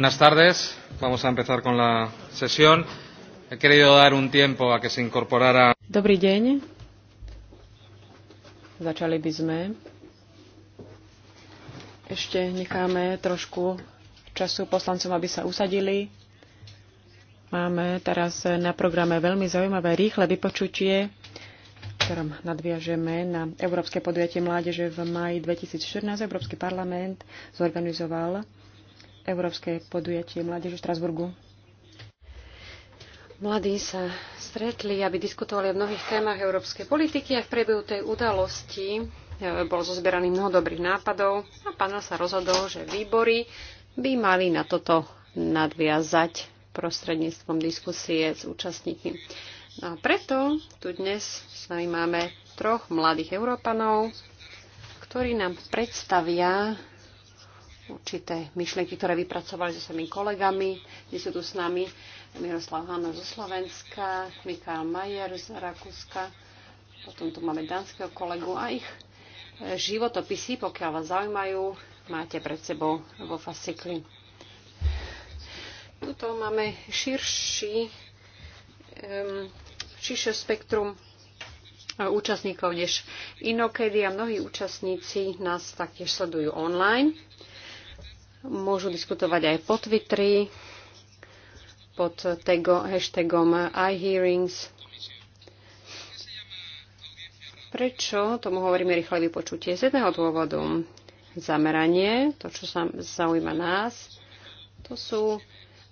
Buenas tardes. Vamos a empezar con la sesión. He querido dar un tiempo a que se incorporara. Dobrý deň. Začali by sme. Ešte necháme trošku času poslancom, aby sa usadili. Máme teraz na programe veľmi zaujímavé rýchle vypočutie, ktorom nadviažeme na Európske podujatie mládeže v maji 2014. Európsky parlament zorganizoval Európske podujatie mládeže v Štrasburgu. Mladí sa stretli, aby diskutovali o mnohých témach európskej politiky a v priebehu tej udalosti e, bol zozberaný mnoho dobrých nápadov a pána sa rozhodol, že výbory by mali na toto nadviazať prostredníctvom diskusie s účastníkmi. No a preto tu dnes s nami máme troch mladých Európanov, ktorí nám predstavia určité myšlienky, ktoré vypracovali so svojimi kolegami, kde sú tu s nami Miroslav Hanna zo Slovenska, Mikael Majer z Rakúska, potom tu máme dánskeho kolegu a ich e, životopisy, pokiaľ vás zaujímajú, máte pred sebou vo fascikli. Tuto máme širší, um, širšie spektrum e, účastníkov než inokedy a mnohí účastníci nás taktiež sledujú online. Môžu diskutovať aj po Twitteri pod tego, hashtagom iHearings. Prečo tomu hovoríme rýchle vypočutie? Z jedného dôvodu. Zameranie, to, čo sa zaujíma nás, to sú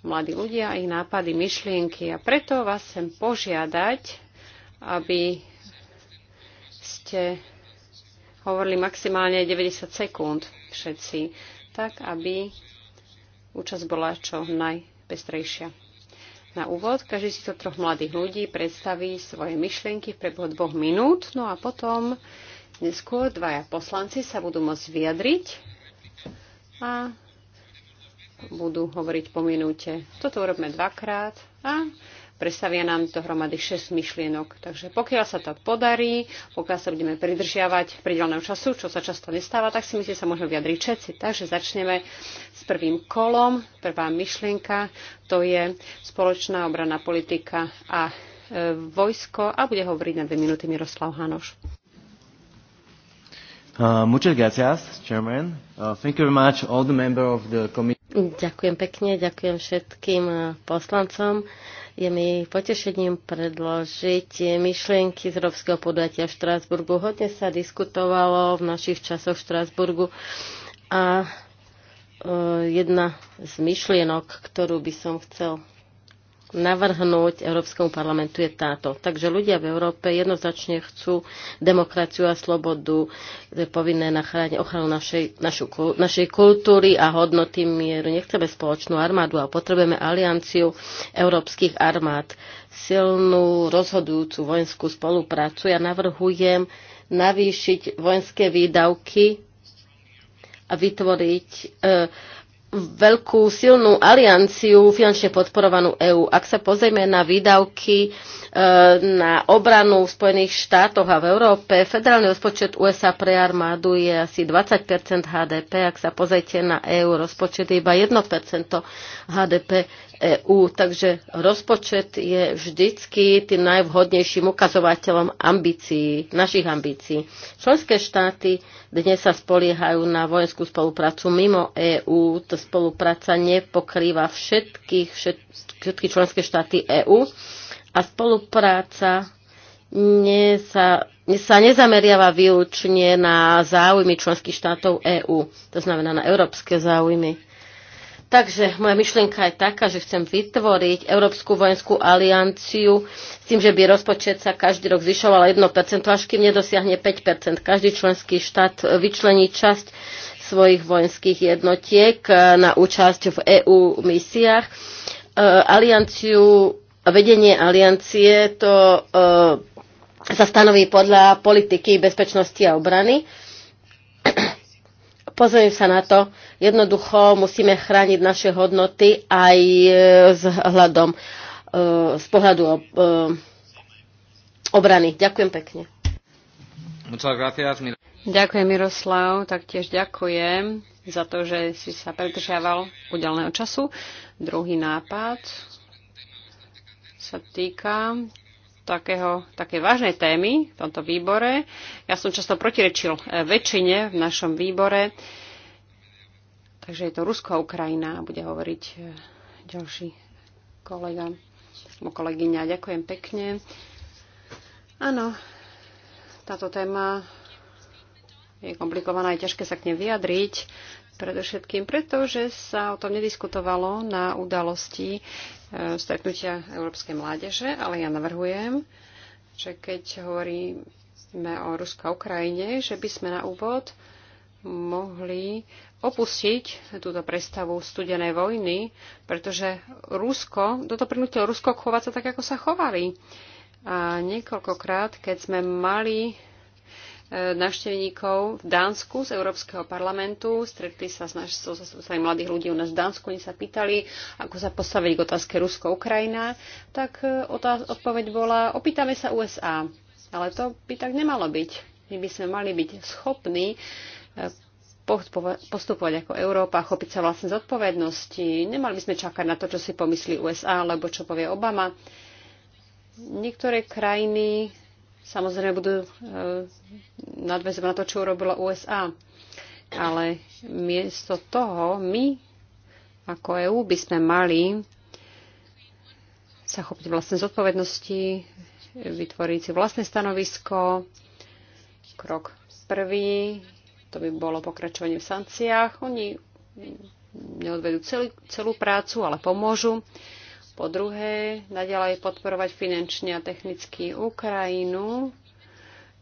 mladí ľudia, ich nápady, myšlienky. A preto vás chcem požiadať, aby ste hovorili maximálne 90 sekúnd všetci tak, aby účasť bola čo najpestrejšia. Na úvod každý si to troch mladých ľudí predstaví svoje myšlienky v priebehu dvoch minút, no a potom neskôr dvaja poslanci sa budú môcť vyjadriť a budú hovoriť po minúte. Toto urobme dvakrát a predstavia nám to hromady 6 myšlienok. Takže pokiaľ sa to podarí, pokiaľ sa budeme pridržiavať pridelného času, čo sa často nestáva, tak si myslím, že sa môžeme vyjadriť všetci. Takže začneme s prvým kolom. Prvá myšlienka to je spoločná obranná politika a e, vojsko a bude hovoriť na dve minúty Miroslav Hanoš. Uh, uh, ďakujem pekne, ďakujem všetkým uh, poslancom. Uh, je mi potešením predložiť myšlienky z Európskeho podujatia v Štrásburgu. Hodne sa diskutovalo v našich časoch v Štrásburgu a e, jedna z myšlienok, ktorú by som chcel navrhnúť Európskemu parlamentu je táto. Takže ľudia v Európe jednoznačne chcú demokraciu a slobodu, je povinné na ochranu našej, našu, našej kultúry a hodnoty mieru. Nechceme spoločnú armádu a potrebujeme alianciu európskych armád, silnú rozhodujúcu vojenskú spoluprácu. Ja navrhujem navýšiť vojenské výdavky a vytvoriť e, veľkú silnú alianciu finančne podporovanú EÚ. Ak sa pozrieme na výdavky e, na obranu v Spojených štátoch a v Európe, federálny rozpočet USA pre armádu je asi 20 HDP. Ak sa pozrite na EÚ, rozpočet je iba 1 HDP. EÚ. Takže rozpočet je vždycky tým najvhodnejším ukazovateľom ambícií, našich ambícií. Členské štáty dnes sa spoliehajú na vojenskú spoluprácu mimo EÚ. Tá spolupráca nepokrýva všetkých, všetky členské štáty EÚ a spolupráca nie sa, sa nezameriava výlučne na záujmy členských štátov EÚ, to znamená na európske záujmy. Takže moja myšlienka je taká, že chcem vytvoriť Európsku vojenskú alianciu s tým, že by rozpočet sa každý rok zvyšoval 1%, až kým nedosiahne 5%. Každý členský štát vyčlení časť svojich vojenských jednotiek na účasť v EU misiách. E, alianciu, vedenie aliancie to e, sa stanoví podľa politiky bezpečnosti a obrany Pozriem sa na to. Jednoducho musíme chrániť naše hodnoty aj e, s hľadom, e, z pohľadu e, obrany. Ďakujem pekne. Ďakujem, Miroslav. Taktiež ďakujem za to, že si sa predržiaval udelného času. Druhý nápad sa týka takého, také vážnej témy v tomto výbore. Ja som často protirečil e, väčšine v našom výbore. Takže je to Rusko a Ukrajina, bude hovoriť e, ďalší kolega alebo kolegyňa. Ďakujem pekne. Áno, táto téma je komplikovaná, je ťažké sa k nej vyjadriť, predovšetkým preto, že sa o tom nediskutovalo na udalosti, E, stretnutia Európskej mládeže, ale ja navrhujem, že keď hovoríme o Rusko a Ukrajine, že by sme na úvod mohli opustiť túto predstavu studenej vojny, pretože Rusko, toto prinútilo Rusko chovať sa tak, ako sa chovali. A niekoľkokrát, keď sme mali návštevníkov v Dánsku z Európskeho parlamentu. Stretli sa s našou mladých ľudí u nás v Dánsku. Oni sa pýtali, ako sa postaviť k otázke Rusko-Ukrajina. Tak e, otáz- odpoveď bola, opýtame sa USA. Ale to by tak nemalo byť. My by sme mali byť schopní e, postupovať ako Európa, chopiť sa vlastne zodpovednosti. Nemali by sme čakať na to, čo si pomyslí USA, alebo čo povie Obama. Niektoré krajiny samozrejme budú e, nadväzovať na to, čo urobilo USA. Ale miesto toho my ako EÚ by sme mali sa chopiť vlastné zodpovednosti, vytvoriť si vlastné stanovisko. Krok prvý, to by bolo pokračovanie v sankciách. Oni neodvedú celú, celú prácu, ale pomôžu. Po druhé, naďalej podporovať finančne a technicky Ukrajinu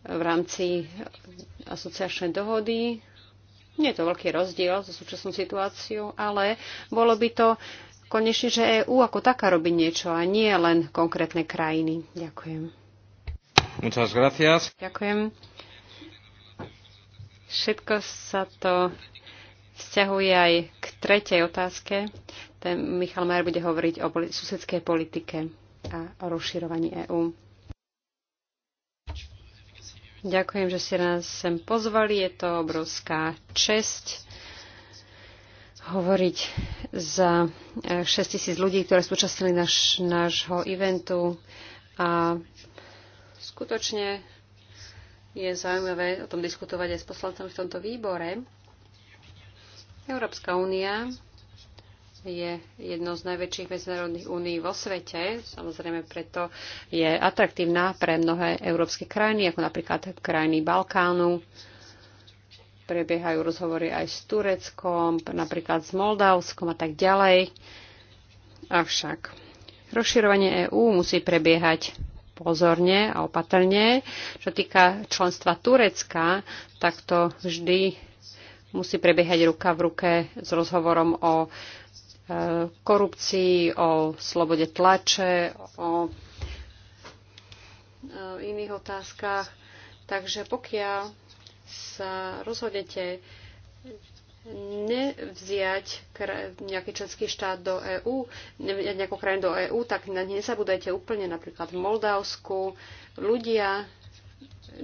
v rámci asociačnej dohody. Nie je to veľký rozdiel so súčasnou situáciou, ale bolo by to konečne, že EÚ ako taká robí niečo a nie len konkrétne krajiny. Ďakujem. Muchas gracias. Ďakujem. Všetko sa to vzťahuje aj k tretej otázke. Ten Michal Majer bude hovoriť o susedskej politike a o rozširovaní EÚ. Ďakujem, že ste nás sem pozvali. Je to obrovská česť hovoriť za 6 eh, tisíc ľudí, ktoré súčastnili náš, nášho eventu. A skutočne je zaujímavé o tom diskutovať aj s poslancami v tomto výbore. Európska únia je jednou z najväčších medzinárodných únií vo svete. Samozrejme, preto je atraktívna pre mnohé európske krajiny, ako napríklad krajiny Balkánu. Prebiehajú rozhovory aj s Tureckom, napríklad s Moldavskom a tak ďalej. Avšak rozširovanie EÚ musí prebiehať pozorne a opatrne. Čo týka členstva Turecka, tak to vždy musí prebiehať ruka v ruke s rozhovorom o korupcii, o slobode tlače, o iných otázkach. Takže pokiaľ sa rozhodnete nevziať nejaký členský štát do EÚ, nevziať nejakú krajinu do EÚ, tak nezabudajte úplne napríklad v Moldavsku. Ľudia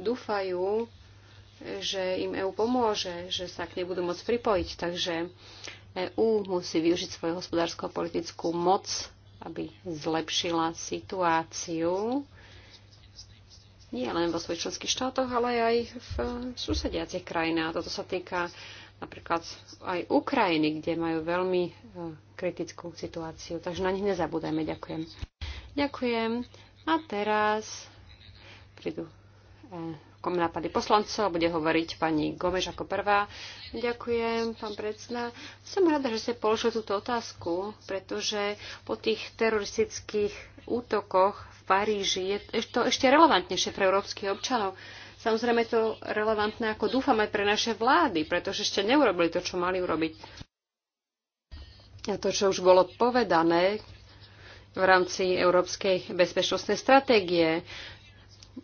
dúfajú, že im EÚ pomôže, že sa k nej budú môcť pripojiť. Takže EÚ musí využiť svoju hospodársko-politickú moc, aby zlepšila situáciu nie len vo svojich členských štátoch, ale aj v susediacich krajinách. Toto sa týka napríklad aj Ukrajiny, kde majú veľmi e, kritickú situáciu. Takže na nich nezabúdajme. Ďakujem. Ďakujem. A teraz prídu e, nápady poslancov. Bude hovoriť pani Gomeš ako prvá. Ďakujem, pán predseda. Som rada, že ste položil túto otázku, pretože po tých teroristických útokoch v Paríži je to ešte relevantnejšie pre európskych občanov. Samozrejme je to relevantné, ako dúfame, pre naše vlády, pretože ešte neurobili to, čo mali urobiť. A to, čo už bolo povedané v rámci Európskej bezpečnostnej stratégie,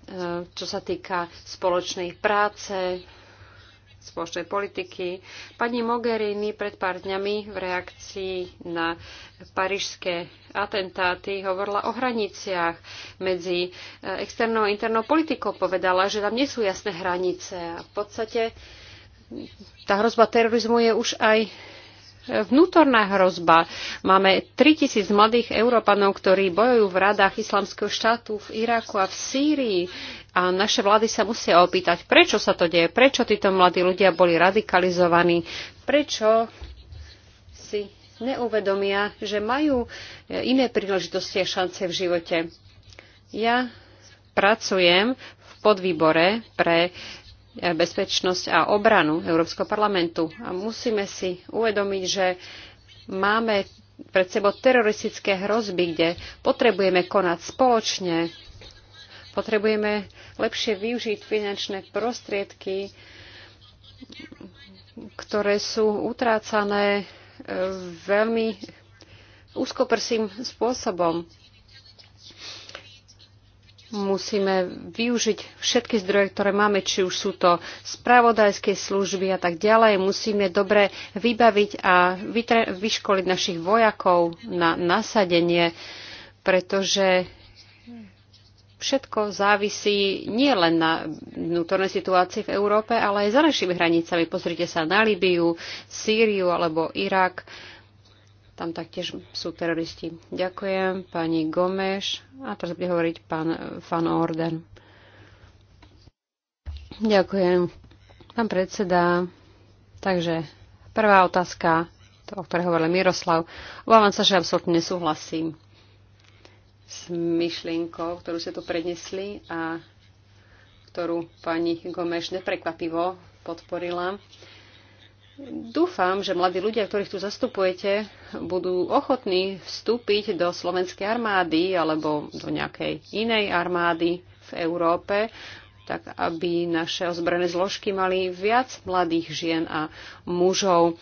E, čo sa týka spoločnej práce, spoločnej politiky. Pani Mogherini pred pár dňami v reakcii na parížské atentáty hovorila o hraniciach medzi e, externou a internou politikou. Povedala, že tam nie sú jasné hranice a v podstate tá hrozba terorizmu je už aj vnútorná hrozba. Máme 3000 mladých Európanov, ktorí bojujú v radách islamského štátu v Iraku a v Sýrii. A naše vlády sa musia opýtať, prečo sa to deje, prečo títo mladí ľudia boli radikalizovaní, prečo si neuvedomia, že majú iné príležitosti a šance v živote. Ja pracujem v podvýbore pre Eh, bezpečnosť a obranu Európskeho parlamentu. A musíme si uvedomiť, že máme pred sebou teroristické hrozby, kde potrebujeme konať spoločne, potrebujeme lepšie využiť finančné prostriedky, ktoré sú utrácané eh, veľmi úzkoprsým spôsobom musíme využiť všetky zdroje, ktoré máme, či už sú to spravodajské služby a tak ďalej. Musíme dobre vybaviť a vyškoliť našich vojakov na nasadenie, pretože všetko závisí nie len na vnútornej situácii v Európe, ale aj za našimi hranicami. Pozrite sa na Libiu, Sýriu alebo Irak. Uh, tam taktiež sú teroristi. Ďakujem pani Gomeš a teraz bude hovoriť pán Fan Orden. Ďakujem. Pán predseda, takže prvá otázka, to, o ktorej hovoril Miroslav. Obávam sa, že absolútne nesúhlasím s myšlienkou, ktorú ste tu prednesli a ktorú pani Gomeš neprekvapivo podporila. Dúfam, že mladí ľudia, ktorých tu zastupujete, budú ochotní vstúpiť do slovenskej armády alebo do nejakej inej armády v Európe, tak aby naše ozbrojené zložky mali viac mladých žien a mužov,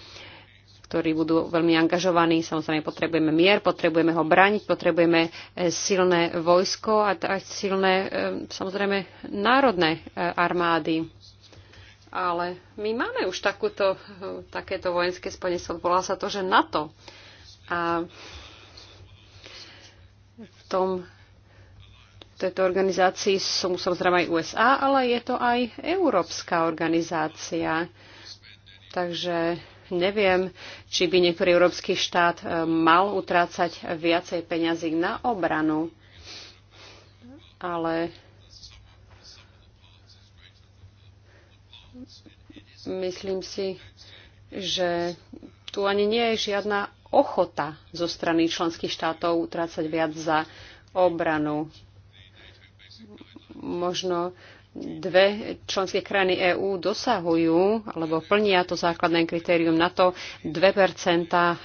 ktorí budú veľmi angažovaní. Samozrejme, potrebujeme mier, potrebujeme ho braniť, potrebujeme e, silné vojsko a silné, e, samozrejme, národné e, armády. Ale my máme už takúto, takéto vojenské spojenstvo. Volá sa to, že NATO. A v tom v tejto organizácii sú samozrejme aj USA, ale je to aj európska organizácia. Takže neviem, či by niektorý európsky štát e, mal utrácať viacej peňazí na obranu. Ale Myslím si, že tu ani nie je žiadna ochota zo strany členských štátov utrácať viac za obranu. Možno dve členské krajiny EÚ dosahujú alebo plnia to základné kritérium na to 2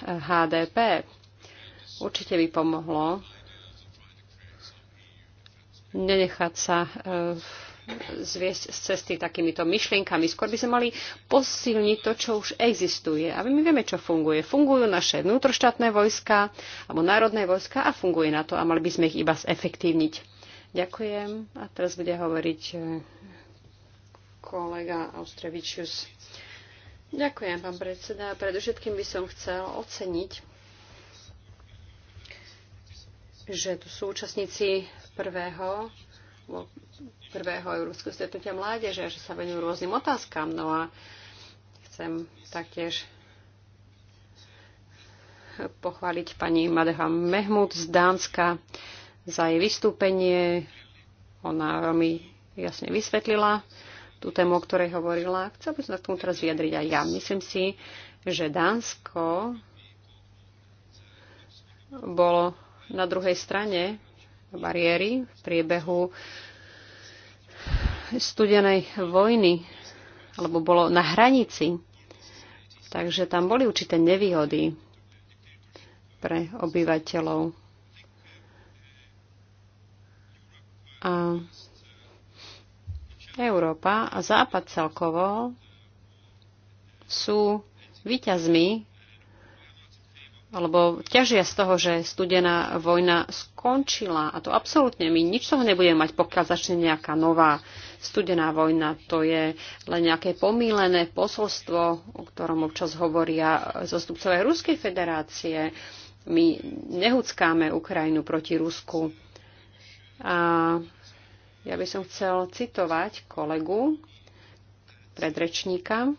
HDP. Určite by pomohlo nenechať sa eh, zviesť z cesty takýmito myšlienkami. Skôr by sme mali posilniť to, čo už existuje. A my vieme, čo funguje. Fungujú naše vnútroštátne vojska alebo národné vojska a funguje na to a mali by sme ich iba zefektívniť. Ďakujem. A teraz bude hovoriť eh, kolega Austrevičius. Ďakujem, pán predseda. Predovšetkým by som chcel oceniť, že tu sú účastníci prvého prvého Európskeho stretnutia mládeže, že sa venujú rôznym otázkam. No a chcem taktiež pochváliť pani Madeha Mehmud z Dánska za jej vystúpenie. Ona veľmi jasne vysvetlila tú tému, o ktorej hovorila. Chcel by som k tomu teraz vyjadriť aj ja. Myslím si, že Dánsko bolo na druhej strane bariéry v priebehu studenej vojny, alebo bolo na hranici. Takže tam boli určité nevýhody pre obyvateľov. A Európa a Západ celkovo sú výťazmi alebo ťažia z toho, že studená vojna skončila. A to absolútne my nič toho nebudeme mať, pokiaľ začne nejaká nová studená vojna. To je len nejaké pomílené posolstvo, o ktorom občas hovoria zastupcové Ruskej federácie. My nehuckáme Ukrajinu proti Rusku. A ja by som chcel citovať kolegu predrečníka,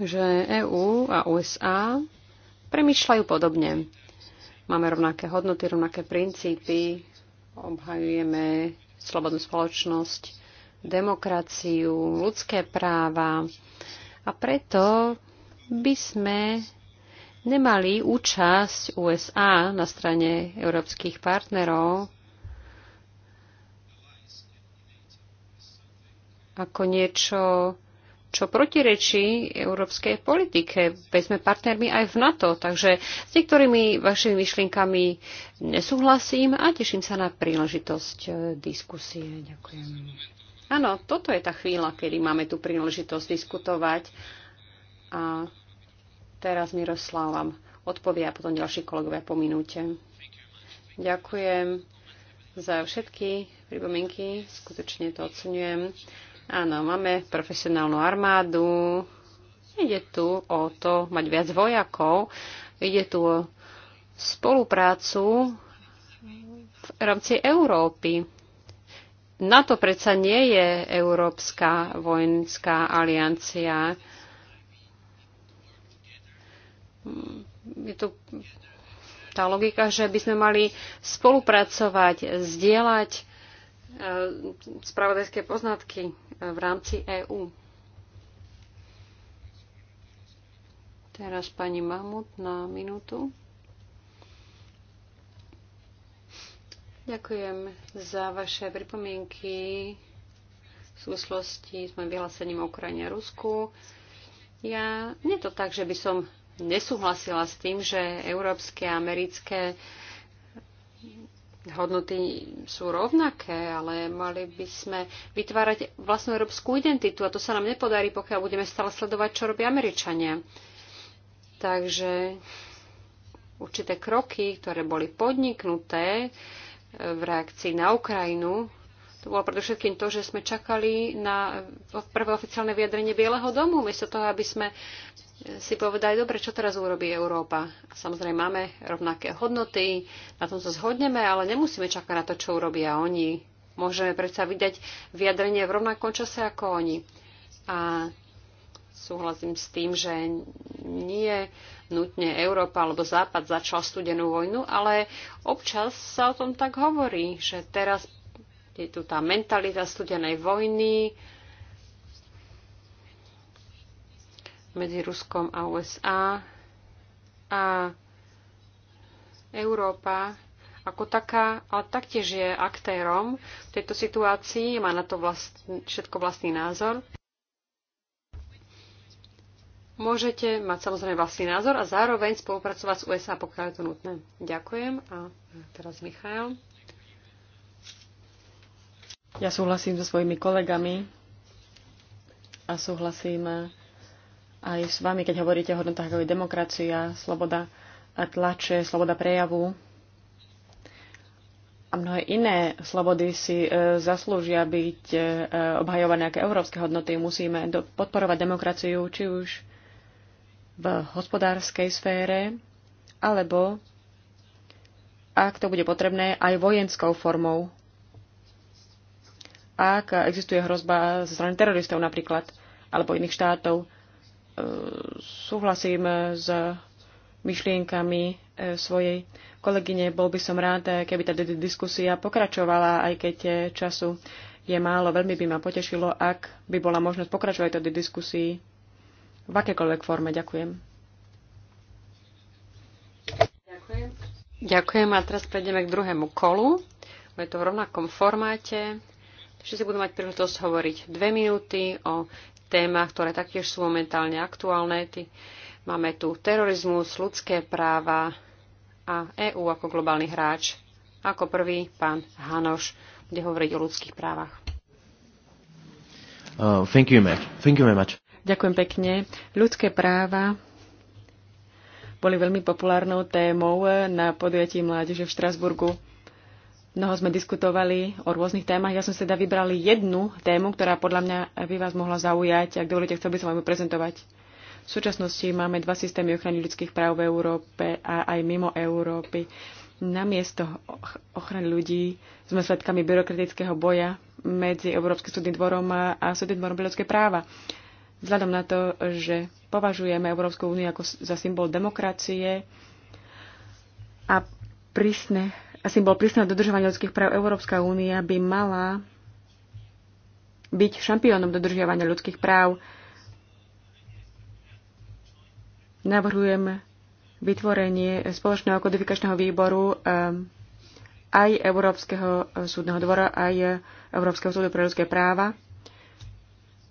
že EÚ a USA premýšľajú podobne. Máme rovnaké hodnoty, rovnaké princípy, obhajujeme slobodnú spoločnosť, demokraciu, ľudské práva a preto by sme nemali účasť USA na strane európskych partnerov ako niečo, čo protirečí európskej politike. Veď sme partnermi aj v NATO, takže s niektorými vašimi myšlienkami nesúhlasím a teším sa na príležitosť e, diskusie. Ďakujem. Áno, toto je tá chvíľa, kedy máme tú príležitosť diskutovať. A teraz Miroslav vám odpovie a potom ďalší kolegovia po minúte. Ďakujem za všetky pripomienky, skutočne to oceňujem. Áno, máme profesionálnu armádu. Ide tu o to mať viac vojakov. Ide tu o spoluprácu v rámci Európy. NATO predsa nie je Európska vojenská aliancia. Je tu tá logika, že by sme mali spolupracovať, zdieľať E, spravodajské poznatky e, v rámci EÚ. Teraz pani Mahmud na minútu. Ďakujem za vaše pripomienky v súvislosti s mojim vyhlásením o Ukrajine a Rusku. Ja, nie je to tak, že by som nesúhlasila s tým, že európske a americké uh, hodnoty sú rovnaké, ale mali by sme vytvárať vlastnú európsku identitu a to sa nám nepodarí, pokiaľ budeme stále sledovať, čo robia Američania. Takže určité kroky, ktoré boli podniknuté e, v reakcii na Ukrajinu, to bolo predovšetkým to, že sme čakali na prvé oficiálne vyjadrenie Bieleho domu, miesto toho, aby sme si povedali, dobre, čo teraz urobí Európa. Samozrejme, máme rovnaké hodnoty, na tom sa zhodneme, ale nemusíme čakať na to, čo urobia oni. Môžeme predsa vydať vyjadrenie v rovnakom čase ako oni. A súhlasím s tým, že nie nutne Európa alebo Západ začal studenú vojnu, ale občas sa o tom tak hovorí, že teraz je tu tá mentalita studenej vojny, medzi Ruskom a USA a Európa ako taká, ale taktiež je aktérom v tejto situácii, má na to vlast, všetko vlastný názor. Môžete mať samozrejme vlastný názor a zároveň spolupracovať s USA, pokiaľ je to nutné. Ďakujem. A teraz Michal. Ja súhlasím so svojimi kolegami a súhlasím aj s vami, keď hovoríte o hodnotách ako je demokracia, sloboda tlače, sloboda prejavu a mnohé iné slobody si e, zaslúžia byť e, obhajované ako európske hodnoty. Musíme do, podporovať demokraciu či už v hospodárskej sfére, alebo ak to bude potrebné, aj vojenskou formou. Ak existuje hrozba zo strany teroristov napríklad, alebo iných štátov, súhlasím s myšlienkami e, svojej kolegyne. Bol by som rád, e, keby tá diskusia pokračovala, aj keď e, času je málo. Veľmi by ma potešilo, ak by bola možnosť pokračovať tej diskusii v akékoľvek forme. Ďakujem. Ďakujem. Ďakujem a teraz prejdeme k druhému kolu. Je to v rovnakom formáte. Všetci budú mať príležitosť hovoriť dve minúty o témach, ktoré taktiež sú momentálne aktuálne. máme tu terorizmus, ľudské práva a EÚ ako globálny hráč. Ako prvý pán Hanoš bude hovoriť o ľudských právach. Uh, thank you, thank you very much. Ďakujem pekne. Ľudské práva boli veľmi populárnou témou na podujatí mládeže v Štrasburgu. Mnoho sme diskutovali o rôznych témach. Ja som teda vybrali jednu tému, ktorá podľa mňa by vás mohla zaujať. Ak dovolíte, chcel by som vám ju prezentovať. V súčasnosti máme dva systémy ochrany ľudských práv v Európe a aj mimo Európy. Namiesto ochrany ľudí sme svedkami byrokratického boja medzi Európskym súdnym dvorom a súdnym dvorom pre ľudské práva. Vzhľadom na to, že považujeme Európsku úniu ako za symbol demokracie a prísne a symbol prísneho dodržovania ľudských práv Európska únia by mala byť šampiónom dodržiavania ľudských práv. Navrhujem vytvorenie spoločného kodifikačného výboru ehm, aj Európskeho súdneho dvora, aj Európskeho súdu pre ľudské práva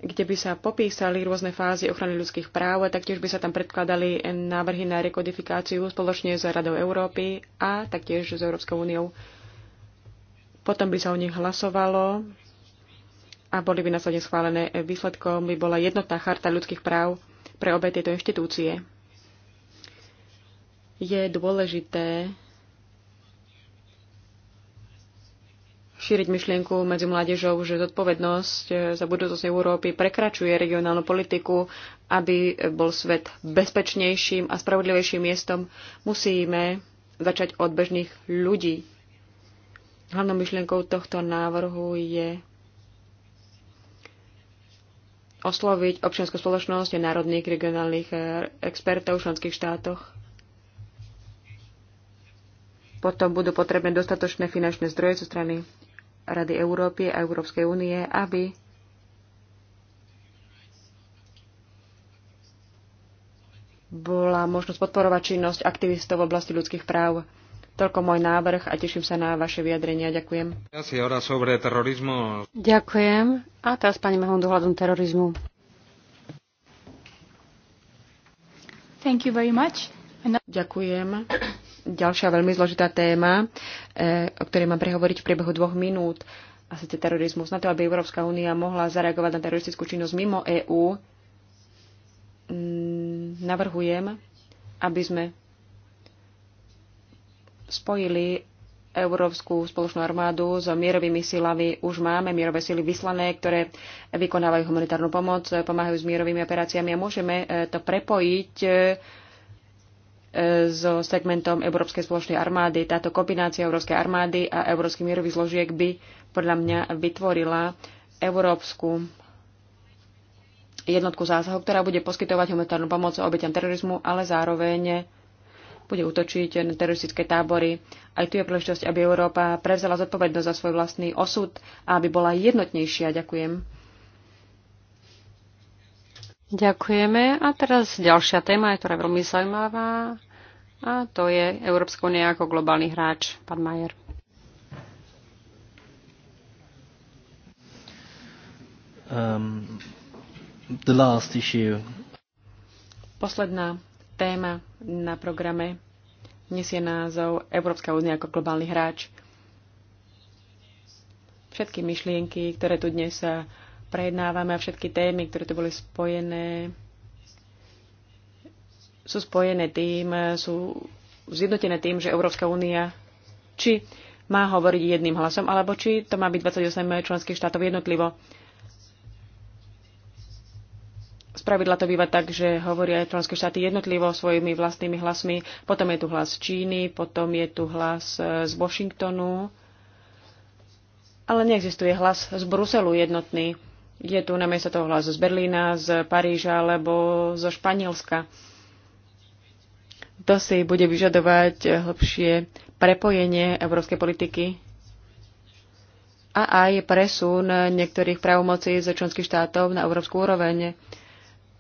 kde by sa popísali rôzne fázy ochrany ľudských práv a taktiež by sa tam predkladali návrhy na rekodifikáciu spoločne s Radou Európy a taktiež s Európskou úniou. Potom by sa o nich hlasovalo a boli by následne schválené. Výsledkom by bola jednotná charta ľudských práv pre obe tieto inštitúcie. Je dôležité šíriť myšlienku medzi mládežou, že zodpovednosť eh, za budúcnosť Európy prekračuje regionálnu politiku, aby bol svet bezpečnejším a spravodlivejším miestom, musíme začať od bežných ľudí. Hlavnou myšlienkou tohto návrhu je osloviť občianskú spoločnosť a národných regionálnych eh, expertov v členských štátoch. Potom budú potrebné dostatočné finančné zdroje zo strany Rady Európy a Európskej únie, aby bola možnosť podporovať činnosť aktivistov v oblasti ľudských práv. Toľko môj návrh a teším sa na vaše vyjadrenia. Ďakujem. Ďakujem. A teraz pani Mahon dohľadom terorizmu. Thank you very much. Ďakujem ďalšia veľmi zložitá téma, e, o ktorej mám prehovoriť v priebehu dvoch minút, a síce terorizmus. Na to, aby Európska únia mohla zareagovať na teroristickú činnosť mimo EÚ, mm, navrhujem, aby sme spojili Európsku spoločnú armádu s mierovými silami. Už máme mierové sily vyslané, ktoré vykonávajú humanitárnu pomoc, pomáhajú s mierovými operáciami a môžeme e, to prepojiť e, so segmentom Európskej spoločnej armády. Táto kombinácia Európskej armády a Európskych mierových zložiek by podľa mňa vytvorila európsku jednotku zásahu, ktorá bude poskytovať humanitárnu pomoc obeťam terorizmu, ale zároveň bude útočiť na teroristické tábory. Aj tu je príležitosť, aby Európa prevzala zodpovednosť za svoj vlastný osud a aby bola jednotnejšia. Ďakujem. Ďakujeme. A teraz ďalšia téma, ktorá je veľmi zaujímavá, a to je Európska únia ako globálny hráč. Pán Majer. Um, the last issue. Posledná téma na programe nesie názov Európska únia ako globálny hráč. Všetky myšlienky, ktoré tu dnes sa prejednávame a všetky témy, ktoré tu boli spojené, sú spojené tým, sú zjednotené tým, že Európska únia či má hovoriť jedným hlasom, alebo či to má byť 28 členských štátov jednotlivo. Spravidla to býva tak, že hovoria členské štáty jednotlivo svojimi vlastnými hlasmi. Potom je tu hlas Číny, potom je tu hlas e, z Washingtonu, ale neexistuje hlas z Bruselu jednotný. Je tu na miesto toho hlasu z Berlína, z Paríža alebo zo Španielska. To si bude vyžadovať hlbšie prepojenie európskej politiky a aj presun niektorých právomocí z členských štátov na európsku úroveň.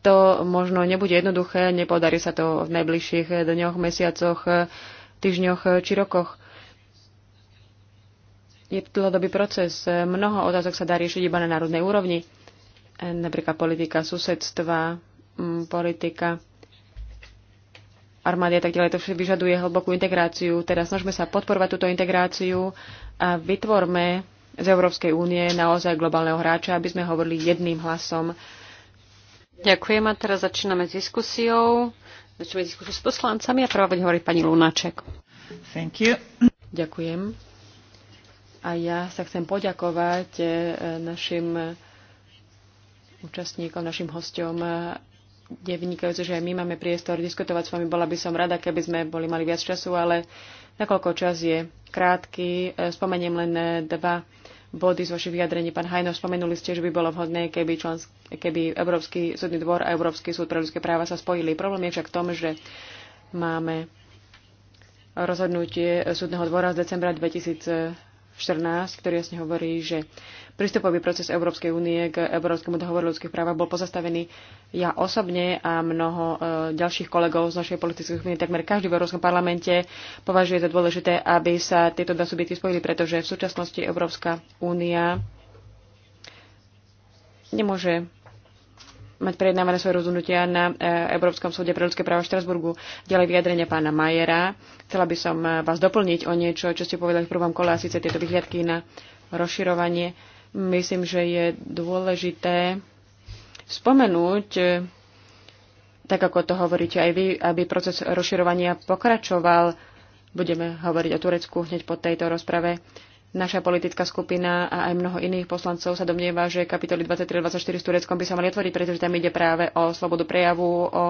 To možno nebude jednoduché, nepodarí sa to v najbližších dňoch, mesiacoch, týždňoch či rokoch je to dlhodobý proces. Mnoho otázok sa dá riešiť iba na národnej úrovni. Napríklad politika susedstva, mm, politika armády a tak ďalej. To všetko vyžaduje hlbokú integráciu. Teda snažme sa podporovať túto integráciu a vytvorme z Európskej únie naozaj globálneho hráča, aby sme hovorili jedným hlasom. Ďakujem a teraz začíname s diskusiou. Začneme diskusiou s poslancami a prvá bude hovoriť pani Lunáček. Thank you. Ďakujem. A ja sa chcem poďakovať e, našim účastníkom, našim hostom. kde vynikajúce, že aj my máme priestor diskutovať s vami. Bola by som rada, keby sme boli mali viac času, ale nakoľko čas je krátky, e, spomeniem len e, dva body z vašich vyjadrení. Pán Hajnov, spomenuli ste, že by bolo vhodné, keby, člansk- keby Európsky súdny dvor a Európsky súd pre ľudské práva sa spojili. Problém je však v tom, že máme rozhodnutie súdneho dvora z decembra 2015 14, ktorý jasne hovorí, že prístupový proces Európskej únie k Európskemu dohovoru ľudských práv bol pozastavený ja osobne a mnoho e, ďalších kolegov z našej politickej skupiny. Takmer každý v Európskom parlamente považuje za dôležité, aby sa tieto dva subjekty spojili, pretože v súčasnosti Európska únia nemôže mať prejednávané svoje rozhodnutia na e, Európskom súde pre ľudské práva v Štrasburgu. Ďalej vyjadrenie pána Majera. Chcela by som e, vás doplniť o niečo, čo ste povedali v prvom kole, a síce tieto vyhliadky na rozširovanie. Myslím, že je dôležité spomenúť, e, tak ako to hovoríte aj vy, aby proces rozširovania pokračoval. Budeme hovoriť o Turecku hneď po tejto rozprave. Naša politická skupina a aj mnoho iných poslancov sa domnieva, že kapitoly 23 a 24 s Tureckom by sa mali otvoriť, pretože tam ide práve o slobodu prejavu, o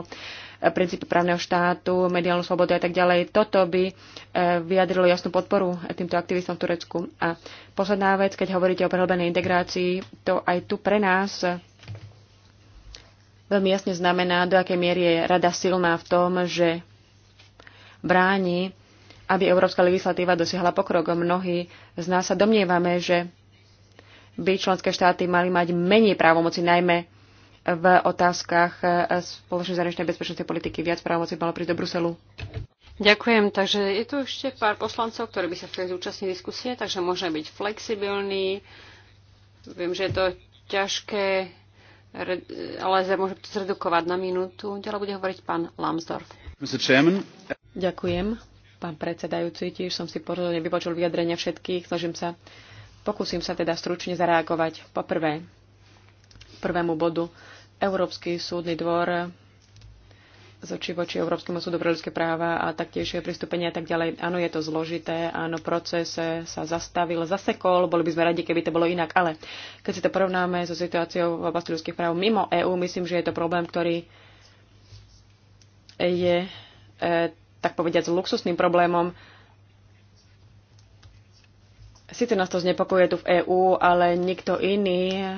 princípy právneho štátu, mediálnu slobodu a tak ďalej. Toto by e, vyjadrilo jasnú podporu týmto aktivistom v Turecku. A posledná vec, keď hovoríte o prehlbenej integrácii, to aj tu pre nás veľmi jasne znamená, do akej miery je rada silná v tom, že bráni aby európska legislatíva dosiahla pokrok. Mnohí z nás sa domnievame, že by členské štáty mali mať menej právomoci, najmä v otázkach eh, spoločnej zahraničnej bezpečnostnej politiky. Viac právomoci malo prísť do Bruselu. Ďakujem. Takže je tu ešte pár poslancov, ktorí by sa chceli zúčastniť diskusie, takže môžeme byť flexibilní. Viem, že je to ťažké, ale môžem to zredukovať na minútu. Ďalej bude hovoriť pán Lambsdorff. Ďakujem pán predsedajúci. Tiež som si pozorne vypočul vyjadrenia všetkých. Snažím sa, pokúsim sa teda stručne zareagovať. Po prvé, prvému bodu. Európsky súdny dvor z očí voči Európskemu súdu pre ľudské práva a taktiež je pristúpenie a tak ďalej. Áno, je to zložité, áno, proces sa zastavil, zasekol, boli by sme radi, keby to bolo inak, ale keď si to porovnáme so situáciou v oblasti ľudských práv mimo EÚ, myslím, že je to problém, ktorý je e, tak povediať, luxusným problémom. Sice nás to znepokuje tu v EÚ, ale nikto iný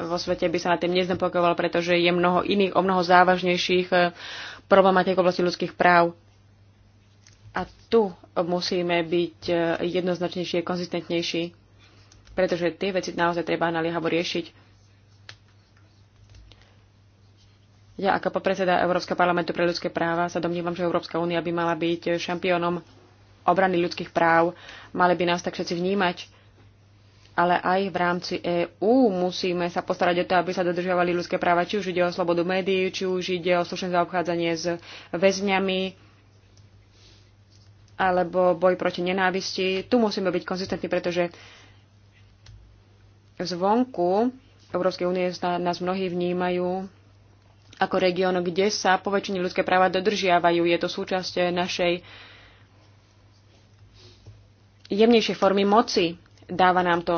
vo svete by sa na tým neznepokojoval, pretože je mnoho iných, o mnoho závažnejších e, problematiek v oblasti ľudských práv. A tu musíme byť e, jednoznačnejší a konzistentnejší, pretože tie veci naozaj treba naliehavo riešiť. Ja ako popredseda Európskeho parlamentu pre ľudské práva sa domnívam, že Európska únia by mala byť šampiónom obrany ľudských práv. Mali by nás tak všetci vnímať. Ale aj v rámci EÚ musíme sa postarať o to, aby sa dodržiavali ľudské práva, či už ide o slobodu médií, či už ide o slušné zaobchádzanie s väzňami, alebo boj proti nenávisti. Tu musíme byť konzistentní, pretože zvonku Európskej únie nás mnohí vnímajú ako región, kde sa poväčšine ľudské práva dodržiavajú. Je to súčasť eh, našej jemnejšej formy moci. Dáva nám to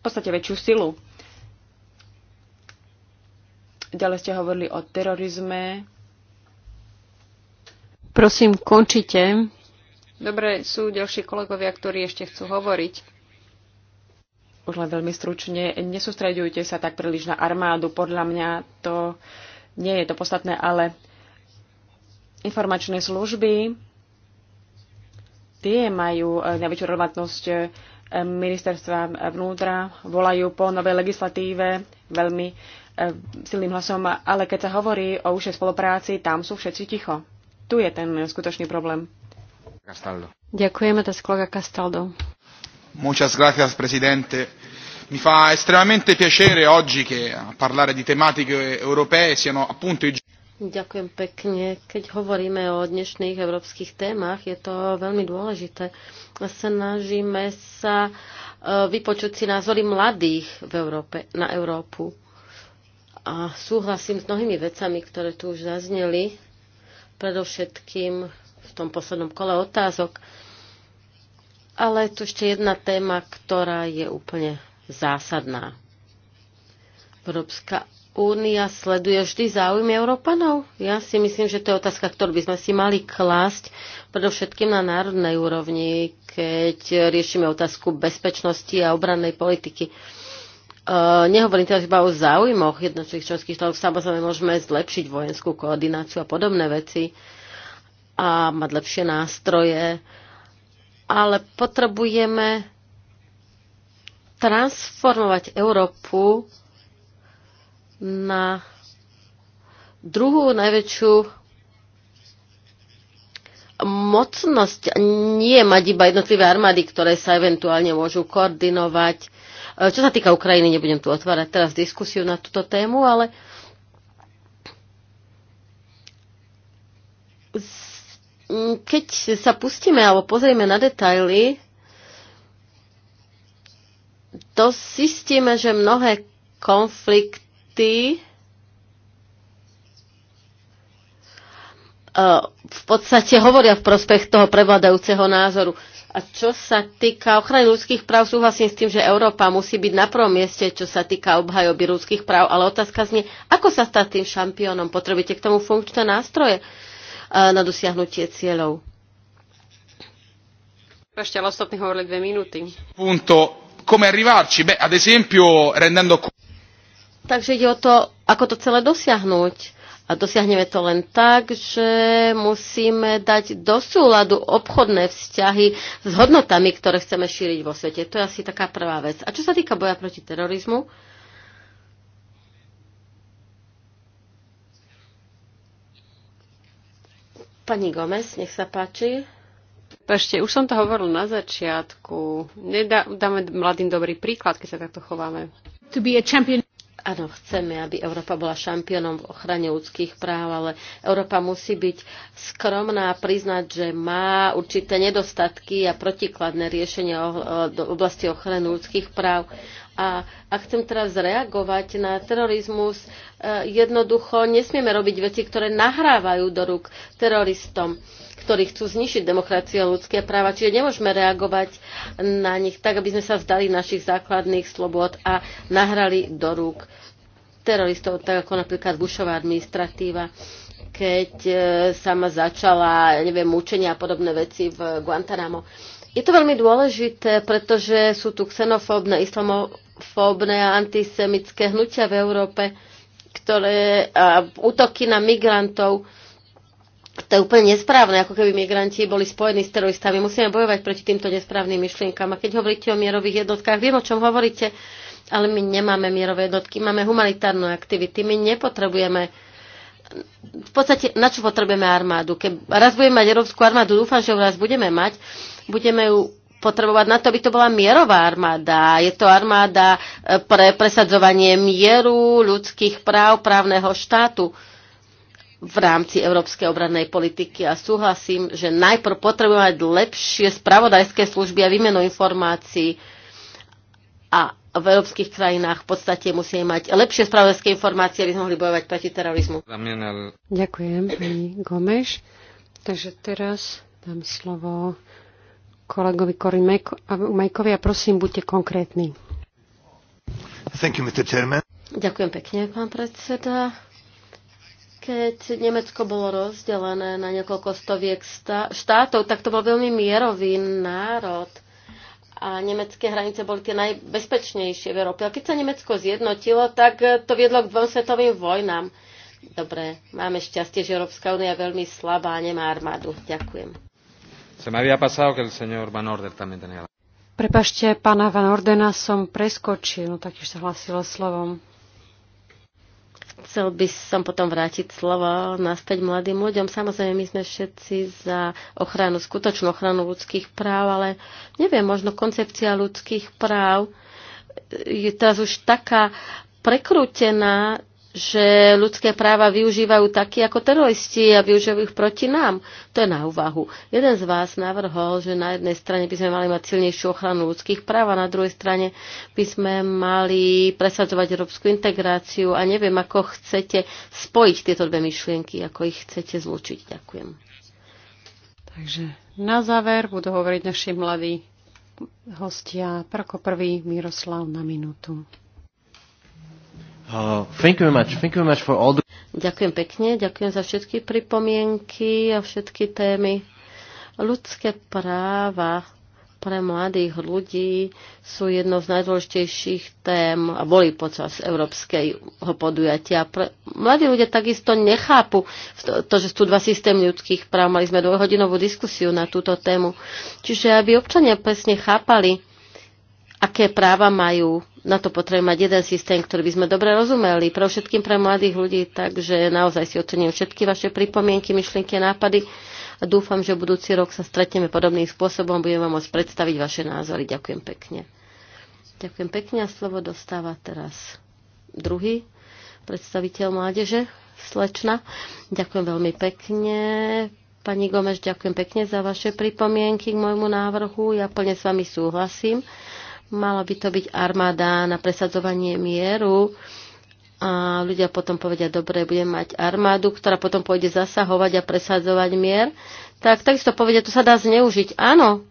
v podstate väčšiu silu. Ďalej ste hovorili o terorizme. Prosím, končite. Dobre, sú ďalší kolegovia, ktorí ešte chcú hovoriť. Už len veľmi stručne, Nesústredujte sa tak príliš na armádu. Podľa mňa to uh, nie je to podstatné, ale informačné služby tie majú e, najväčšiu relevantnosť e, ministerstva vnútra, volajú po novej legislatíve veľmi e, silným hlasom, ale keď sa hovorí o užšej spolupráci, tam sú všetci ticho. Tu je ten skutočný problém. Castaldo. Ďakujeme, to je kolega Castaldo. Muchas gracias, presidente mi fa estremamente piacere oggi che a parlare di tematiche europee siano appunto i giovani. Ďakujem pekne. Keď hovoríme o dnešných európskych témach, je to veľmi dôležité. Snažíme sa e, vypočuť si názory mladých v Európe, na Európu. A súhlasím s mnohými vecami, ktoré tu už zazneli, predovšetkým v tom poslednom kole otázok. Ale tu ešte jedna téma, ktorá je úplne zásadná. Európska únia sleduje vždy záujmy Európanov? Ja si myslím, že to je otázka, ktorú by sme si mali klásť predovšetkým na národnej úrovni, keď riešime otázku bezpečnosti a obrannej politiky. Uh, nehovorím teraz iba o záujmoch jednotlivých členských štátov, samozrejme môžeme zlepšiť vojenskú koordináciu a podobné veci a mať lepšie nástroje, ale potrebujeme transformovať Európu na druhú najväčšiu mocnosť nie mať iba jednotlivé armády, ktoré sa eventuálne môžu koordinovať. E, čo sa týka Ukrajiny, nebudem tu otvárať teraz diskusiu na túto tému, ale keď sa pustíme alebo pozrieme na detaily, to zistíme, že mnohé konflikty e, v podstate hovoria v prospech toho prevladajúceho názoru. A čo sa týka ochrany ľudských práv, súhlasím s tým, že Európa musí byť na prvom mieste, čo sa týka obhajoby ľudských práv, ale otázka znie, ako sa stať tým šampiónom? Potrebujete k tomu funkčné nástroje e, na dosiahnutie cieľov? Ešte, ale ostatní hovorili dve minúty. Punto come arrivarci? Beh, ad esempio rendendo... Takže ide o to, ako to celé dosiahnuť. A dosiahneme to len tak, že musíme dať do súladu obchodné vzťahy s hodnotami, ktoré chceme šíriť vo svete. To je asi taká prvá vec. A čo sa týka boja proti terorizmu, Pani Gomez, nech sa páči. Ešte, už som to hovoril na začiatku. Nedá, dáme mladým dobrý príklad, keď sa takto chováme. To be a champion. Áno, chceme, aby Európa bola šampiónom v ochrane ľudských práv, ale Európa musí byť skromná a priznať, že má určité nedostatky a protikladné riešenia v oblasti ochrany ľudských práv. A ak chcem teraz reagovať na terorizmus, eh, jednoducho nesmieme robiť veci, ktoré nahrávajú do rúk teroristom ktorí chcú znišiť demokraciu a ľudské práva, čiže nemôžeme reagovať na nich tak, aby sme sa vzdali našich základných slobod a nahrali do rúk teroristov, tak ako napríklad Bušová administratíva keď e, sama začala, neviem, mučenia a podobné veci v Guantanamo. Je to veľmi dôležité, pretože sú tu xenofóbne, islamofóbne a antisemické hnutia v Európe, ktoré a útoky na migrantov, to je úplne nesprávne, ako keby migranti boli spojení s teroristami. Musíme bojovať proti týmto nesprávnym myšlienkam. A keď hovoríte o mierových jednotkách, viem, o čom hovoríte, ale my nemáme mierové jednotky, máme humanitárne aktivity, my nepotrebujeme v podstate na čo potrebujeme armádu? Keď raz budeme mať európsku armádu, dúfam, že ju raz budeme mať, budeme ju potrebovať na to, aby to bola mierová armáda. Je to armáda eh, pre presadzovanie mieru, ľudských práv, právneho štátu v rámci európskej obrannej politiky a súhlasím, že najprv potrebujeme mať lepšie spravodajské služby a výmenu informácií a v európskych krajinách v podstate musíme mať lepšie spravodajské informácie, aby sme mohli bojovať proti terorizmu. Ďakujem, pani Gomeš. Takže teraz dám slovo kolegovi Korin Majkovi a prosím, buďte konkrétni. Thank you, Mr. Chairman. Ďakujem pekne, pán predseda keď Nemecko bolo rozdelené na niekoľko stoviek štátov, tak to bol veľmi mierový národ a nemecké hranice boli tie najbezpečnejšie v Európe. A keď sa Nemecko zjednotilo, tak to viedlo k dvom svetovým vojnám. Dobre, máme šťastie, že Európska únia je veľmi slabá a nemá armádu. Ďakujem. Se me había pasado que el señor Van Order también tenía... Prepašte, pána Van Ordena som preskočil, no taktiež sa hlasil slovom chcel by som potom vrátiť slovo naspäť mladým ľuďom. Samozrejme, my sme všetci za ochranu, skutočnú ochranu ľudských práv, ale neviem, možno koncepcia ľudských práv je teraz už taká prekrútená že ľudské práva využívajú takí ako teroristi a využívajú ich proti nám. To je na úvahu. Jeden z vás navrhol, že na jednej strane by sme mali mať silnejšiu ochranu ľudských práv a na druhej strane by sme mali presadzovať európsku integráciu a neviem, ako chcete spojiť tieto dve myšlienky, ako ich chcete zlučiť. Ďakujem. Takže na záver budú hovoriť naši mladí hostia. Prko prvý Miroslav na minútu. Uh, thank you very much. Thank you very much for all the... Ďakujem pekne, ďakujem za všetky pripomienky a všetky témy. Ľudské práva pre mladých ľudí sú jednou z najdôležitejších tém a boli počas európskeho podujatia. Pre, mladí ľudia takisto nechápu to, to, že sú dva systémy ľudských práv. Mali sme dvojhodinovú diskusiu na túto tému. Čiže aby občania presne chápali, aké práva majú. Na to potrebujeme mať jeden systém, ktorý by sme dobre rozumeli, pre všetkým pre mladých ľudí, takže naozaj si ocením všetky vaše pripomienky, myšlienky a nápady a dúfam, že budúci rok sa stretneme podobným spôsobom, budem vám môcť predstaviť vaše názory. Ďakujem pekne. Ďakujem pekne a slovo dostáva teraz druhý predstaviteľ mládeže, slečna. Ďakujem veľmi pekne. Pani Gomeš, ďakujem pekne za vaše pripomienky k môjmu návrhu. Ja plne s vami súhlasím. Mala by to byť armáda na presadzovanie mieru a ľudia potom povedia, dobre, budem mať armádu, ktorá potom pôjde zasahovať a presadzovať mier, tak takisto povedia, to sa dá zneužiť. Áno,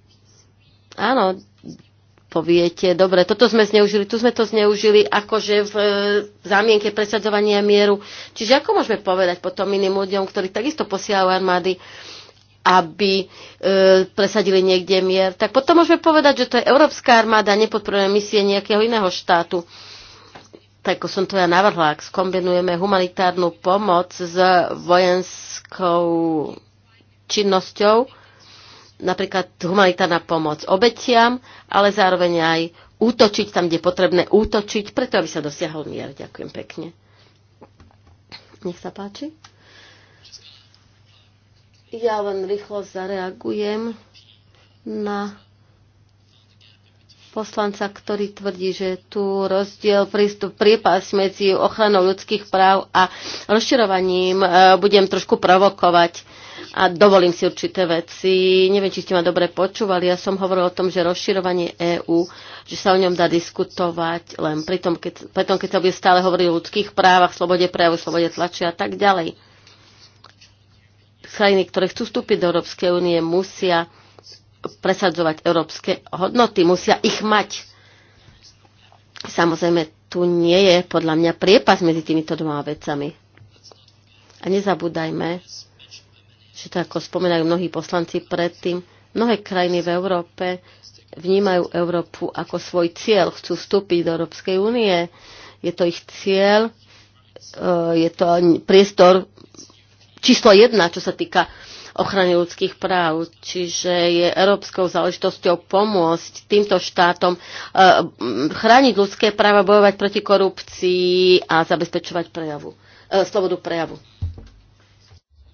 áno, poviete, dobre, toto sme zneužili, tu sme to zneužili akože v e, zamienke presadzovania mieru. Čiže ako môžeme povedať potom iným ľuďom, ktorí takisto posielajú armády, aby e, presadili niekde mier, tak potom môžeme povedať, že to je európska armáda, nepodporujeme misie nejakého iného štátu. Tak ako som to ja navrhla, ak skombinujeme humanitárnu pomoc s vojenskou činnosťou, napríklad humanitárna pomoc obetiam, ale zároveň aj útočiť tam, kde je potrebné útočiť, preto aby sa dosiahol mier. Ďakujem pekne. Nech sa páči. Ja len rýchlo zareagujem na poslanca, ktorý tvrdí, že tu rozdiel prístup priepas medzi ochranou ľudských práv a rozširovaním e, budem trošku provokovať a dovolím si určité veci. Neviem, či ste ma dobre počúvali. Ja som hovoril o tom, že rozširovanie EÚ, že sa o ňom dá diskutovať len pri tom, keď, pri tom, keď sa bude stále hovoriť o ľudských právach, slobode prejavu, slobode tlače a tak ďalej krajiny, ktoré chcú vstúpiť do Európskej únie, musia presadzovať európske hodnoty, musia ich mať. Samozrejme, tu nie je podľa mňa priepas medzi týmito dvoma vecami. A nezabúdajme, že to ako spomínajú mnohí poslanci predtým, mnohé krajiny v Európe vnímajú Európu ako svoj cieľ, chcú vstúpiť do Európskej únie, je to ich cieľ, e, je to priestor číslo jedna, čo sa týka ochrany ľudských práv. Čiže je európskou záležitosťou pomôcť týmto štátom eh, chrániť ľudské práva, bojovať proti korupcii a zabezpečovať prejavu, eh, slobodu prejavu.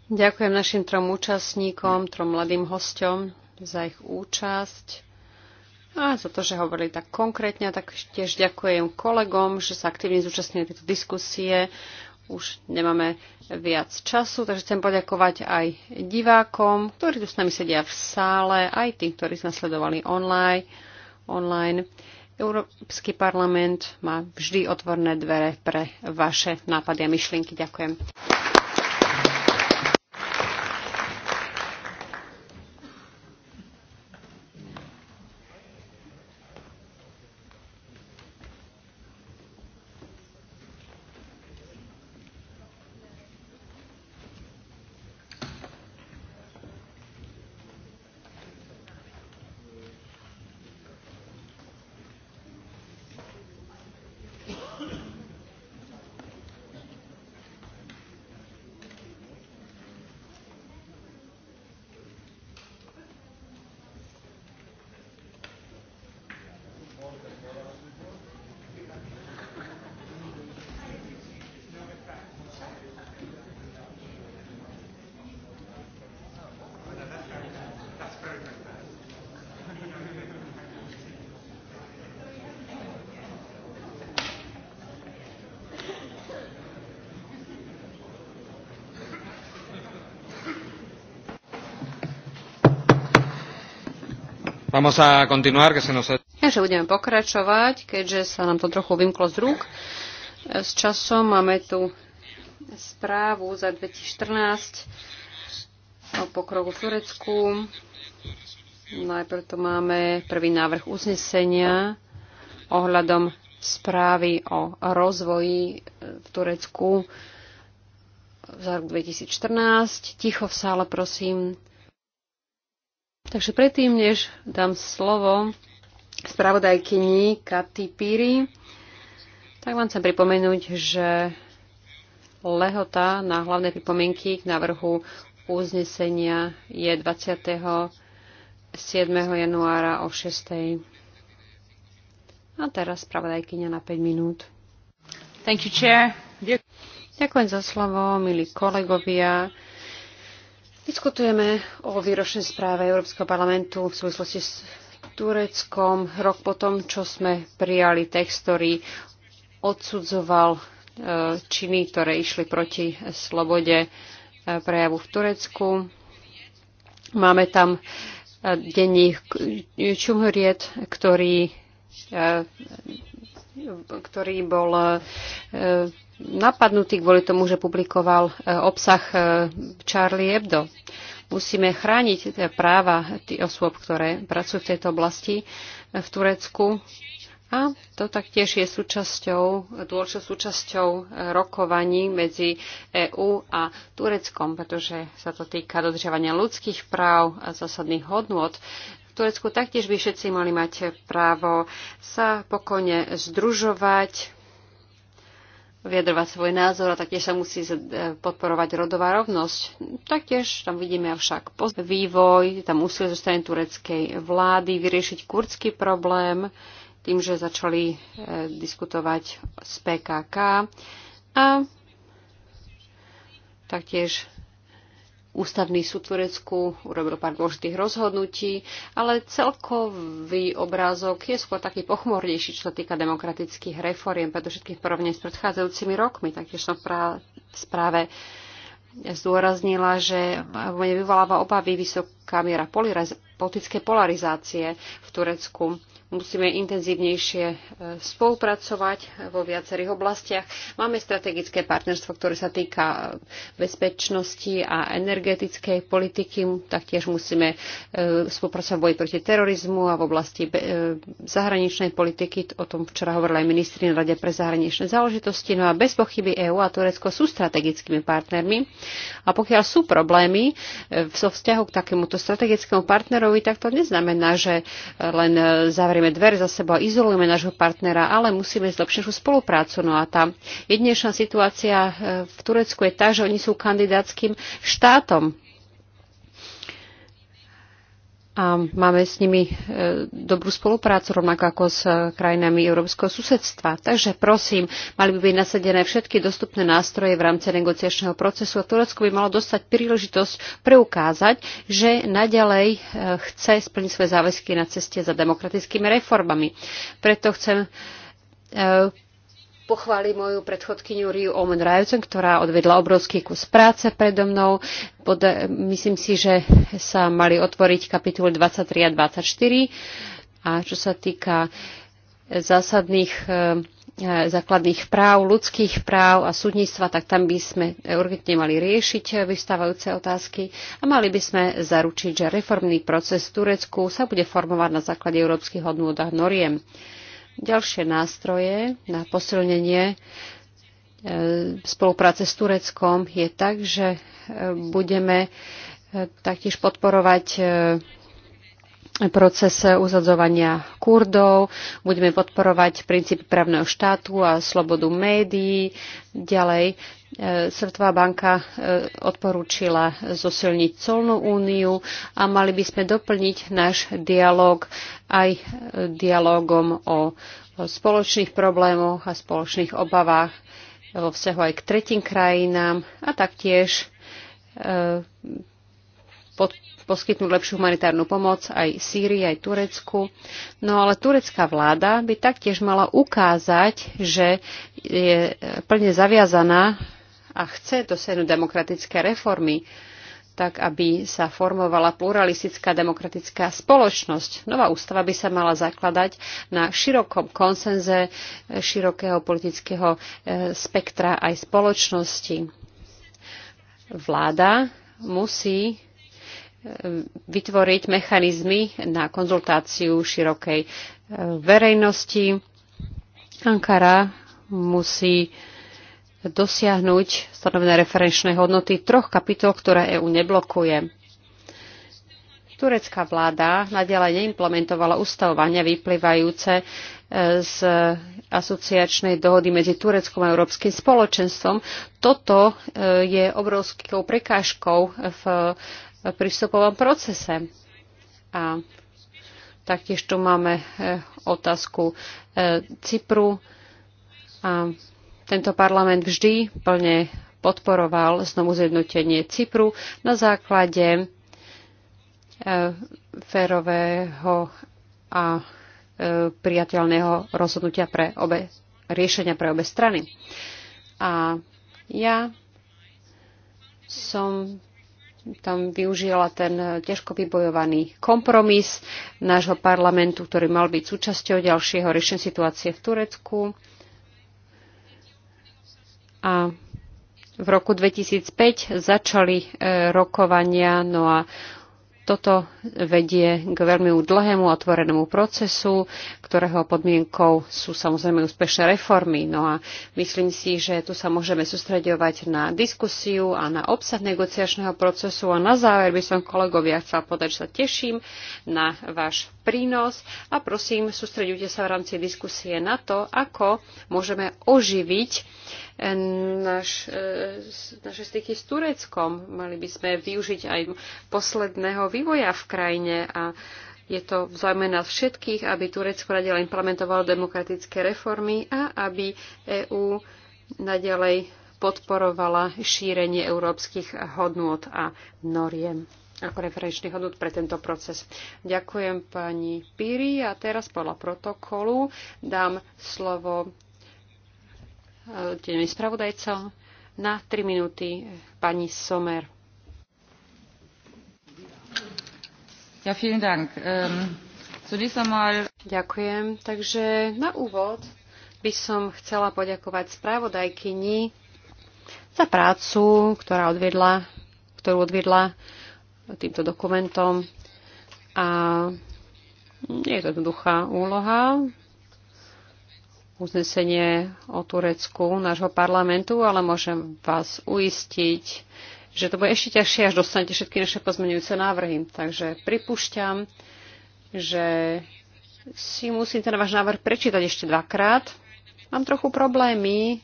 Ďakujem našim trom účastníkom, trom mladým hostom za ich účasť a za to, že hovorili tak konkrétne. Tak tiež ďakujem kolegom, že sa aktívne zúčastnili tejto diskusie už nemáme viac času, takže chcem poďakovať aj divákom, ktorí tu s nami sedia v sále, aj tým, ktorí sme sledovali online. online. Európsky parlament má vždy otvorné dvere pre vaše nápady a myšlienky. Ďakujem. Vamos a continuar, que se nos... Takže budeme pokračovať, keďže sa nám to trochu vymklo z rúk. S časom máme tu správu za 2014 o pokroku v Turecku. Najprv tu máme prvý návrh uznesenia ohľadom správy o rozvoji e, v Turecku za rok 2014. Ticho v sále, prosím. Takže predtým, než dám slovo spravodajkyni Katy Píry, tak vám chcem pripomenúť, že lehota na hlavné pripomienky k návrhu uznesenia je 27. januára o 6. A teraz spravodajkyňa na 5 minút. Thank you, chair. Ďakujem za slovo, milí kolegovia. Diskutujeme o výročnej správe Európskeho parlamentu v súvislosti s Tureckom rok po tom, čo sme prijali text, ktorý odsudzoval e, činy, ktoré išli proti slobode e, prejavu v Turecku. Máme tam e, denník Čumhuriet, ktorý ktorý bol e, napadnutý kvôli tomu, že publikoval e, obsah e, Charlie Hebdo. Musíme chrániť práva tých osôb, ktoré pracujú v tejto oblasti v Turecku. A to taktiež je súčasťou, dôležitou súčasťou rokovaní medzi EÚ a Tureckom, pretože sa to týka dodržiavania ľudských práv a zásadných hodnôt. Turecku, taktiež by všetci mali mať právo sa pokojne združovať, vyjadrovať svoj názor a taktiež sa musí e, podporovať rodová rovnosť. Taktiež tam vidíme avšak vývoj, tam úsilie zo strany tureckej vlády vyriešiť kurdský problém tým, že začali e, diskutovať s PKK a taktiež Ústavný súd Turecku urobil pár dôležitých rozhodnutí, ale celkový obrázok je skôr taký pochmornejší, čo sa týka demokratických reforiem, predovšetkým v porovnaní s predchádzajúcimi rokmi. Taktiež som v správe zdôraznila, že mne vyvoláva obavy vysoká miera politické polarizácie v Turecku musíme intenzívnejšie e, spolupracovať vo viacerých oblastiach. Máme strategické partnerstvo, ktoré sa týka e, bezpečnosti a energetickej politiky. Taktiež musíme e, spolupracovať v boji proti terorizmu a v oblasti zahraničnej politiky. O tom včera hovorila aj ministri na Rade pre zahraničné záležitosti. No a bez pochyby EÚ a Turecko sú strategickými partnermi. A pokiaľ sú problémy v so vzťahu k takémuto strategickému partnerovi, tak to neznamená, že len zavrie zatvoríme dvere za sebou a izolujeme nášho partnera, ale musíme zlepšiť našu spoluprácu. No a tá jednešná situácia e, v Turecku je tá, že oni sú kandidátským štátom a máme s nimi e, dobrú spoluprácu, rovnako ako s krajinami európskeho susedstva. Takže prosím, mali by byť nasadené všetky dostupné nástroje v rámci negociačného procesu a Turecko by malo dostať príležitosť preukázať, že naďalej e, chce splniť svoje záväzky na ceste za demokratickými reformami. Preto chcem e, pochváliť moju predchodkyňu Riu Omen Rajocen, ktorá odvedla obrovský kus práce predo mnou. Pod, myslím si, že sa mali otvoriť kapitul 23 a 24. A čo sa týka e, zásadných e, e, základných práv, ľudských práv a súdnictva, tak tam by sme urgentne mali riešiť vystávajúce otázky a mali by sme zaručiť, že reformný proces v Turecku sa bude formovať na základe európskych hodnôt a noriem ďalšie nástroje na posilnenie e, spolupráce s Tureckom je tak, že e, budeme e, taktiež podporovať proces uzadzovania Kurdov, budeme podporovať princípy právneho štátu a slobodu médií. Ďalej, e, Svetová banka e, odporúčila zosilniť colnú úniu a mali by sme doplniť náš dialog aj e, dialogom o spoločných problémoch a spoločných obavách vo vzťahu aj k tretím krajinám a taktiež pod, poskytnúť lepšiu humanitárnu pomoc aj Sýrii, aj Turecku. No ale turecká vláda by taktiež mala ukázať, že je plne zaviazaná a chce dosiahnuť demokratické reformy tak aby sa formovala pluralistická demokratická spoločnosť. Nová ústava by sa mala zakladať na širokom konsenze širokého politického e, spektra aj spoločnosti. Vláda musí vytvoriť mechanizmy na konzultáciu širokej e, verejnosti. Ankara musí dosiahnuť stanovené referenčné hodnoty troch kapitol, ktoré EÚ neblokuje. Turecká vláda nadalej neimplementovala ustavovania vyplývajúce e, z asociačnej dohody medzi Tureckom a Európskym spoločenstvom. Toto e, je obrovskou prekážkou v prístupovom procese. A taktiež tu máme eh, otázku eh, Cypru. A tento parlament vždy plne podporoval znovu zjednotenie Cypru na základe eh, férového a priateľného rozhodnutia pre obe, riešenia pre obe strany. A ja som tam využila ten e, ťažko vybojovaný kompromis nášho parlamentu, ktorý mal byť súčasťou ďalšieho riešenia situácie v Turecku. A v roku 2005 začali e, rokovania, no a toto vedie k veľmi dlhému otvorenému procesu, ktorého podmienkou sú samozrejme úspešné reformy. No a myslím si, že tu sa môžeme sústredovať na diskusiu a na obsah negociačného procesu. A na záver by som kolegovia chcela povedať, že sa teším na váš prínos a prosím, sústredujte sa v rámci diskusie na to, ako môžeme oživiť eh, naš, eh, naše styky s Tureckom. Mali by sme využiť aj posledného vývoja v krajine a je to v záujme nás všetkých, aby Turecko nadalej implementovalo demokratické reformy a aby EÚ nadalej podporovala šírenie európskych hodnôt a noriem ako referenčný hodnot pre tento proces. Ďakujem pani Píri a teraz podľa protokolu dám slovo eh, tým spravodajcom na 3 minúty pani Somer. Ja, vielen Dank. Um, zunächst einmal... Ďakujem. Takže na úvod by som chcela poďakovať spravodajkyni za prácu, ktorá odvedla. ktorú odvedla týmto dokumentom. A nie je to jednoduchá úloha. Uznesenie o Turecku nášho parlamentu, ale môžem vás uistiť, že to bude ešte ťažšie, až dostanete všetky naše pozmenujúce návrhy. Takže pripúšťam, že si musím ten váš návrh prečítať ešte dvakrát. Mám trochu problémy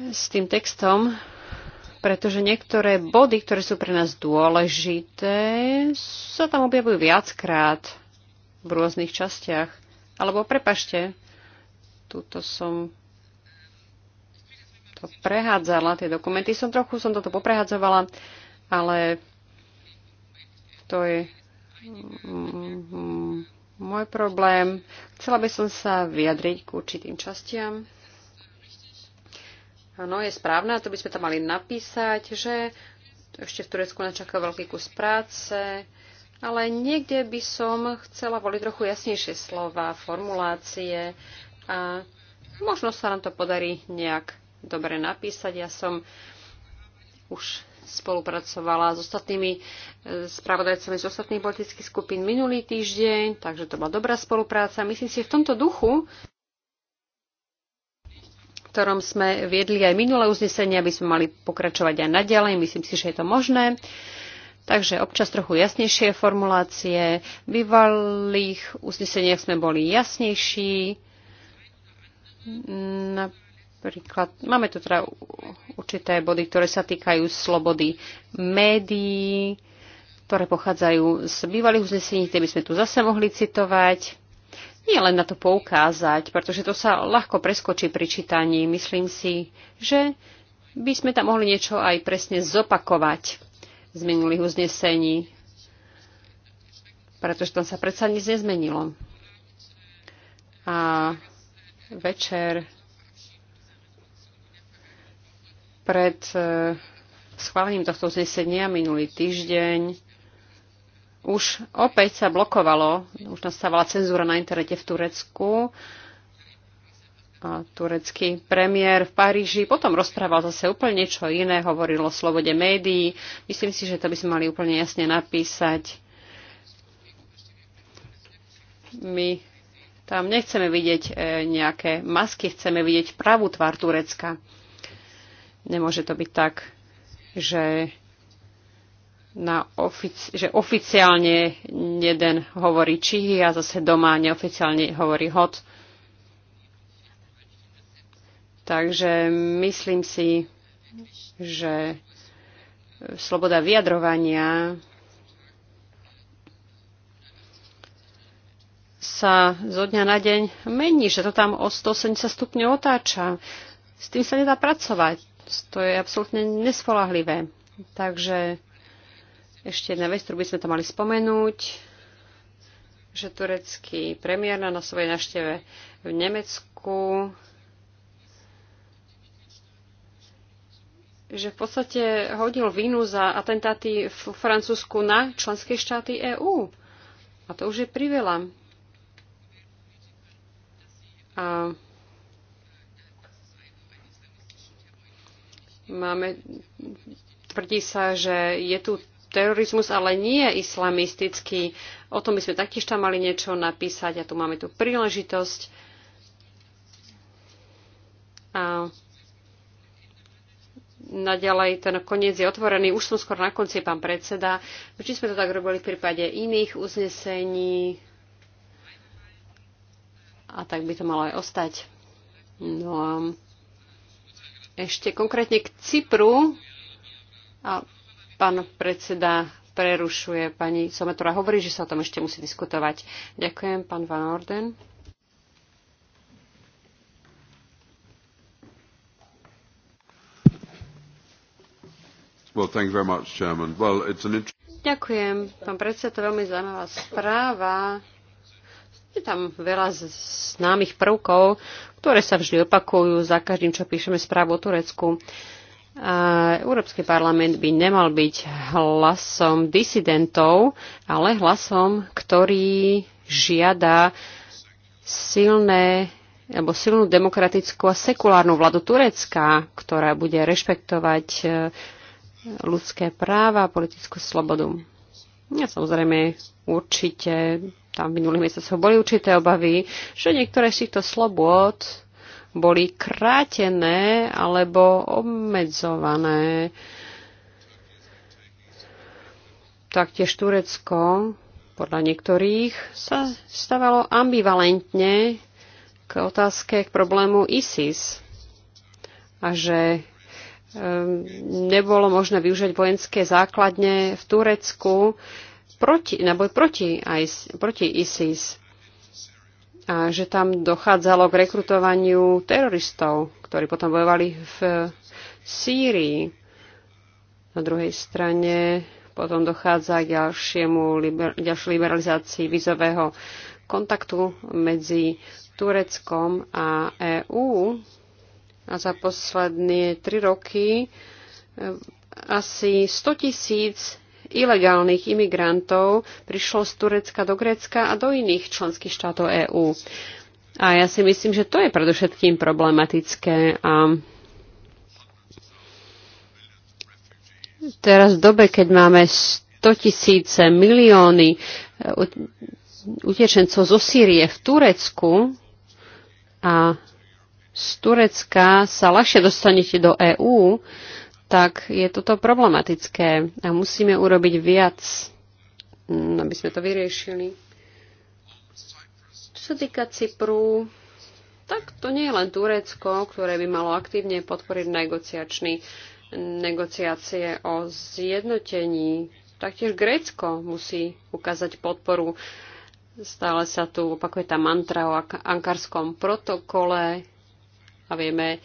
s tým textom, pretože niektoré body, ktoré sú pre nás dôležité, sa tam objavujú viackrát v rôznych častiach. Alebo prepašte, túto som to prehádzala, tie dokumenty som trochu, som toto poprehádzovala, ale to je mm, mm, mm, môj problém. Chcela by som sa vyjadriť k určitým častiam. Áno, je správne, a to by sme tam mali napísať, že ešte v Turecku načaká veľký kus práce, ale niekde by som chcela voliť trochu jasnejšie slova, formulácie a možno sa nám to podarí nejak dobre napísať. Ja som už spolupracovala s ostatnými e, spravodajcami z ostatných politických skupín minulý týždeň, takže to bola dobrá spolupráca. Myslím si, v tomto duchu ktorom sme viedli aj minulé uznesenie, aby sme mali pokračovať aj naďalej. Myslím si, že je to možné. Takže občas trochu jasnejšie formulácie. V bývalých uzneseniach sme boli jasnejší. Napríklad máme tu teda určité body, ktoré sa týkajú slobody médií, ktoré pochádzajú z bývalých uznesení, tie by sme tu zase mohli citovať nie len na to poukázať, pretože to sa ľahko preskočí pri čítaní. Myslím si, že by sme tam mohli niečo aj presne zopakovať z minulých uznesení, pretože tam sa predsa nič nezmenilo. A večer pred eh, schválením tohto uznesenia minulý týždeň už opäť sa blokovalo, už nastávala cenzúra na internete v Turecku. A turecký premiér v Paríži potom rozprával zase úplne niečo iné, hovoril o slobode médií. Myslím si, že to by sme mali úplne jasne napísať. My tam nechceme vidieť e, nejaké masky, chceme vidieť pravú tvár Turecka. Nemôže to byť tak, že na ofici- že oficiálne jeden hovorí Čihy a zase doma neoficiálne hovorí Hot. Takže myslím si, že sloboda vyjadrovania sa zo dňa na deň mení, že to tam o 180 stupňov otáča. S tým sa nedá pracovať. To je absolútne nespolahlivé. Takže ešte jedna vec, ktorú by sme to mali spomenúť, že turecký premiér na svojej našteve v Nemecku že v podstate hodil vínu za atentáty v Francúzsku na členské štáty EÚ. A to už je priveľa. A máme, tvrdí sa, že je tu terorizmus, ale nie islamistický. O tom by sme taktiež tam mali niečo napísať a tu máme tu príležitosť. A naďalej ten koniec je otvorený. Už som skoro na konci, pán predseda. Či sme to tak robili v prípade iných uznesení a tak by to malo aj ostať. No a ešte konkrétne k Cypru. A Pán predseda prerušuje pani Sometora. Hovorí, že sa o tom ešte musí diskutovať. Ďakujem, pán Van Orden. Well, thank you very much, Chairman. Well, it's an Ďakujem, pán predseda, to je veľmi zaujímavá správa. Je tam veľa známych prvkov, ktoré sa vždy opakujú za každým, čo píšeme správu o Turecku. Uh, a Európsky parlament by nemal byť hlasom disidentov, ale hlasom, ktorý žiada silné alebo silnú demokratickú a sekulárnu vládu Turecka, ktorá bude rešpektovať e, ľudské práva a politickú slobodu. Ja samozrejme určite, tam v minulých mesiacoch boli určité obavy, že niektoré z týchto slobod boli krátené alebo obmedzované. Taktiež Turecko, podľa niektorých, sa stávalo ambivalentne k otázke k problému ISIS a že ehm, nebolo možné využiť vojenské základne v Turecku proti, na boj proti, proti ISIS a že tam dochádzalo k rekrutovaniu teroristov, ktorí potom bojovali v Sýrii. Na druhej strane potom dochádza k ďalšiemu, liber, ďalšiu liberalizácii vizového kontaktu medzi Tureckom a EÚ. A za posledné tri roky eh, asi 100 tisíc ilegálnych imigrantov prišlo z Turecka do Grécka a do iných členských štátov EÚ. A ja si myslím, že to je predovšetkým problematické a teraz v dobe, keď máme 100 tisíce, milióny eh, utečencov zo Sýrie v Turecku a z Turecka sa ľahšie dostanete do EÚ, tak je toto problematické a musíme urobiť viac, mm, aby sme to vyriešili. Čo sa týka Cypru, tak to nie je len Turecko, ktoré by malo aktívne podporiť negociačný, negociácie o zjednotení. Taktiež Grécko musí ukázať podporu. Stále sa tu opakuje tá mantra o ankarskom protokole a vieme,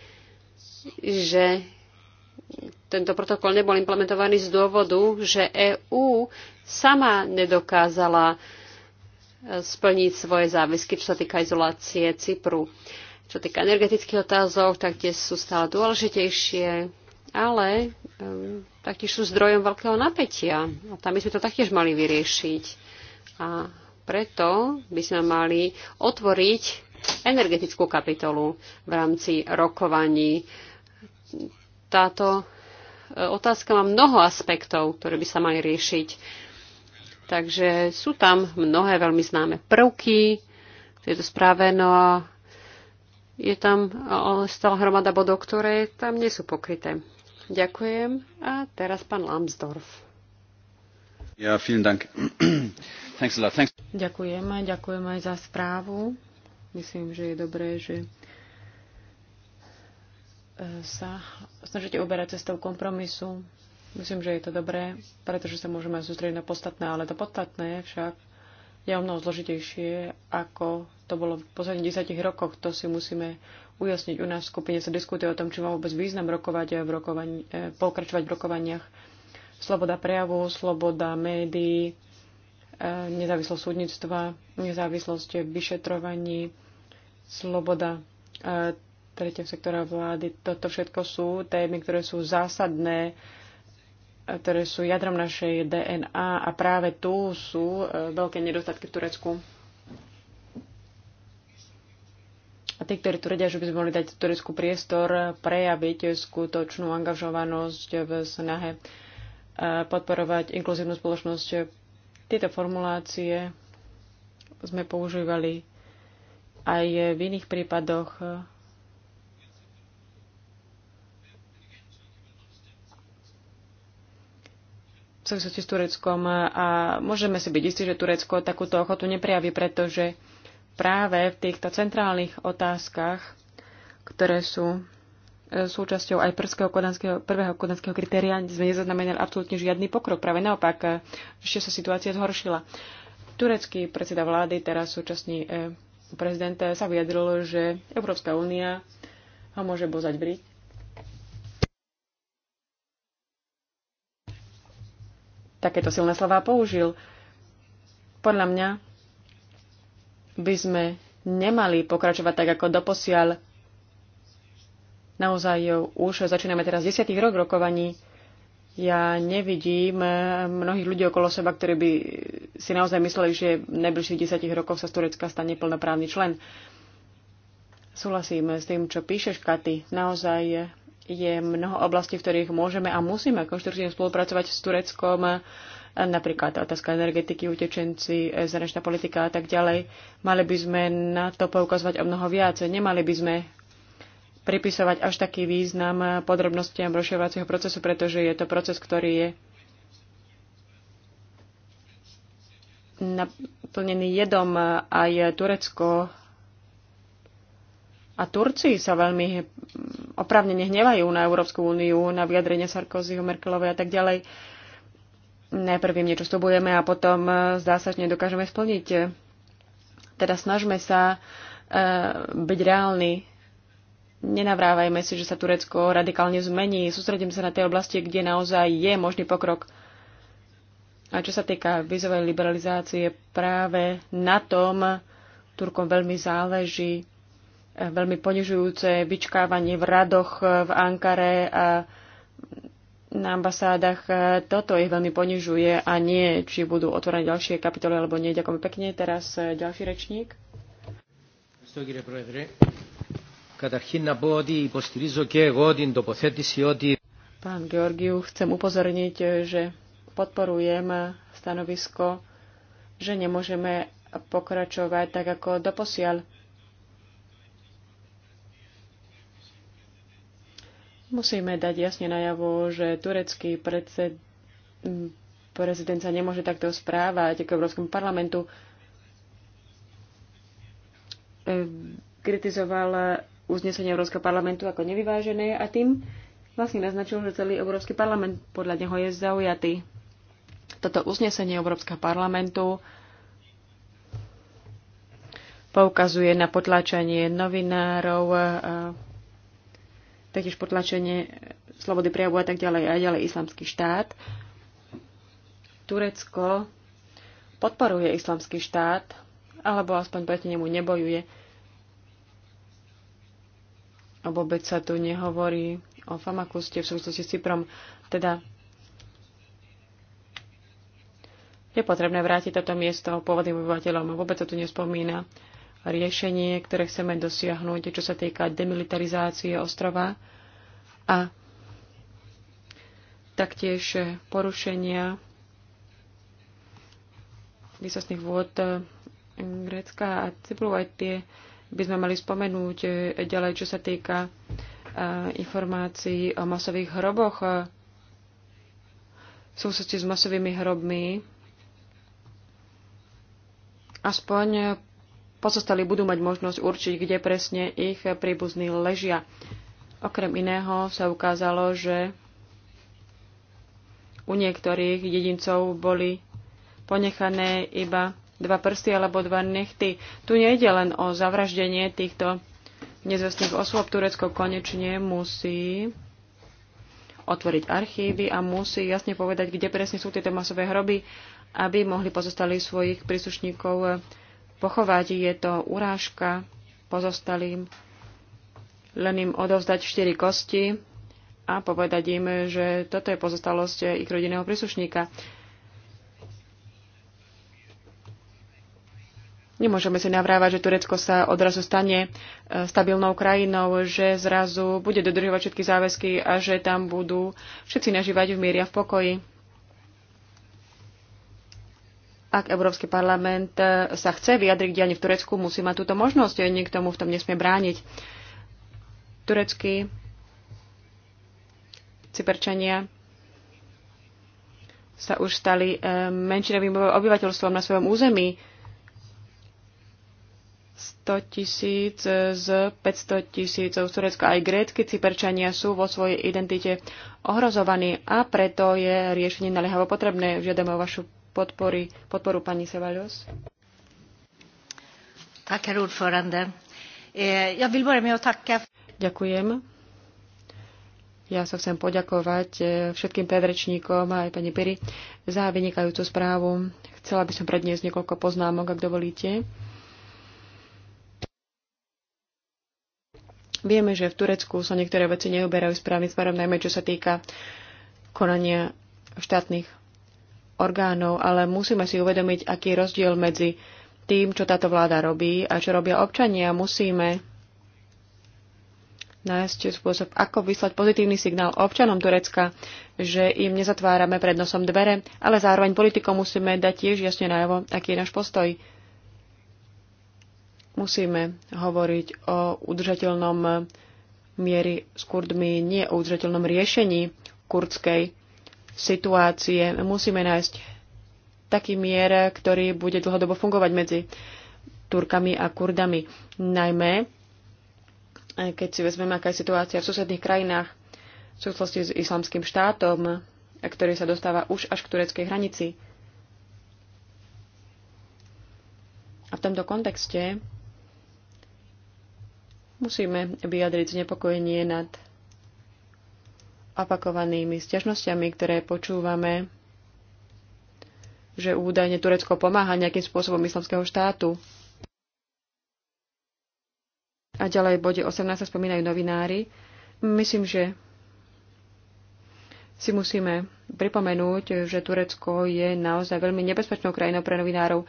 že tento protokol nebol implementovaný z dôvodu, že EÚ sama nedokázala e, splniť svoje záväzky, čo sa týka izolácie Cypru. Čo týka energetických otázok, tak tie sú stále dôležitejšie, ale um, taktiež sú zdrojom veľkého napätia. A tam by sme to taktiež mali vyriešiť. A preto by sme mali otvoriť energetickú kapitolu v rámci rokovaní táto e, otázka má mnoho aspektov, ktoré by sa mali riešiť. Takže sú tam mnohé veľmi známe prvky, je to správe, no a je tam e, stále hromada bodov, ktoré tam nie sú pokryté. Ďakujem. A teraz pán Lambsdorff. Ja, vielen Dank. Thanks a lot. Thanks. Ďakujem aj ďakujem aj za správu. Myslím, že je dobré, že sa snažíte uberať cestou kompromisu. Myslím, že je to dobré, pretože sa môžeme sústrediť na podstatné, ale to podstatné však je o mnoho zložitejšie, ako to bolo v posledných desiatich rokoch. To si musíme ujasniť. U nás v skupine sa diskutuje o tom, či má vôbec význam rokovať v rokovani, e, pokračovať v rokovaniach. Sloboda prejavu, sloboda médií, e, nezávislosť súdnictva, nezávislosť vyšetrovaní, sloboda e, tretieho sektora vlády. Toto všetko sú témy, ktoré sú zásadné, ktoré sú jadrom našej DNA a práve tu sú e, veľké nedostatky v Turecku. A tí, ktorí tvrdia, že by sme mohli dať Turecku priestor prejaviť skutočnú angažovanosť v snahe e, podporovať inkluzívnu spoločnosť, tieto formulácie sme používali aj v iných prípadoch súvislosti s Tureckom a môžeme si byť istí, že Turecko takúto ochotu neprijaví, pretože práve v týchto centrálnych otázkach, ktoré sú e, súčasťou aj prvského kodanského, prvého kodanského kritéria, sme nezaznamenali absolútne žiadny pokrok. Práve naopak, e, ešte sa situácia zhoršila. Turecký predseda vlády, teraz súčasný e, prezident, sa vyjadril, že Európska únia ho môže bozať takéto silné slova použil. Podľa mňa by sme nemali pokračovať tak, ako doposiaľ. Naozaj už začíname teraz desiatých rok rokovaní. Ja nevidím mnohých ľudí okolo seba, ktorí by si naozaj mysleli, že v najbližších desiatich rokoch sa z Turecka stane plnoprávny člen. Súhlasím s tým, čo píšeš, Katy. Naozaj je mnoho oblastí, v ktorých môžeme a musíme konštruktívne spolupracovať s Tureckom, napríklad otázka energetiky, utečenci, e, zahraničná politika a tak ďalej. Mali by sme na to poukazovať o mnoho viac. Nemali by sme pripisovať až taký význam podrobnostiam rozširovacieho procesu, pretože je to proces, ktorý je naplnený jedom aj Turecko a Turci sa veľmi hm, opravne nehnevajú na Európsku úniu, na vyjadrenie Sarkozyho, Merkelovej a tak ďalej. Najprv im niečo slubujeme a potom e, zdá sa, že nedokážeme splniť. Teda snažme sa e, byť reálni. Nenavrávajme si, že sa Turecko radikálne zmení. Sústredím sa na tie oblasti, kde naozaj je možný pokrok. A čo sa týka vizovej liberalizácie, práve na tom Turkom veľmi záleží veľmi ponižujúce vyčkávanie v radoch v Ankare a na ambasádach. Toto ich veľmi ponižuje a nie, či budú otvorené ďalšie kapitoly alebo nie. Ďakujem pekne. Teraz e, ďalší rečník. Pán Georgiu, chcem upozorniť, že podporujem stanovisko, že nemôžeme pokračovať tak ako doposiaľ Musíme dať jasne najavo, že turecký predsed, prezident sa nemôže takto správať k Európskom parlamentu. E, kritizoval uznesenie Európskeho parlamentu ako nevyvážené a tým vlastne naznačil, že celý Európsky parlament podľa neho je zaujatý. Toto uznesenie Európskeho parlamentu poukazuje na potláčanie novinárov, taktiež potlačenie slobody prejavu a tak ďalej a ďalej islamský štát. Turecko podporuje islamský štát, alebo aspoň proti nemu nebojuje. A vôbec sa tu nehovorí o Famakuste v súvislosti s Cyprom. Teda je potrebné vrátiť toto miesto pôvodným obyvateľom. Vôbec sa tu nespomína riešenie, ktoré chceme dosiahnuť, čo sa týka demilitarizácie ostrova a taktiež porušenia výsostných vôd eh, Grécka a Cypru. Aj tie by sme mali spomenúť eh, ďalej, čo sa týka eh, informácií o masových hroboch v súvislosti s masovými hrobmi. Aspoň pozostali budú mať možnosť určiť, kde presne ich príbuzní ležia. Okrem iného sa ukázalo, že u niektorých jedincov boli ponechané iba dva prsty alebo dva nechty. Tu nejde len o zavraždenie týchto nezvestných osôb. Turecko konečne musí otvoriť archívy a musí jasne povedať, kde presne sú tieto masové hroby, aby mohli pozostali svojich príslušníkov pochovať. Je to urážka pozostalým, len im odovzdať štyri kosti a povedať im, že toto je pozostalosť ich rodinného príslušníka. Nemôžeme si navrávať, že Turecko sa odrazu stane e, stabilnou krajinou, že zrazu bude dodržovať všetky záväzky a že tam budú všetci nažívať v miery a v pokoji. Ak Európsky parlament e, sa chce vyjadriť dianie v Turecku, musí mať túto možnosť. E, Nik tomu v tom nesmie brániť. Tureckí Cyperčania sa už stali e, menšinovým obyvateľstvom na svojom území. 100 tisíc z 500 tisícov z Turecka. Aj grécky Cyperčania sú vo svojej identite ohrozovaní a preto je riešenie naliehavo potrebné. Žiadame o vašu podpory, podporu pani Sevalos. Eh, Ďakujem. Ja sa chcem poďakovať eh, všetkým predrečníkom aj pani Piri za vynikajúcu správu. Chcela by som predniesť niekoľko poznámok, ak dovolíte. Vieme, že v Turecku sa niektoré veci neuberajú správnym smerom, najmä čo sa týka konania štátnych orgánov, ale musíme si uvedomiť, aký je rozdiel medzi tým, čo táto vláda robí a čo robia občania. Musíme nájsť spôsob, ako vyslať pozitívny signál občanom Turecka, že im nezatvárame pred nosom dvere, ale zároveň politikom musíme dať tiež jasne najavo, aký je náš postoj. Musíme hovoriť o udržateľnom miery s Kurdmi, nie o udržateľnom riešení kurdskej situácie. Musíme nájsť taký mier, ktorý bude dlhodobo fungovať medzi Turkami a Kurdami. Najmä, eh, keď si vezmeme, aká je situácia v susedných krajinách v súvislosti s islamským štátom, eh, ktorý sa dostáva už až k tureckej hranici. A v tomto kontexte musíme vyjadriť znepokojenie nad opakovanými stiažnosťami, ktoré počúvame, že údajne Turecko pomáha nejakým spôsobom islamského štátu. A ďalej v bode 18 sa spomínajú novinári. Myslím, že si musíme pripomenúť, že Turecko je naozaj veľmi nebezpečnou krajinou pre novinárov,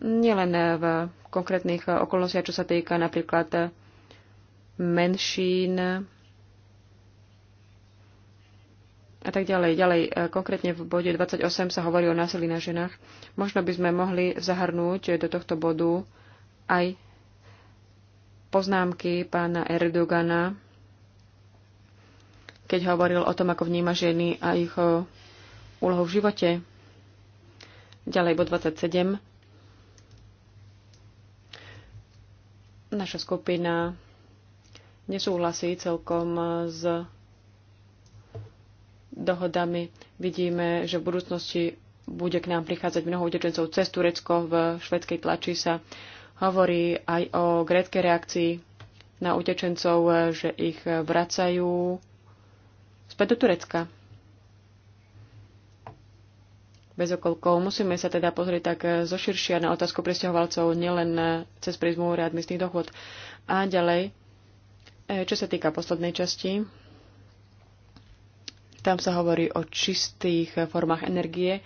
nielen v konkrétnych okolnostiach, čo sa týka napríklad menšín, a tak ďalej. Ďalej, e, konkrétne v bode 28 sa hovorí o násilí na ženách. Možno by sme mohli zahrnúť e, do tohto bodu aj poznámky pána Erdogana, keď hovoril o tom, ako vníma ženy a ich e, úlohu v živote. Ďalej, bod 27. Naša skupina nesúhlasí celkom s dohodami. Vidíme, že v budúcnosti bude k nám prichádzať mnoho utečencov cez Turecko. V švedskej tlači sa hovorí aj o gréckej reakcii na utečencov, že ich vracajú späť do Turecka. Bez okolkov. Musíme sa teda pozrieť tak zoširšia na otázku presťahovalcov, nielen cez prizmu readmisných dohod. A ďalej, e, čo sa týka poslednej časti, tam sa hovorí o čistých formách energie.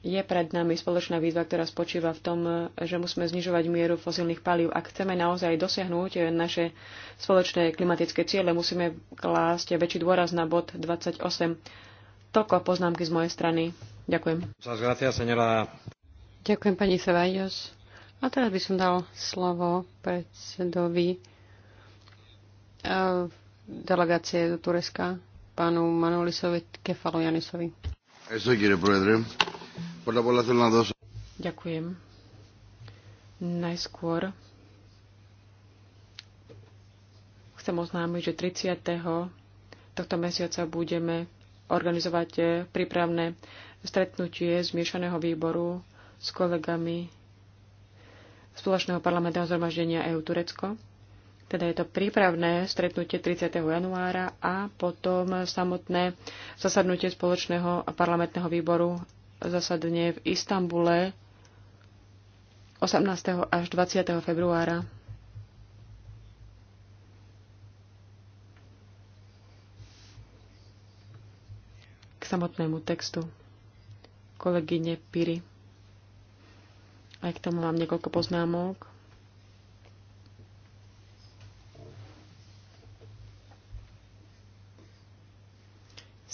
Je pred nami spoločná výzva, ktorá spočíva v tom, že musíme znižovať mieru fosilných palív. Ak chceme naozaj dosiahnuť naše spoločné klimatické ciele, musíme klásť väčší dôraz na bod 28. Toľko poznámky z mojej strany. Ďakujem. Ďakujem pani Sevajos. A teraz by som dal slovo predsedovi eh, delegácie do Turecka pánu Manuelisovi Kefalojanisovi. Ďakujem. Najskôr chcem oznámiť, že 30. tohto mesiaca budeme organizovať eh, prípravné stretnutie zmiešaného výboru s kolegami spoločného parlamentného zhromaždenia EU Turecko teda je to prípravné stretnutie 30. januára a potom samotné zasadnutie spoločného parlamentného výboru zasadne v Istambule 18. až 20. februára. K samotnému textu kolegyne Piri. Aj k tomu mám niekoľko poznámok.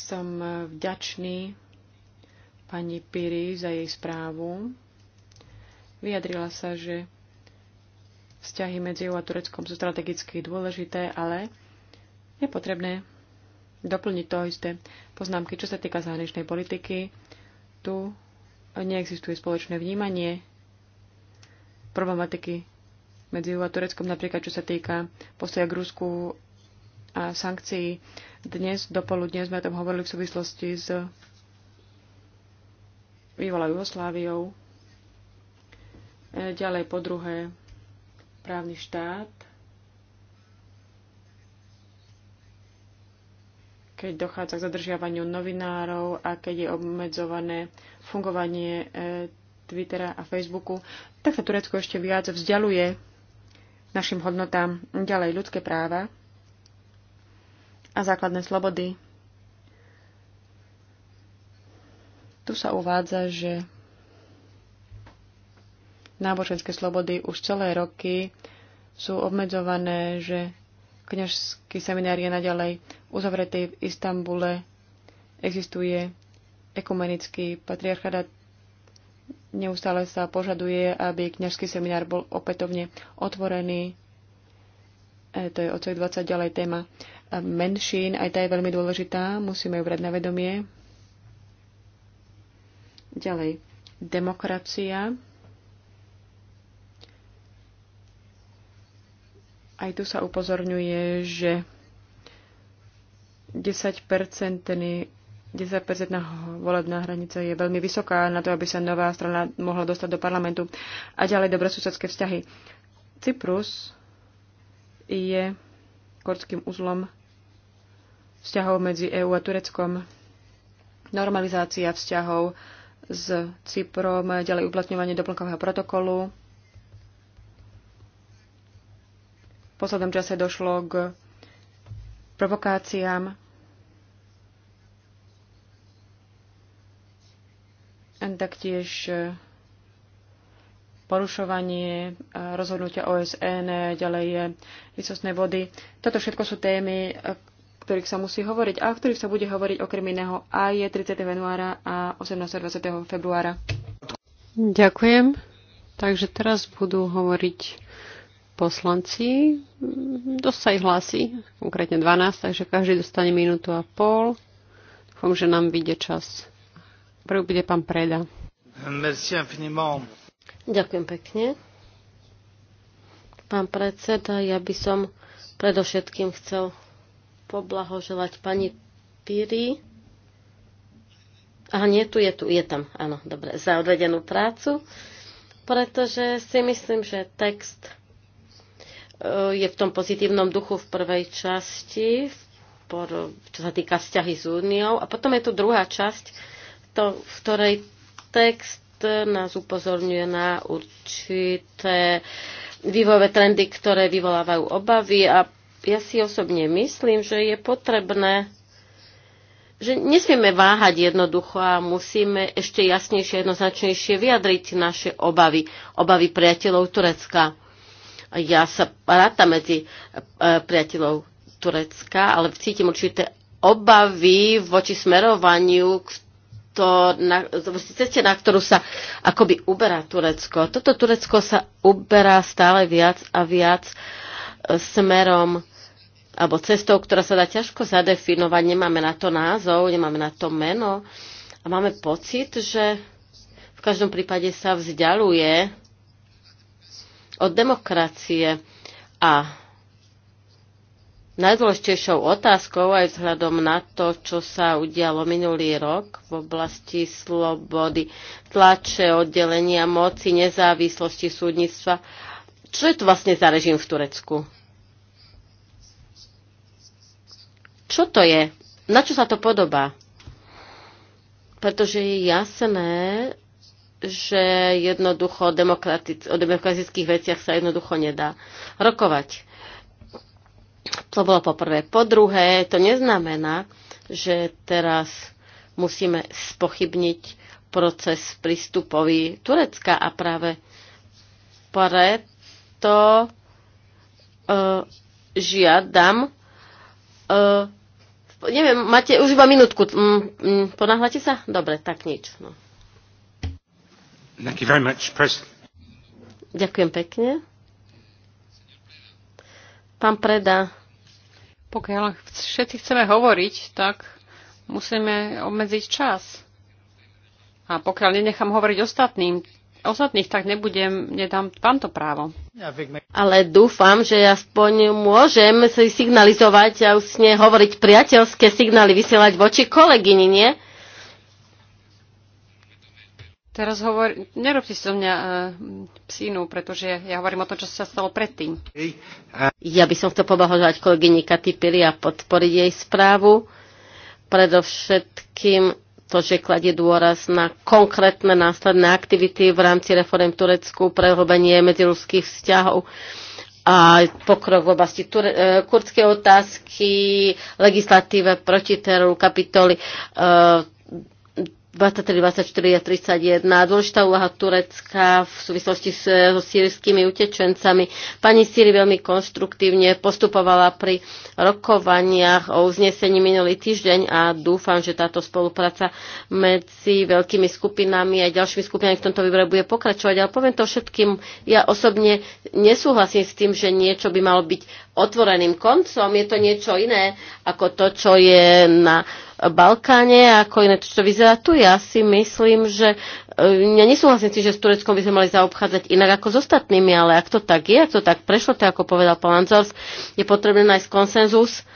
Som vďačný pani Piri za jej správu. Vyjadrila sa, že vzťahy medzi EU a Tureckom sú strategicky dôležité, ale je potrebné doplniť to isté poznámky, čo sa týka zahraničnej politiky. Tu neexistuje spoločné vnímanie problematiky medzi EU a Tureckom, napríklad čo sa týka postoja k Rusku a sankcií. Dnes dopoludne sme o tom hovorili v súvislosti s bývalou Jugosláviou. E, ďalej po druhé právny štát. Keď dochádza k zadržiavaniu novinárov a keď je obmedzované fungovanie e, Twittera a Facebooku, tak sa Turecko ešte viac vzdialuje našim hodnotám ďalej ľudské práva a základné slobody. Tu sa uvádza, že náboženské slobody už celé roky sú obmedzované, že kňažský seminár je naďalej uzavretý v Istambule, existuje ekumenický patriarchát a neustále sa požaduje, aby kňažský seminár bol opätovne otvorený. E, to je odsek 20 ďalej téma menšín, aj tá je veľmi dôležitá, musíme ju brať na vedomie. Ďalej, demokracia. Aj tu sa upozorňuje, že 10 10 volebná hranica je veľmi vysoká na to, aby sa nová strana mohla dostať do parlamentu. A ďalej dobré vzťahy. Cyprus je kortským uzlom vzťahov medzi EÚ a Tureckom, normalizácia vzťahov s Cyprom, ďalej uplatňovanie doplnkového protokolu. V poslednom čase došlo k provokáciám taktiež porušovanie e, rozhodnutia OSN, ďalej je vody. Toto všetko sú témy, e, ktorých sa musí hovoriť a o ktorých sa bude hovoriť okrem iného aj 30. januára a 18. 20. februára. Ďakujem. Takže teraz budú hovoriť poslanci. Dosť sa ich hlási, konkrétne 12, takže každý dostane minútu a pol. Dúfam, že nám vyjde čas. Prvý bude pán Preda. Merci infiniment. Ďakujem pekne. Pán predseda, ja by som predovšetkým chcel poblahoželať pani Piri. A nie, tu je, tu je tam, áno, dobre, za odvedenú prácu, pretože si myslím, že text e, je v tom pozitívnom duchu v prvej časti, čo sa týka vzťahy s úniou. A potom je tu druhá časť, to, v ktorej text nás upozorňuje na určité vývojové trendy, ktoré vyvolávajú obavy a ja si osobne myslím, že je potrebné že nesmieme váhať jednoducho a musíme ešte jasnejšie, jednoznačnejšie vyjadriť naše obavy, obavy priateľov Turecka. Ja sa ráta medzi e, priateľov Turecka, ale cítim určité obavy voči smerovaniu, to, na, ceste, na ktorú sa akoby uberá Turecko. Toto Turecko sa uberá stále viac a viac e, smerom alebo cestou, ktorá sa dá ťažko zadefinovať. Nemáme na to názov, nemáme na to meno a máme pocit, že v každom prípade sa vzdialuje od demokracie a Najdôležitejšou otázkou aj vzhľadom na to, čo sa udialo minulý rok v oblasti slobody, tlače, oddelenia moci, nezávislosti súdnictva, čo je to vlastne za režim v Turecku? Čo to je? Na čo sa to podobá? Pretože je jasné, že jednoducho o demokratických veciach sa jednoducho nedá rokovať to bolo poprvé. Po druhé, to neznamená, že teraz musíme spochybniť proces prístupový Turecka a práve preto uh, žiadam. Uh, neviem, máte už iba minútku. Mm, mm, ponáhľate sa? Dobre, tak nič. No. Thank you very much, Ďakujem pekne. Pán Preda. Pokiaľ všetci chceme hovoriť, tak musíme obmedziť čas. A pokiaľ nenechám hovoriť ostatným, ostatných, tak nebudem, nedám vám to právo. Ale dúfam, že aspoň môžem si signalizovať a už hovoriť priateľské signály, vysielať voči kolegyni, nie? Teraz hovor... nerobte so mňa uh, psínu, pretože ja hovorím o tom, čo sa stalo predtým. Ja by som chcel poblahožovať kolegyni Katy Pili a podporiť jej správu. Predovšetkým to, že kladie dôraz na konkrétne následné aktivity v rámci reform Turecku, prehlbenie medziľudských vzťahov a pokrok v oblasti ture- e, kurdskej otázky, legislatíve proti teroru, kapitoly uh, 23, 24 a 31. Dôležitá úlaha Turecka v súvislosti so sírskými utečencami. Pani Síri veľmi konštruktívne postupovala pri rokovaniach o uznesení minulý týždeň a dúfam, že táto spolupráca medzi veľkými skupinami a ďalšími skupinami v tomto výbore bude pokračovať. Ale poviem to všetkým, ja osobne nesúhlasím s tým, že niečo by malo byť otvoreným koncom. Je to niečo iné ako to, čo je na Balkáne, ako iné to, čo vyzerá tu. Ja si myslím, že e, ja nesúhlasím si, že s Tureckom by sme mali zaobchádzať inak ako s ostatnými, ale ak to tak je, ak to tak prešlo, to ako povedal pán Lanzors, je potrebné nájsť konsenzus,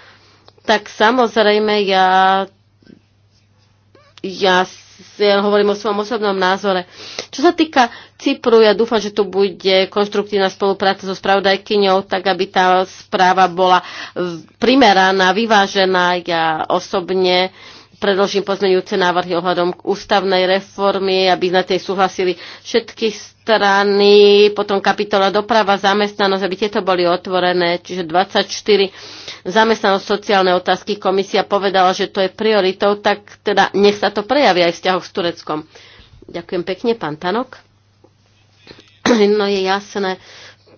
tak samozrejme ja ja, ja hovorím o svojom osobnom názore. Čo sa týka Cypru, ja dúfam, že tu bude konštruktívna spolupráca so spravodajkyňou, tak aby tá správa bola primeraná, vyvážená. Ja osobne predložím pozmeňujúce návrhy ohľadom k ústavnej reformy, aby na tej súhlasili všetky strany, potom kapitola doprava, zamestnanosť, aby tieto boli otvorené, čiže 24 zamestnanosť, sociálne otázky, komisia povedala, že to je prioritou, tak teda nech sa to prejavia aj v vzťahoch s Tureckom. Ďakujem pekne, pán Tanok. No je jasné,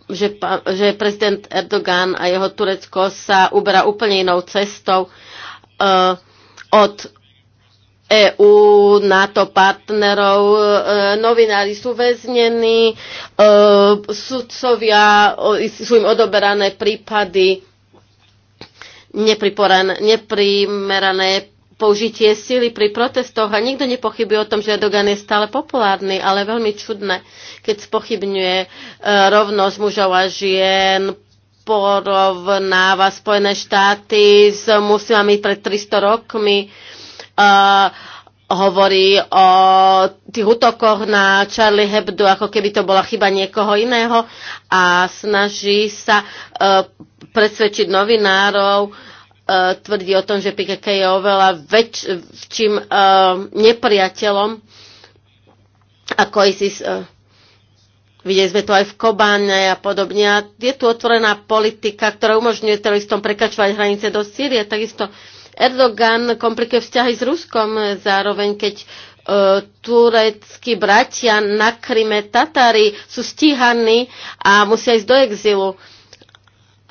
že, že prezident Erdogan a jeho Turecko sa uberá úplne inou cestou uh, od EU, NATO partnerov, uh, novinári sú väznení, uh, sudcovia, uh, sú im odoberané prípady neprimerané použitie sily pri protestoch a nikto nepochybuje o tom, že Erdogan je stále populárny, ale veľmi čudné, keď spochybňuje e, rovnosť mužov a žien, porovnáva Spojené štáty s muslimami pred 300 rokmi, a hovorí o tých útokoch na Charlie Hebdo, ako keby to bola chyba niekoho iného a snaží sa e, presvedčiť novinárov, e, tvrdí o tom, že PKK je oveľa väčším e, nepriateľom ako ISIS. E, videli sme to aj v Kobáne a podobne. A je tu otvorená politika, ktorá umožňuje teroristom prekačovať hranice do Sýrie. Takisto Erdogan komplikuje vzťahy s Ruskom, zároveň keď tureckí bratia na Kryme Tatári sú stíhaní a musia ísť do exilu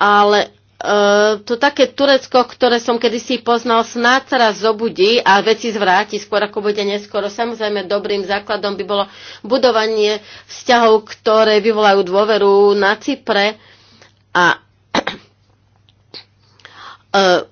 ale Uh, to také Turecko, ktoré som kedysi poznal, snáď sa raz zobudí a veci zvráti skôr ako bude neskoro. Samozrejme, dobrým základom by bolo budovanie vzťahov, ktoré vyvolajú dôveru na Cypre a uh,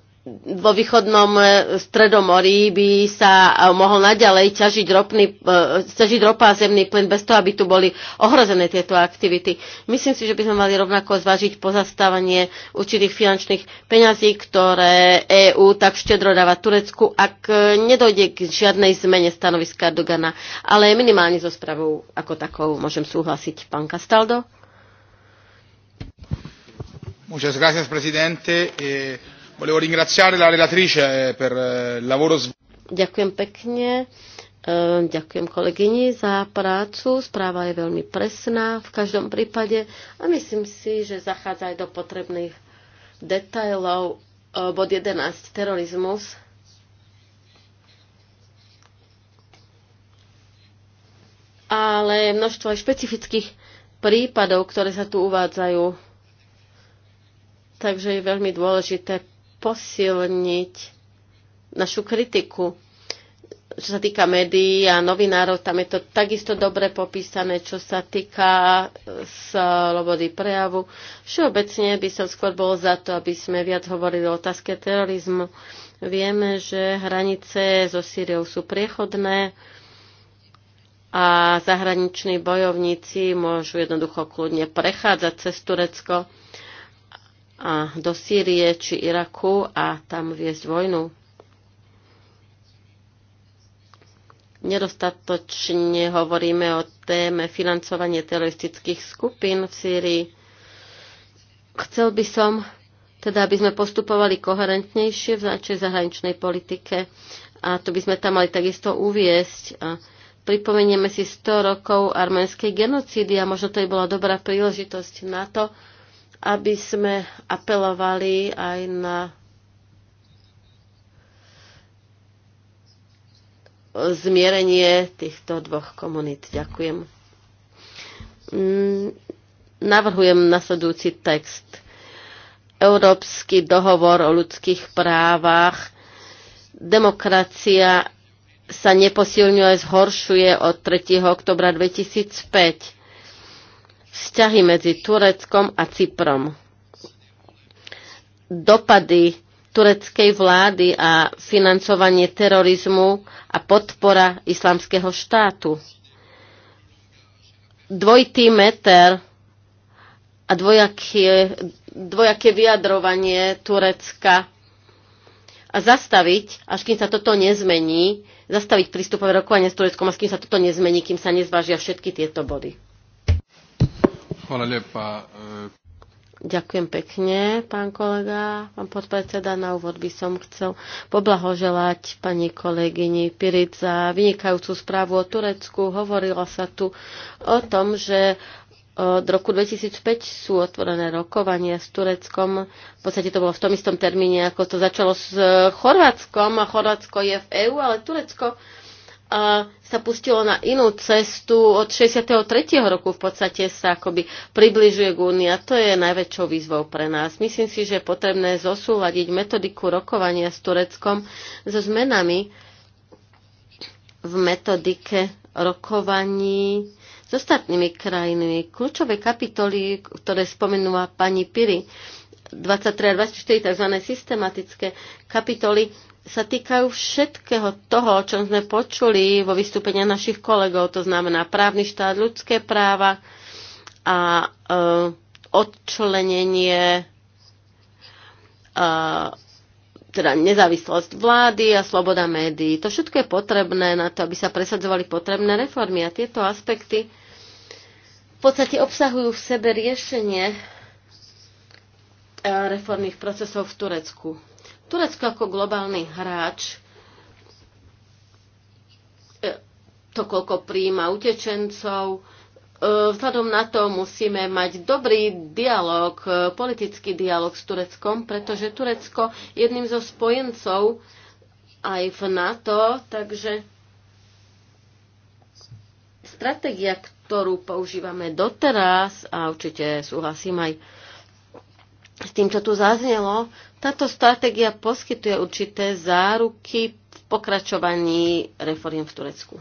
vo východnom e, stredomorí by sa e, mohol naďalej ťažiť, ropný, e, ťažiť ropa a zemný plyn bez toho, aby tu boli ohrozené tieto aktivity. Myslím si, že by sme mali rovnako zvážiť pozastávanie určitých finančných peňazí, ktoré EÚ tak štedro dáva Turecku, ak nedojde k žiadnej zmene stanoviska Dogana. Ale minimálne so spravou ako takou môžem súhlasiť. Pán Castaldo? Muchas gracias, presidente. Eh... Volevo ringraziare la relatrice eh, per eh, il lavoro Ďakujem pekne. Eh, ďakujem kolegyni za prácu. Správa je veľmi presná v každom prípade a myslím si, že zachádza aj do potrebných detailov. Bod 11. Terorizmus. Ale množstvo aj špecifických prípadov, ktoré sa tu uvádzajú. Takže je veľmi dôležité posilniť našu kritiku. Čo sa týka médií a novinárov, tam je to takisto dobre popísané, čo sa týka eh, slobody prejavu. Všeobecne by som skôr bol za to, aby sme viac hovorili o otázke terorizmu. Vieme, že hranice so Syriou sú priechodné a zahraniční bojovníci môžu jednoducho kľudne prechádzať cez Turecko a do Sýrie či Iraku a tam viesť vojnu. Nedostatočne hovoríme o téme financovanie teroristických skupín v Sýrii. Chcel by som teda, aby sme postupovali koherentnejšie v našej zahraničnej politike a to by sme tam mali takisto uviesť. A pripomenieme si 100 rokov arménskej genocídy a možno to by bola dobrá príležitosť na to, aby sme apelovali aj na zmierenie týchto dvoch komunít. Ďakujem. Mm, navrhujem nasledujúci text. Európsky dohovor o ľudských právach. Demokracia sa neposilňuje, zhoršuje od 3. oktobra 2005 vzťahy medzi Tureckom a Cyprom. Dopady tureckej vlády a financovanie terorizmu a podpora islamského štátu. Dvojitý meter a dvojaké, dvojaké vyjadrovanie Turecka a zastaviť, až kým sa toto nezmení, zastaviť prístupové rokovanie s Tureckom, až kým sa toto nezmení, kým sa nezvážia všetky tieto body. Hvala lepa. E. Ďakujem pekne, pán kolega, pán podpredseda. Na úvod by som chcel poblahoželať pani kolegyni Pirit za vynikajúcu správu o Turecku. Hovorilo sa tu o tom, že od roku 2005 sú otvorené rokovania s Tureckom. V podstate to bolo v tom istom termíne, ako to začalo s Chorvátskom. A Chorvátsko je v EÚ, ale Turecko sa pustilo na inú cestu. Od 63. roku v podstate sa akoby približuje k Únii a to je najväčšou výzvou pre nás. Myslím si, že je potrebné zosúľadiť metodiku rokovania s Tureckom so zmenami v metodike rokovaní s ostatnými krajinami. Kľúčové kapitoly, ktoré spomenula pani Piri, 23 a 24 tzv. systematické kapitoly sa týkajú všetkého toho, o čom sme počuli vo vystúpenia našich kolegov, to znamená právny štát, ľudské práva a uh, odčlenenie, uh, teda nezávislosť vlády a sloboda médií. To všetko je potrebné na to, aby sa presadzovali potrebné reformy a tieto aspekty v podstate obsahujú v sebe riešenie e, reformných procesov v Turecku Turecko ako globálny hráč e, to, koľko príjma utečencov. E, vzhľadom na to musíme mať dobrý dialog, e, politický dialog s Tureckom, pretože Turecko je jedným zo spojencov aj v NATO, takže stratégia, ktorú používame doteraz, a určite súhlasím aj s tým, čo tu zaznelo, táto stratégia poskytuje určité záruky v pokračovaní reforiem v Turecku.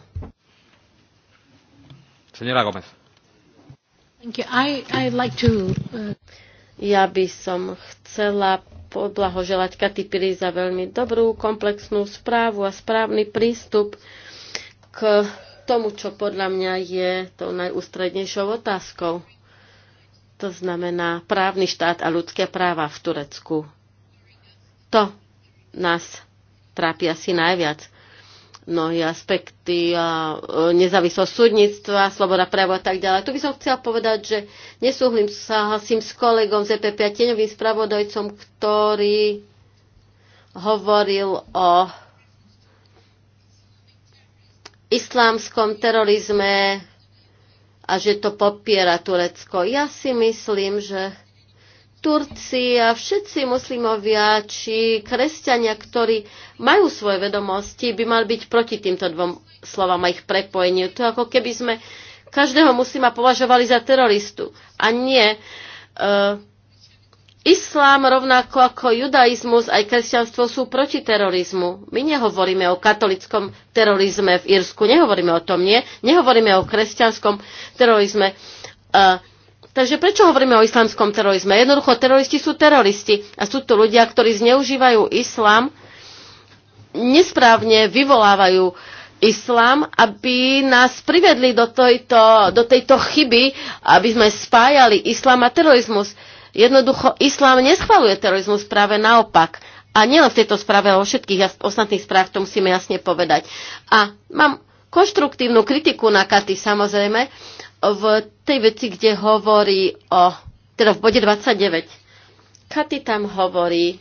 Senera Gomez. Thank you. I, I'd like to, uh... Ja by som chcela podlahoželať Katy Piri za veľmi dobrú komplexnú správu a správny prístup k tomu, čo podľa mňa je tou najústrednejšou otázkou. To znamená právny štát a ľudské práva v Turecku. To nás trápi asi najviac. Mnohé aspekty, e, nezávislosť súdnictva, sloboda práva a tak ďalej. Tu by som chcela povedať, že nesúhlim sa hlasím s kolegom z EPP a tieňovým spravodajcom, ktorý hovoril o islámskom terorizme a že to popiera Turecko. Ja si myslím, že Turci a všetci muslimovia či kresťania, ktorí majú svoje vedomosti, by mali byť proti týmto dvom slovám a ich prepojeniu. To ako keby sme každého muslima považovali za teroristu. A nie. E, islám rovnako ako judaizmus aj kresťanstvo sú proti terorizmu. My nehovoríme o katolickom terorizme v Írsku, nehovoríme o tom, nie. Nehovoríme o kresťanskom terorizme. E, Takže prečo hovoríme o islamskom terorizme? Jednoducho, teroristi sú teroristi a sú to ľudia, ktorí zneužívajú islám, nesprávne vyvolávajú islám, aby nás privedli do, tejto, do tejto chyby, aby sme spájali islám a terorizmus. Jednoducho, islám neschvaluje terorizmus, práve naopak. A nielen v tejto správe, ale vo všetkých ostatných správach to musíme jasne povedať. A mám konštruktívnu kritiku na Katy samozrejme, v tej veci, kde hovorí o, teda v bode 29. Katy tam hovorí,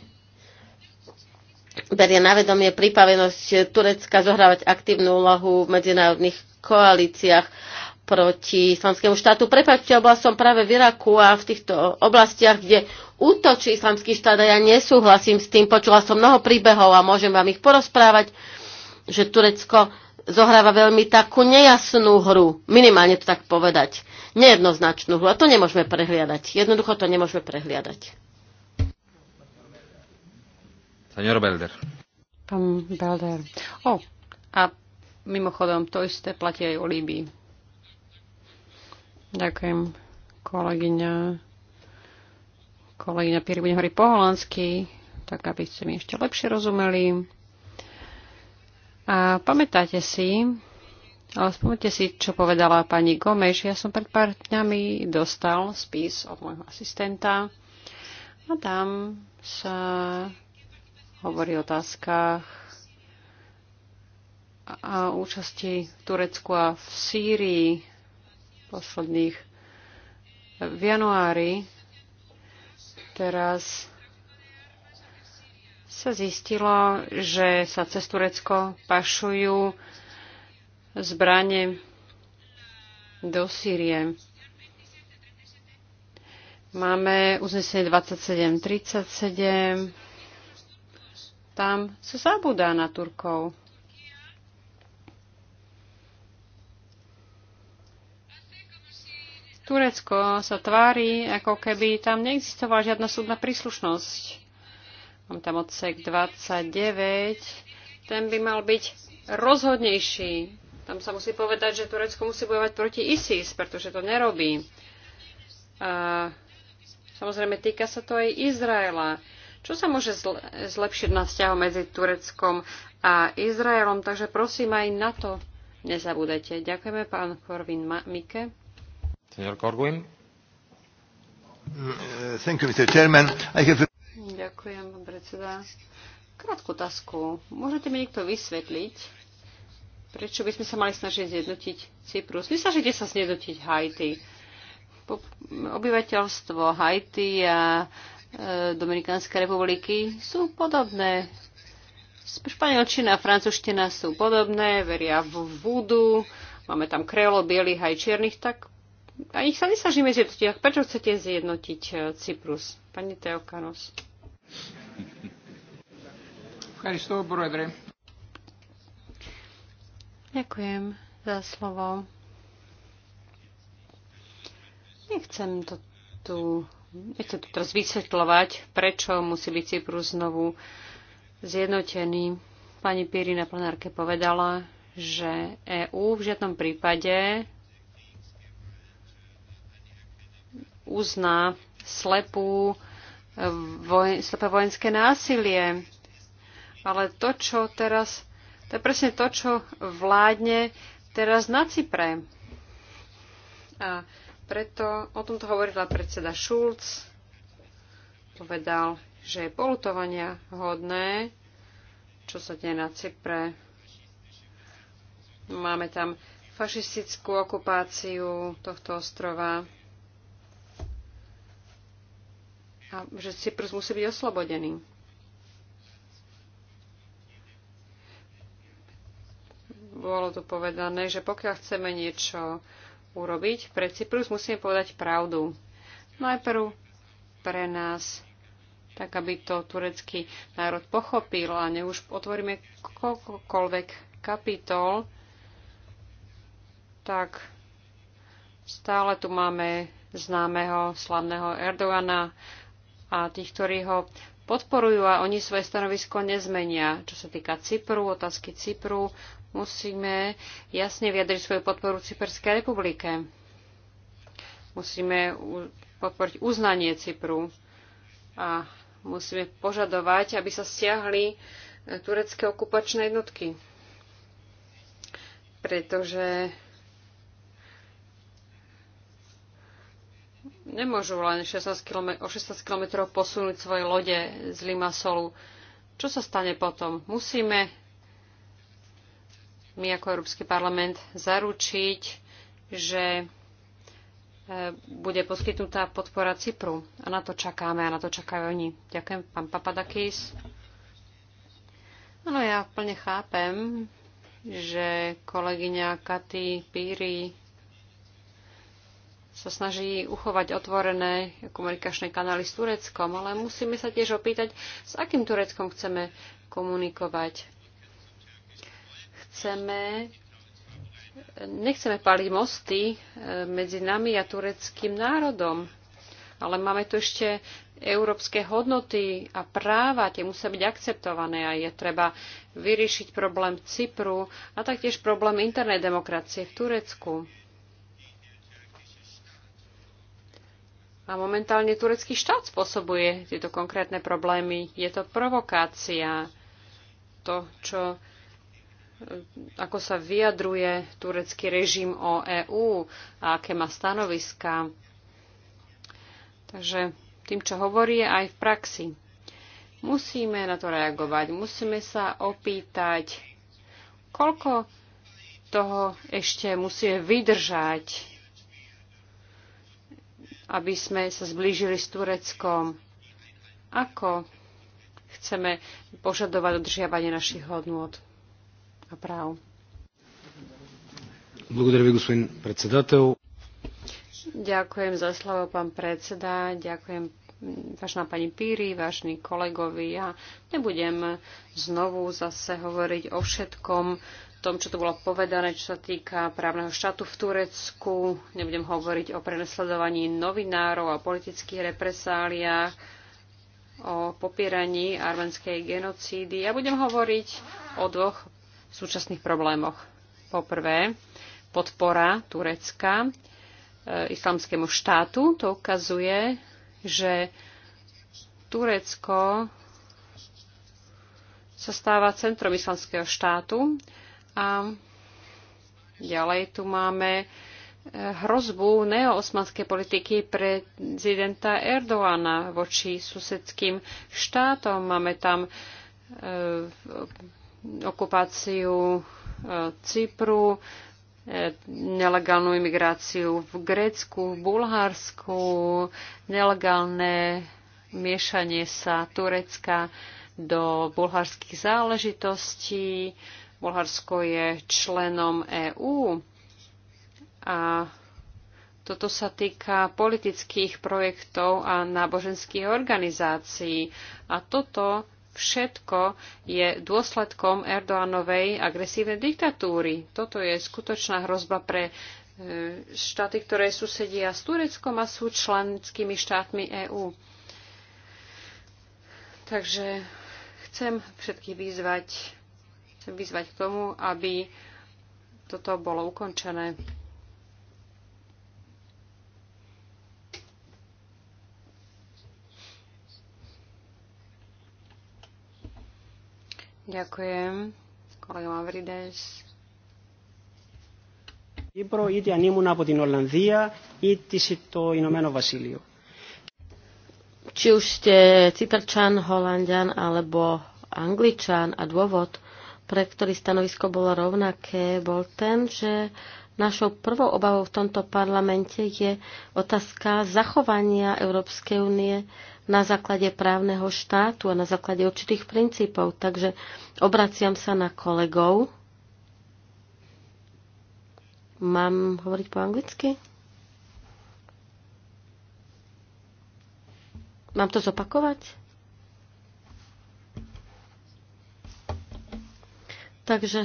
berie na vedomie pripravenosť Turecka zohrávať aktívnu úlohu v medzinárodných koalíciách proti islamskému štátu. Prepačte, bola som práve v Iraku a v týchto oblastiach, kde útočí islamský štát a ja nesúhlasím s tým. Počula som mnoho príbehov a môžem vám ich porozprávať, že Turecko zohráva veľmi takú nejasnú hru, minimálne to tak povedať, nejednoznačnú hru a to nemôžeme prehliadať. Jednoducho to nemôžeme prehliadať. Senior Belder. Pán Belder. O, a mimochodom to isté platí aj o Líbii. Ďakujem, kolegyňa. Kolegyňa Pír hovorí hovoriť po holandsky, tak aby ste mi ešte lepšie rozumeli. A pamätáte si, ale spomnite si, čo povedala pani Gomeš. Ja som pred pár dňami dostal spis od môjho asistenta a tam sa hovorí o otázkach a účasti v Turecku a v Sýrii posledných v januári. Teraz sa zistilo, že sa cez Turecko pašujú zbranie do Sýrie. Máme uznesenie 2737. Tam sa zabudá na Turkov. Turecko sa tvári, ako keby tam neexistovala žiadna súdna príslušnosť. Mám tam odsek 29. Ten by mal byť rozhodnejší. Tam sa musí povedať, že Turecko musí bojovať proti ISIS, pretože to nerobí. A samozrejme, týka sa to aj Izraela. Čo sa môže zlepšiť na vzťahu medzi Tureckom a Izraelom? Takže prosím aj na to nezabudete. Ďakujeme, pán Korvin Mike. Senior Korvin. Uh, thank you, Mr. Chairman. I have... Ďakujem, pán predseda. Krátku otázku. Môžete mi niekto vysvetliť, prečo by sme sa mali snažiť zjednotiť Cyprus? Nesnažite sa zjednotiť Haiti. Obyvateľstvo Haiti a e, Dominikánskej republiky sú podobné. Španielčina a francúzština sú podobné, veria v vúdu, máme tam kreolo, bielých aj čiernych, tak ani sa nesažíme zjednotiť. Prečo chcete zjednotiť e, Cyprus? Pani Teokanos. Ďakujem za slovo. Nechcem to tu, nechcem to teraz vysvetľovať, prečo musí byť Cyprus znovu zjednotený. Pani Píri na plenárke povedala, že EÚ v žiadnom prípade uzná slepú voj, slepé vojenské násilie. Ale to, čo teraz, to je presne to, čo vládne teraz na Cypre. A preto o tomto hovorila predseda Schulz. Povedal, že je polutovania hodné, čo sa deje na Cypre. Máme tam fašistickú okupáciu tohto ostrova. a že Cyprus musí byť oslobodený. Bolo tu povedané, že pokiaľ chceme niečo urobiť pre Cyprus, musíme povedať pravdu. Najprv pre nás, tak aby to turecký národ pochopil a ne už otvoríme koľkoľvek kapitol, tak stále tu máme známeho slavného Erdogana, a tých, ktorí ho podporujú a oni svoje stanovisko nezmenia. Čo sa týka Cypru, otázky Cypru, musíme jasne vyjadriť svoju podporu Cyperskej republike. Musíme podporiť uznanie Cypru a musíme požadovať, aby sa stiahli e, turecké okupačné jednotky. Pretože nemôžu len 16 km, o 16 km posunúť svoje lode z Limasolu. Čo sa stane potom? Musíme my ako Európsky parlament zaručiť, že e, bude poskytnutá podpora Cypru. A na to čakáme a na to čakajú oni. Ďakujem, pán Papadakis. Áno, ja plne chápem, že kolegyňa Katy Píry sa snaží uchovať otvorené komunikačné kanály s Tureckom, ale musíme sa tiež opýtať, s akým Tureckom chceme komunikovať. Chceme, nechceme paliť mosty e, medzi nami a tureckým národom, ale máme tu ešte európske hodnoty a práva, tie musia byť akceptované a je treba vyriešiť problém Cypru a taktiež problém internej demokracie v Turecku. A momentálne turecký štát spôsobuje tieto konkrétne problémy. Je to provokácia. To, čo, e, ako sa vyjadruje turecký režim o EÚ a aké má stanoviska. Takže tým, čo hovorí, je aj v praxi. Musíme na to reagovať. Musíme sa opýtať, koľko toho ešte musíme vydržať aby sme sa zblížili s Tureckom. Ako chceme požadovať dodržiavanie našich hodnôt a práv. Ďakujem za slovo, pán predseda. Ďakujem hm, vážna pani Píri, vážni kolegovi. Ja nebudem znovu zase hovoriť o všetkom, tom, čo tu bolo povedané, čo sa týka právneho štátu v Turecku. Nebudem hovoriť o prenasledovaní novinárov a politických represáliách, o popieraní arménskej genocídy. Ja budem hovoriť o dvoch súčasných problémoch. Poprvé, podpora Turecka e, islamskému štátu. To ukazuje, že Turecko sa stáva centrom islamského štátu a ďalej tu máme e, hrozbu neoosmanskej politiky prezidenta Erdoána voči susedským štátom. Máme tam e, okupáciu e, Cypru, e, nelegálnu imigráciu v Grécku, v Bulharsku, nelegálne miešanie sa Turecka do bulharských záležitostí, e, Bulharsko je členom EÚ a toto sa týka politických projektov a náboženských organizácií. A toto všetko je dôsledkom Erdoánovej agresívnej diktatúry. Toto je skutočná hrozba pre e, štáty, ktoré susedia s Tureckom a sú členskými štátmi EÚ. Takže chcem všetkých vyzvať, chcem vyzvať k tomu, aby toto bolo ukončené. Ďakujem, kolega Mavrides. Κύπρο, είτε αν ήμουν από την Ολλανδία si to inomeno Βασίλειο. Či už ste Cyperčan, Holandian alebo Angličan a dôvod, pre ktorý stanovisko bolo rovnaké, bol ten, že našou prvou obavou v tomto parlamente je otázka zachovania Európskej únie na základe právneho štátu a na základe určitých princípov. Takže obraciam sa na kolegov. Mám hovoriť po anglicky? Mám to zopakovať? Takže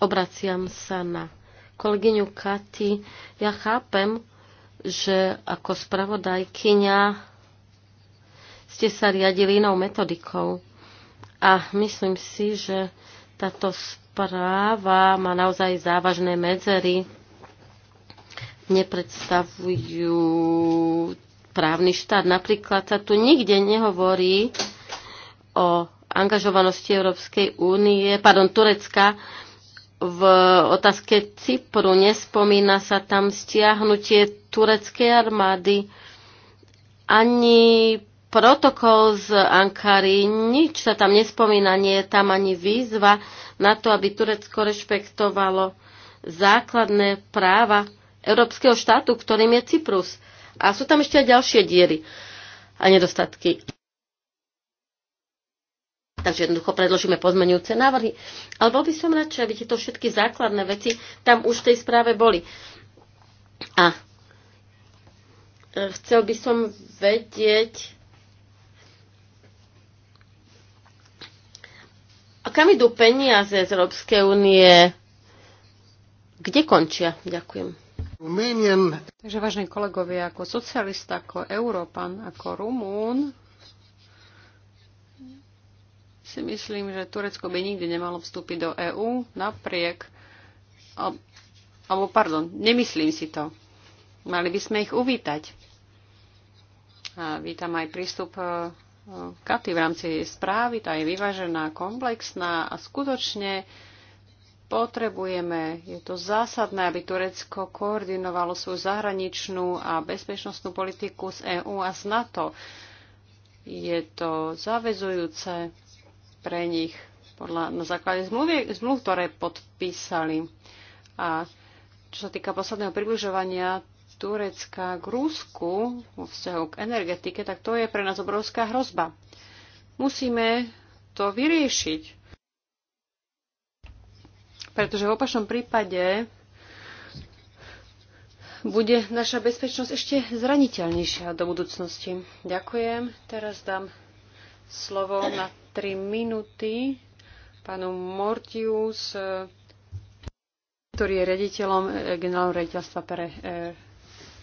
obraciam sa na kolegyňu Katy. Ja chápem, že ako spravodajkyňa ste sa riadili inou metodikou a myslím si, že táto správa má naozaj závažné medzery, nepredstavujú právny štát. Napríklad sa tu nikde nehovorí o angažovanosti Európskej únie, pardon, Turecka v otázke Cypru. Nespomína sa tam stiahnutie tureckej armády ani protokol z Ankary, nič sa tam nespomína, nie je tam ani výzva na to, aby Turecko rešpektovalo základné práva európskeho štátu, ktorým je Cyprus. A sú tam ešte aj ďalšie diery a nedostatky. Takže jednoducho predložíme pozmenujúce návrhy. Ale bol by som radšej, aby tieto všetky základné veci tam už v tej správe boli. A e, chcel by som vedieť, a kam idú peniaze z Európskej únie, kde končia? Ďakujem. Takže vážení kolegovia, ako socialista, ako Európan, ako Rumún, si myslím, že Turecko by nikdy nemalo vstúpiť do EÚ napriek, alebo pardon, nemyslím si to. Mali by sme ich uvítať. A vítam aj prístup e, Katy v rámci správy, tá je vyvážená, komplexná a skutočne potrebujeme, je to zásadné, aby Turecko koordinovalo svoju zahraničnú a bezpečnostnú politiku z EÚ a z NATO. Je to zavezujúce pre nich podľa, na základe zmluvy, zmluv, ktoré podpísali. A čo sa týka posledného približovania Turecka k Rúsku vo vzťahu k energetike, tak to je pre nás obrovská hrozba. Musíme to vyriešiť. Pretože v opačnom prípade bude naša bezpečnosť ešte zraniteľnejšia do budúcnosti. Ďakujem. Teraz dám slovo na 3 minúty pánu Mortius, eh, ktorý je rediteľom eh, generálneho rediteľstva pre eh,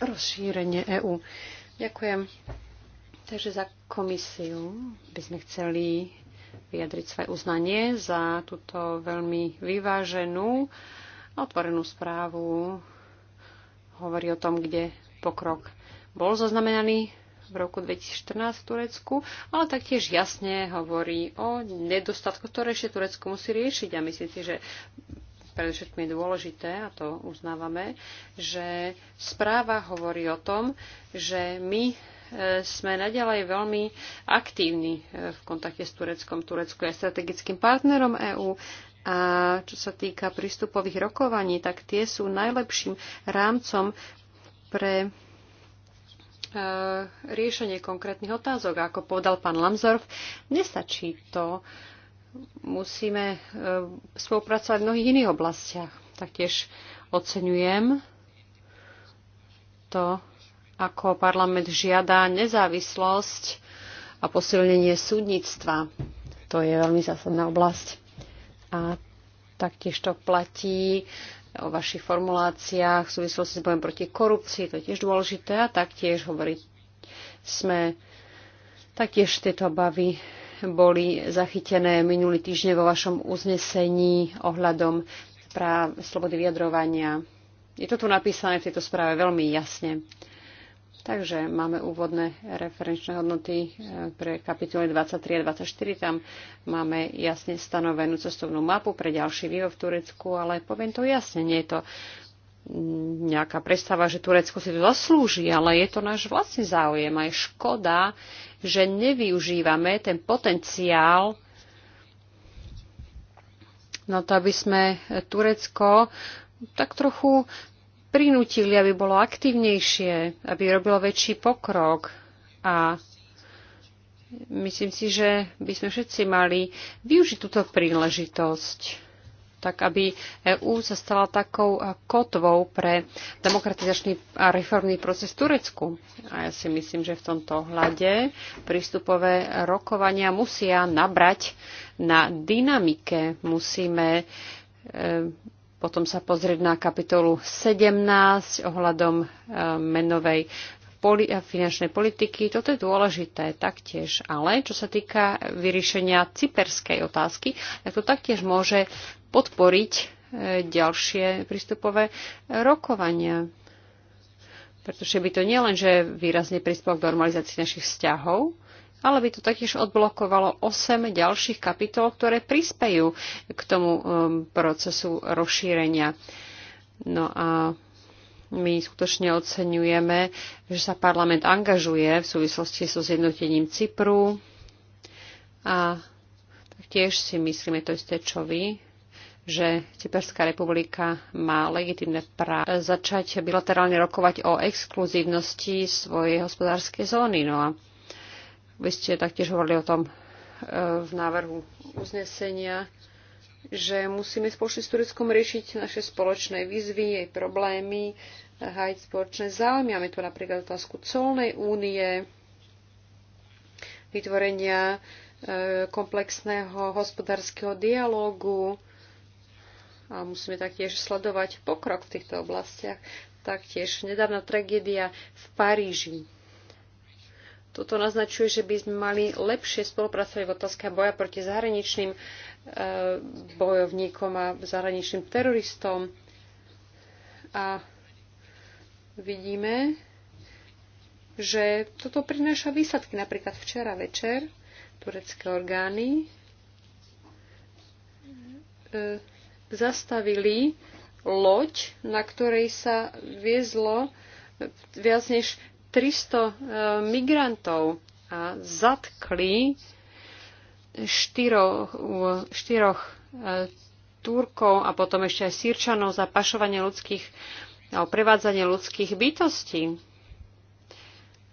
rozšírenie EÚ. Ďakujem. Takže za komisiu by sme chceli vyjadriť svoje uznanie za túto veľmi vyváženú a otvorenú správu. Hovorí o tom, kde pokrok bol zaznamenaný v roku 2014 v Turecku, ale taktiež jasne hovorí o nedostatku, ktoré ešte Turecko musí riešiť. A myslím si, že predovšetkým je dôležité, a to uznávame, že správa hovorí o tom, že my e, sme naďalej veľmi aktívni e, v kontakte s Tureckom. Turecko je strategickým partnerom EÚ a čo sa týka prístupových rokovaní, tak tie sú najlepším rámcom pre E, riešenie konkrétnych otázok. Ako povedal pán Lamzorf, nestačí to. Musíme e, spolupracovať v mnohých iných oblastiach. Taktiež oceňujem to, ako parlament žiada nezávislosť a posilnenie súdnictva. To je veľmi zásadná oblasť. A taktiež to platí o vašich formuláciách v súvislosti s bojom proti korupcii, to je tiež dôležité a taktiež hovorí sme taktiež tieto obavy boli zachytené minulý týždeň vo vašom uznesení ohľadom práv slobody vyjadrovania. Je to tu napísané v tejto správe veľmi jasne. Takže máme úvodné referenčné hodnoty e, pre kapitoly 23 a 24. Tam máme jasne stanovenú cestovnú mapu pre ďalší vývoj v Turecku, ale poviem to jasne, nie je to nejaká predstava, že Turecko si to zaslúži, ale je to náš vlastný záujem a je škoda, že nevyužívame ten potenciál na to, aby sme Turecko tak trochu prinútili, aby bolo aktívnejšie, aby robilo väčší pokrok a myslím si, že by sme všetci mali využiť túto príležitosť tak aby EÚ sa stala takou kotvou pre demokratizačný a reformný proces v Turecku. A ja si myslím, že v tomto hľade prístupové rokovania musia nabrať na dynamike. Musíme e, potom sa pozrieť na kapitolu 17 ohľadom e, menovej poli- e, finančnej politiky. Toto je dôležité taktiež, ale čo sa týka vyriešenia cyperskej otázky, tak to taktiež môže podporiť e, ďalšie prístupové rokovania. Pretože by to nielen, že výrazne prispelo k normalizácii našich vzťahov, ale by to taktiež odblokovalo 8 ďalších kapitol, ktoré prispejú k tomu um, procesu rozšírenia. No a my skutočne oceňujeme, že sa parlament angažuje v súvislosti so zjednotením Cypru a tiež si myslíme to isté, čo vy, že Cyperská republika má legitimné právo začať bilaterálne rokovať o exkluzívnosti svojej hospodárskej zóny. No a vy ste taktiež hovorili o tom e, v návrhu uznesenia, že musíme spoločne s Tureckom riešiť naše spoločné výzvy, jej problémy, hájiť spoločné záujmy. Máme tu napríklad otázku colnej únie, vytvorenia e, komplexného hospodárskeho dialógu a musíme taktiež sledovať pokrok v týchto oblastiach. Taktiež nedávna tragédia v Paríži toto naznačuje, že by sme mali lepšie spolupracovať v otázke boja proti zahraničným eh, bojovníkom a zahraničným teroristom. A vidíme, že toto prináša výsledky. Napríklad včera večer turecké orgány eh, zastavili loď, na ktorej sa viezlo viac než 300 e, migrantov a zatkli štyroch, štyroch e, Turkov a potom ešte aj Sýrčanov za pašovanie ľudských a prevádzanie ľudských bytostí.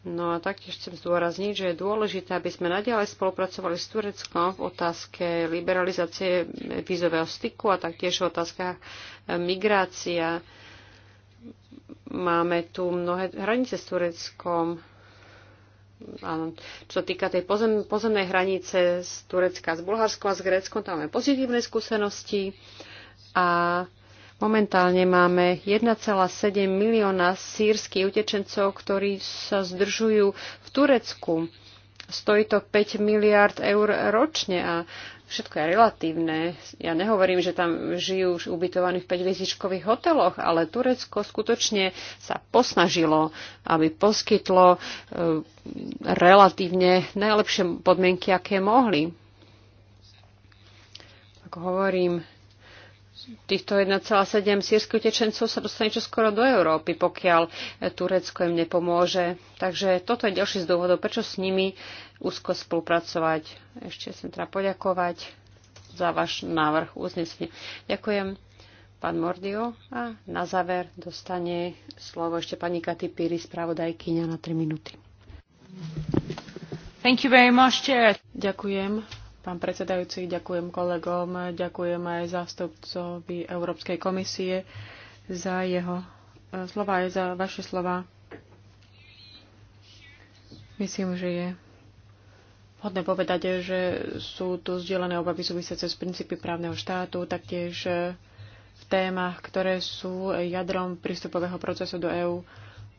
No a taktiež chcem zdôrazniť, že je dôležité, aby sme nadalej spolupracovali s Tureckom v otázke liberalizácie vízového styku a taktiež v otázkach e, migrácia máme tu mnohé hranice s Tureckom. Áno. Čo týka tej pozem, pozemnej hranice z Turecka, z Bulharskom a s Gréckom, tam máme pozitívne skúsenosti a momentálne máme 1,7 milióna sírskych utečencov, ktorí sa zdržujú v Turecku. Stojí to 5 miliard eur ročne a všetko je relatívne. Ja nehovorím, že tam žijú už ubytovaní v 5 hoteloch, ale Turecko skutočne sa posnažilo, aby poskytlo e, relatívne najlepšie podmienky, aké mohli. Ako hovorím, týchto 1,7 sírskych utečencov sa dostane skoro do Európy, pokiaľ e, Turecko im nepomôže. Takže toto je ďalší z dôvodov, prečo s nimi úzko spolupracovať. Ešte sem teda poďakovať za váš návrh uznesenia. Ďakujem pán Mordio a na záver dostane slovo ešte pani Katy Píry, spravodajkyňa na 3 minúty. Thank you very much, Ďakujem Pán predsedajúci, ďakujem kolegom, ďakujem aj zástupcovi Európskej komisie za jeho e, slova aj za vaše slova. Myslím, že je Hodné povedať, že sú tu zdieľané obavy súvisiace s princípy právneho štátu, taktiež e, v témach, ktoré sú jadrom prístupového procesu do EÚ.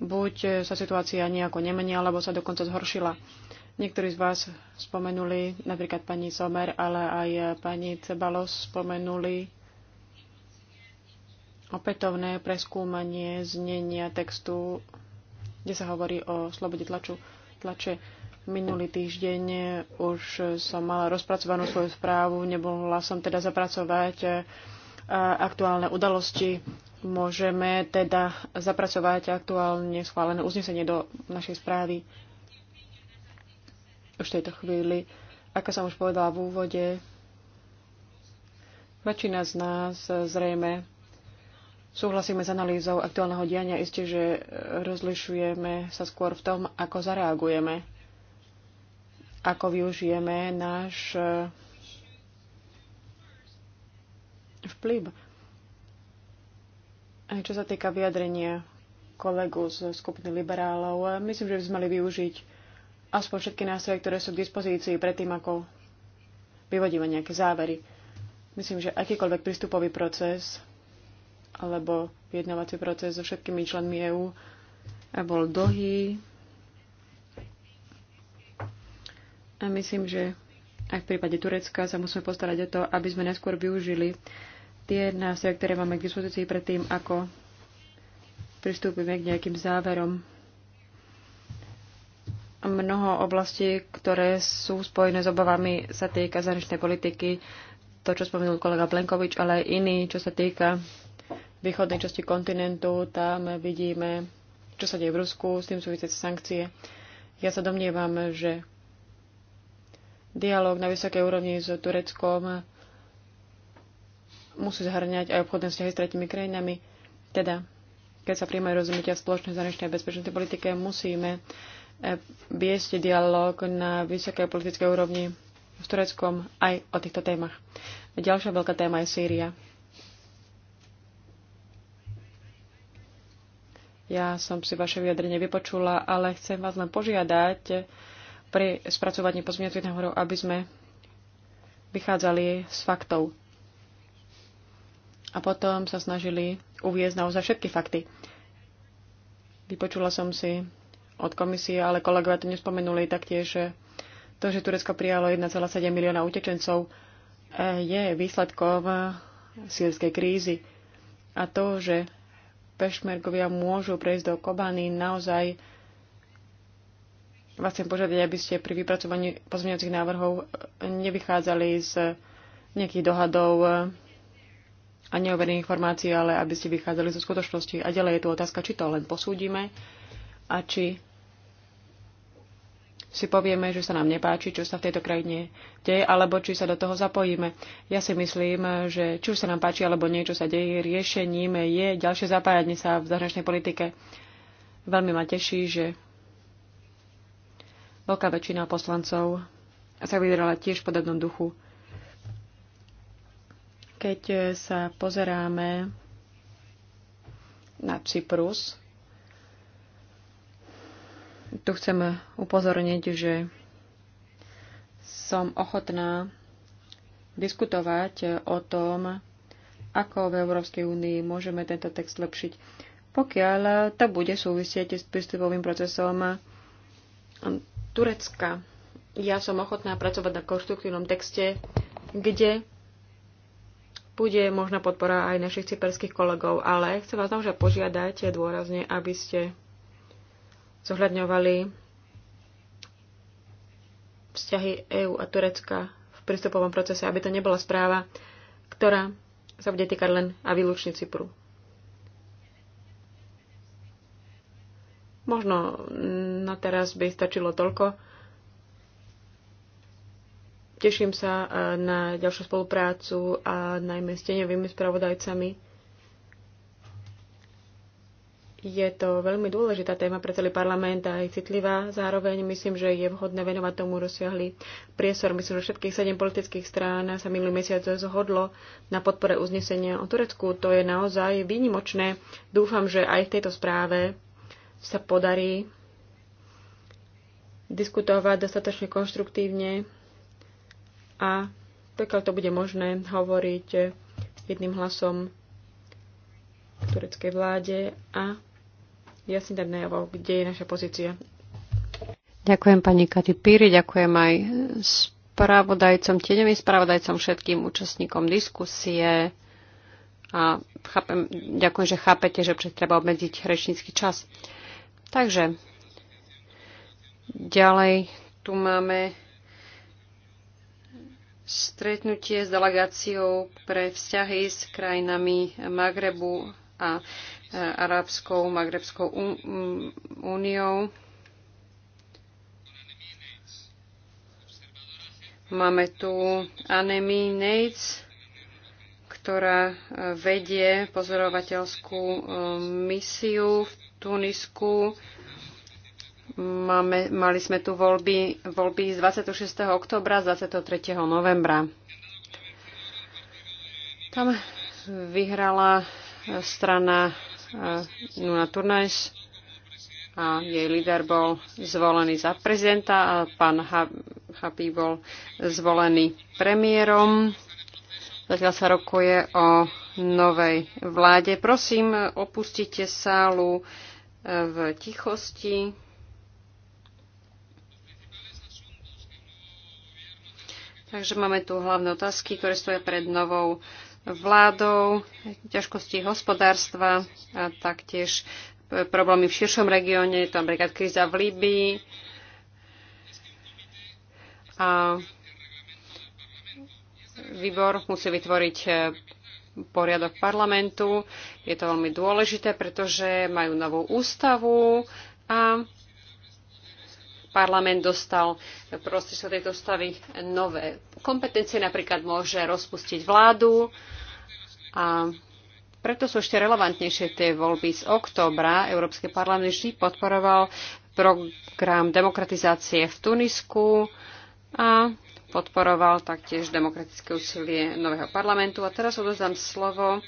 Buď sa situácia nejako nemení, alebo sa dokonca zhoršila. Niektorí z vás spomenuli, napríklad pani Somer, ale aj pani Cebalos spomenuli opätovné preskúmanie znenia textu, kde sa hovorí o slobode tlaču, tlače. Minulý týždeň už som mala rozpracovanú svoju správu, nebohla som teda zapracovať e, aktuálne udalosti. Môžeme teda zapracovať aktuálne schválené uznesenie do našej správy už v tejto chvíli. Ako som už povedala v úvode, väčšina z nás zrejme súhlasíme s analýzou aktuálneho diania. Isté, že rozlišujeme sa skôr v tom, ako zareagujeme, ako využijeme náš eh, vplyv. A čo sa týka vyjadrenia kolegu z skupiny liberálov, eh, myslím, že by sme mali využiť aspoň všetky nástroje, ktoré sú k dispozícii predtým, ako vyvodíme nejaké závery. Myslím, že akýkoľvek prístupový proces alebo vyjednávací proces so všetkými členmi EÚ bol dlhý. A myslím, že aj v prípade Turecka sa musíme postarať o to, aby sme neskôr využili tie nástroje, ktoré máme k dispozícii predtým, ako pristúpime k nejakým záverom. Mnoho oblastí, ktoré sú spojené s obavami, sa týka zahraničnej politiky, to, čo spomenul kolega Plenkovič, ale aj iný, čo sa týka východnej časti kontinentu. Tam vidíme, čo sa deje v Rusku, s tým súvisiace sankcie. Ja sa domnievam, že dialog na vysokej úrovni s Tureckom musí zahrňať aj obchodné vzťahy s tretimi krajinami. Teda, keď sa príjmajú rozumieť v spoločnej zahraničnej bezpečnosti politike, musíme viesť dialog na vysokej politickej úrovni s Tureckom aj o týchto témach. Ďalšia veľká téma je Sýria. Ja som si vaše vyjadrenie vypočula, ale chcem vás len požiadať pri spracovaní pozmeňovacích návrhov, aby sme vychádzali z faktov. A potom sa snažili uviezť naozaj všetky fakty. Vypočula som si od komisie, ale kolegovia to nespomenuli taktiež. Eh, to, že Turecko prijalo 1,7 milióna utečencov, eh, je výsledkom eh, sírskej krízy. A to, že pešmergovia môžu prejsť do Kobany, naozaj vás chcem požiadať, aby ste pri vypracovaní pozmeňujúcich návrhov nevychádzali z nejakých dohadov a neoverených informácií, ale aby ste vychádzali zo skutočnosti. A ďalej je tu otázka, či to len posúdime a či si povieme, že sa nám nepáči, čo sa v tejto krajine deje, alebo či sa do toho zapojíme. Ja si myslím, že či už sa nám páči alebo niečo sa deje, riešením je ďalšie zapájanie sa v zahraničnej politike. Veľmi ma teší, že veľká väčšina poslancov sa vydrala tiež v podobnom duchu. Keď sa pozeráme na Cyprus, tu chcem upozorniť, že som ochotná diskutovať o tom, ako v Európskej únii môžeme tento text lepšiť, pokiaľ to bude súvisieť s prístupovým procesom Turecka. Ja som ochotná pracovať na konštruktívnom texte, kde bude možná podpora aj našich cyperských kolegov, ale chcem vás naozaj požiadať dôrazne, aby ste zohľadňovali vzťahy EÚ a Turecka v prístupovom procese, aby to nebola správa, ktorá sa bude týkať len a výlučne Cypru. Možno na teraz by stačilo toľko. Teším sa eh, na ďalšiu spoluprácu a najmä s tenevými spravodajcami je to veľmi dôležitá téma pre celý parlament a aj citlivá. Zároveň myslím, že je vhodné venovať tomu rozsiahly priestor. Myslím, že všetkých sedem politických strán sa minulý mesiac zhodlo na podpore uznesenia o Turecku. To je naozaj výnimočné. Dúfam, že aj v tejto správe sa podarí diskutovať dostatočne konštruktívne a pokiaľ to bude možné, hovoriť jedným hlasom k tureckej vláde a jasne dať najavo, kde je naša pozícia. Ďakujem pani Kati Píry, ďakujem aj spravodajcom, tieňovým spravodajcom, všetkým účastníkom diskusie. A chápem, ďakujem, že chápete, že treba obmedziť rečnícky čas. Takže, ďalej tu máme stretnutie s delegáciou pre vzťahy s krajinami Magrebu a Arabskou Magrebskou um, um, úniou. Máme tu Anemi Nates, ktorá e, vedie pozorovateľskú e, misiu v Tunisku. Máme, mali sme tu voľby, voľby z 26. oktobra z 23. novembra. Tam vyhrala strana Eh, Nuna Turnajs a jej líder bol zvolený za prezidenta a pán Chapí bol zvolený premiérom. Zatiaľ sa rokuje o novej vláde. Prosím, opustite sálu eh, v tichosti. Takže máme tu hlavné otázky, ktoré stojí pred novou vládou, ťažkosti hospodárstva a taktiež problémy v širšom regióne, je to napríklad kríza v Líbii. A výbor musí vytvoriť eh, poriadok parlamentu. Je to veľmi dôležité, pretože majú novú ústavu a parlament dostal sa tejto ústavy nové kompetencie, napríklad môže rozpustiť vládu a preto sú ešte relevantnejšie tie voľby z októbra. Európsky parlament vždy podporoval program demokratizácie v Tunisku a podporoval taktiež demokratické úsilie nového parlamentu. A teraz odozdám slovo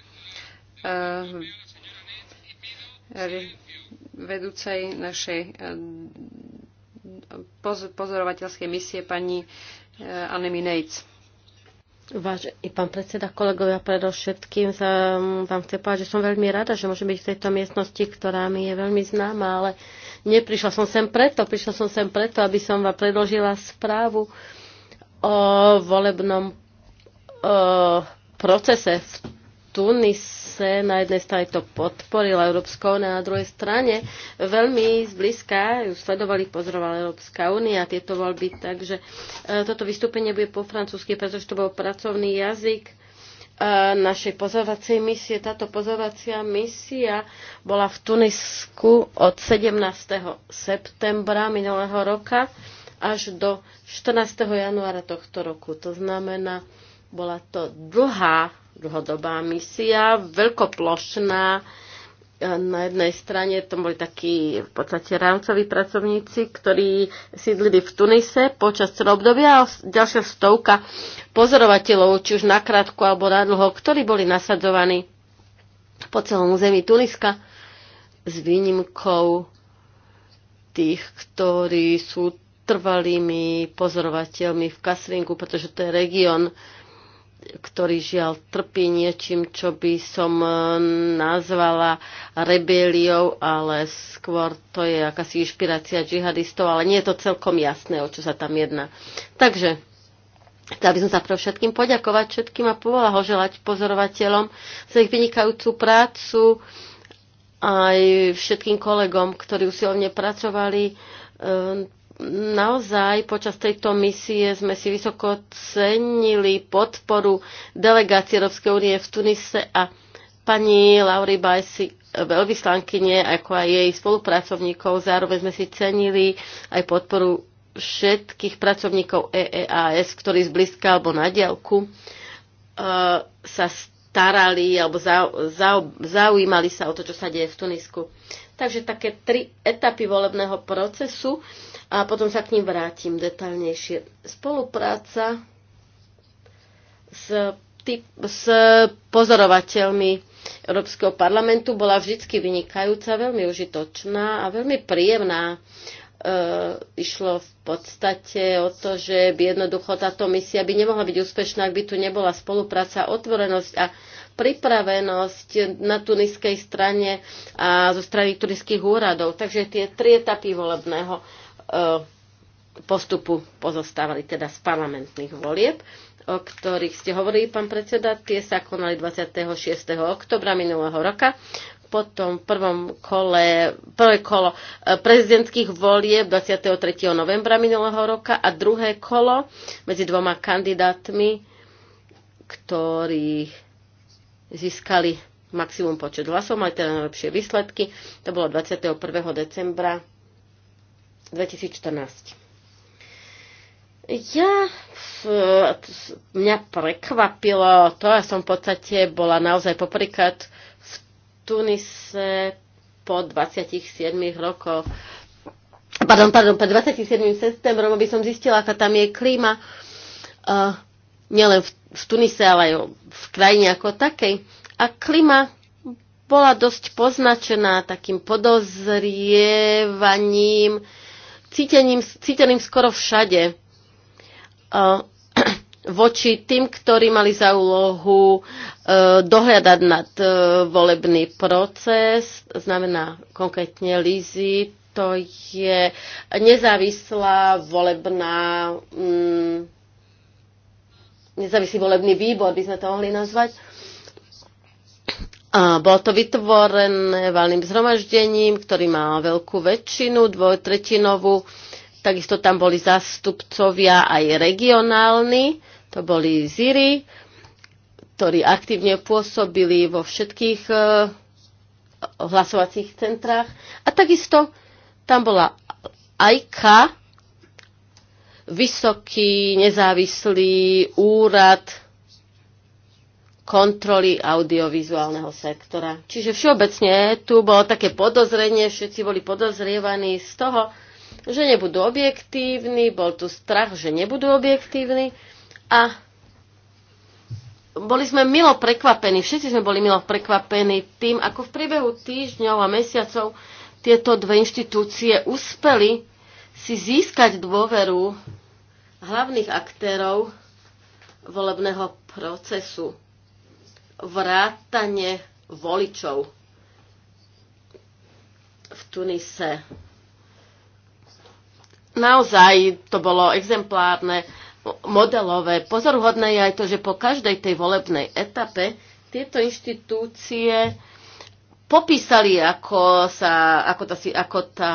eh, vedúcej našej eh, pozorovateľskej misie pani eh, Annemie Vážený pán predseda, kolegovia, predovšetkým mm, vám chcem povedať, že som veľmi rada, že môžem byť v tejto miestnosti, ktorá mi je veľmi známa, ale neprišla som sem preto, prišla som sem preto, aby som vám predložila správu o volebnom o procese v Tunise na jednej strane to podporila Európska únia, na druhej strane veľmi zblízka ju sledovali, pozorovala Európska únia tieto voľby, takže e, toto vystúpenie bude po francúzsky, pretože to bol pracovný jazyk e, našej pozorovacej misie. Táto pozorovacia misia bola v Tunisku od 17. septembra minulého roka až do 14. januára tohto roku. To znamená, bola to dlhá dlhodobá misia, veľkoplošná. Na jednej strane to boli takí v podstate rámcoví pracovníci, ktorí sídlili v Tunise počas celého obdobia a ďalšia stovka pozorovateľov, či už na alebo na dlho, ktorí boli nasadzovaní po celom území Tuniska s výnimkou tých, ktorí sú trvalými pozorovateľmi v Kaslinku, pretože to je región, ktorý žiaľ trpí niečím, čo by som e, nazvala rebeliou, ale skôr to je akási inšpirácia džihadistov, ale nie je to celkom jasné, o čo sa tam jedná. Takže Chcela by som sa pre všetkým poďakovať všetkým a želať pozorovateľom za ich vynikajúcu prácu aj všetkým kolegom, ktorí usilovne pracovali e, naozaj počas tejto misie sme si vysoko cenili podporu delegácie Európskej únie v Tunise a pani Lauri Bajsi veľvyslankyne, ako aj jej spolupracovníkov. Zároveň sme si cenili aj podporu všetkých pracovníkov EEAS, ktorí zblízka alebo na diálku e, sa starali alebo zaujímali sa o to, čo sa deje v Tunisku. Takže také tri etapy volebného procesu a potom sa k ním vrátim detaľnejšie. Spolupráca s, typ, s pozorovateľmi Európskeho parlamentu bola vždy vynikajúca, veľmi užitočná a veľmi príjemná. E, išlo v podstate o to, že by jednoducho táto misia by nemohla byť úspešná, ak by tu nebola spolupráca, otvorenosť a pripravenosť na tuniskej strane a zo strany tuniských úradov. Takže tie tri etapy volebného e, postupu pozostávali teda z parlamentných volieb, o ktorých ste hovorili, pán predseda. Tie sa konali 26. oktobra minulého roka potom v prvom kole, prvé kolo e, prezidentských volieb 23. novembra minulého roka a druhé kolo medzi dvoma kandidátmi, ktorých získali maximum počet hlasov, mali teda najlepšie výsledky. To bolo 21. decembra 2014. Ja, mňa prekvapilo to, ja som v podstate bola naozaj poprýkrát v Tunise po 27 rokoch. Pardon, pardon, po 27. septembrom by som zistila, aká tam je klíma. Uh, nielen v, v Tunise, ale aj v krajine ako takej. A klima bola dosť poznačená takým podozrievaním, cítením, cíteným skoro všade voči tým, ktorí mali za úlohu e, dohľadať nad e, volebný proces, znamená konkrétne Lizy, to je nezávislá volebná mm, nezávislý volebný výbor, by sme to mohli nazvať. A bolo to vytvorené valným zhromaždením, ktorý má veľkú väčšinu, dvojtretinovú. Takisto tam boli zástupcovia aj regionálni, to boli Ziri, ktorí aktívne pôsobili vo všetkých e, hlasovacích centrách. A takisto tam bola Ajka, vysoký nezávislý úrad kontroly audiovizuálneho sektora. Čiže všeobecne tu bolo také podozrenie, všetci boli podozrievaní z toho, že nebudú objektívni, bol tu strach, že nebudú objektívni a boli sme milo prekvapení, všetci sme boli milo prekvapení tým, ako v priebehu týždňov a mesiacov tieto dve inštitúcie uspeli si získať dôveru hlavných aktérov volebného procesu. Vrátanie voličov v Tunise. Naozaj to bolo exemplárne, modelové. Pozorhodné je aj to, že po každej tej volebnej etape tieto inštitúcie popísali, ako, sa, ako, tá, ako tá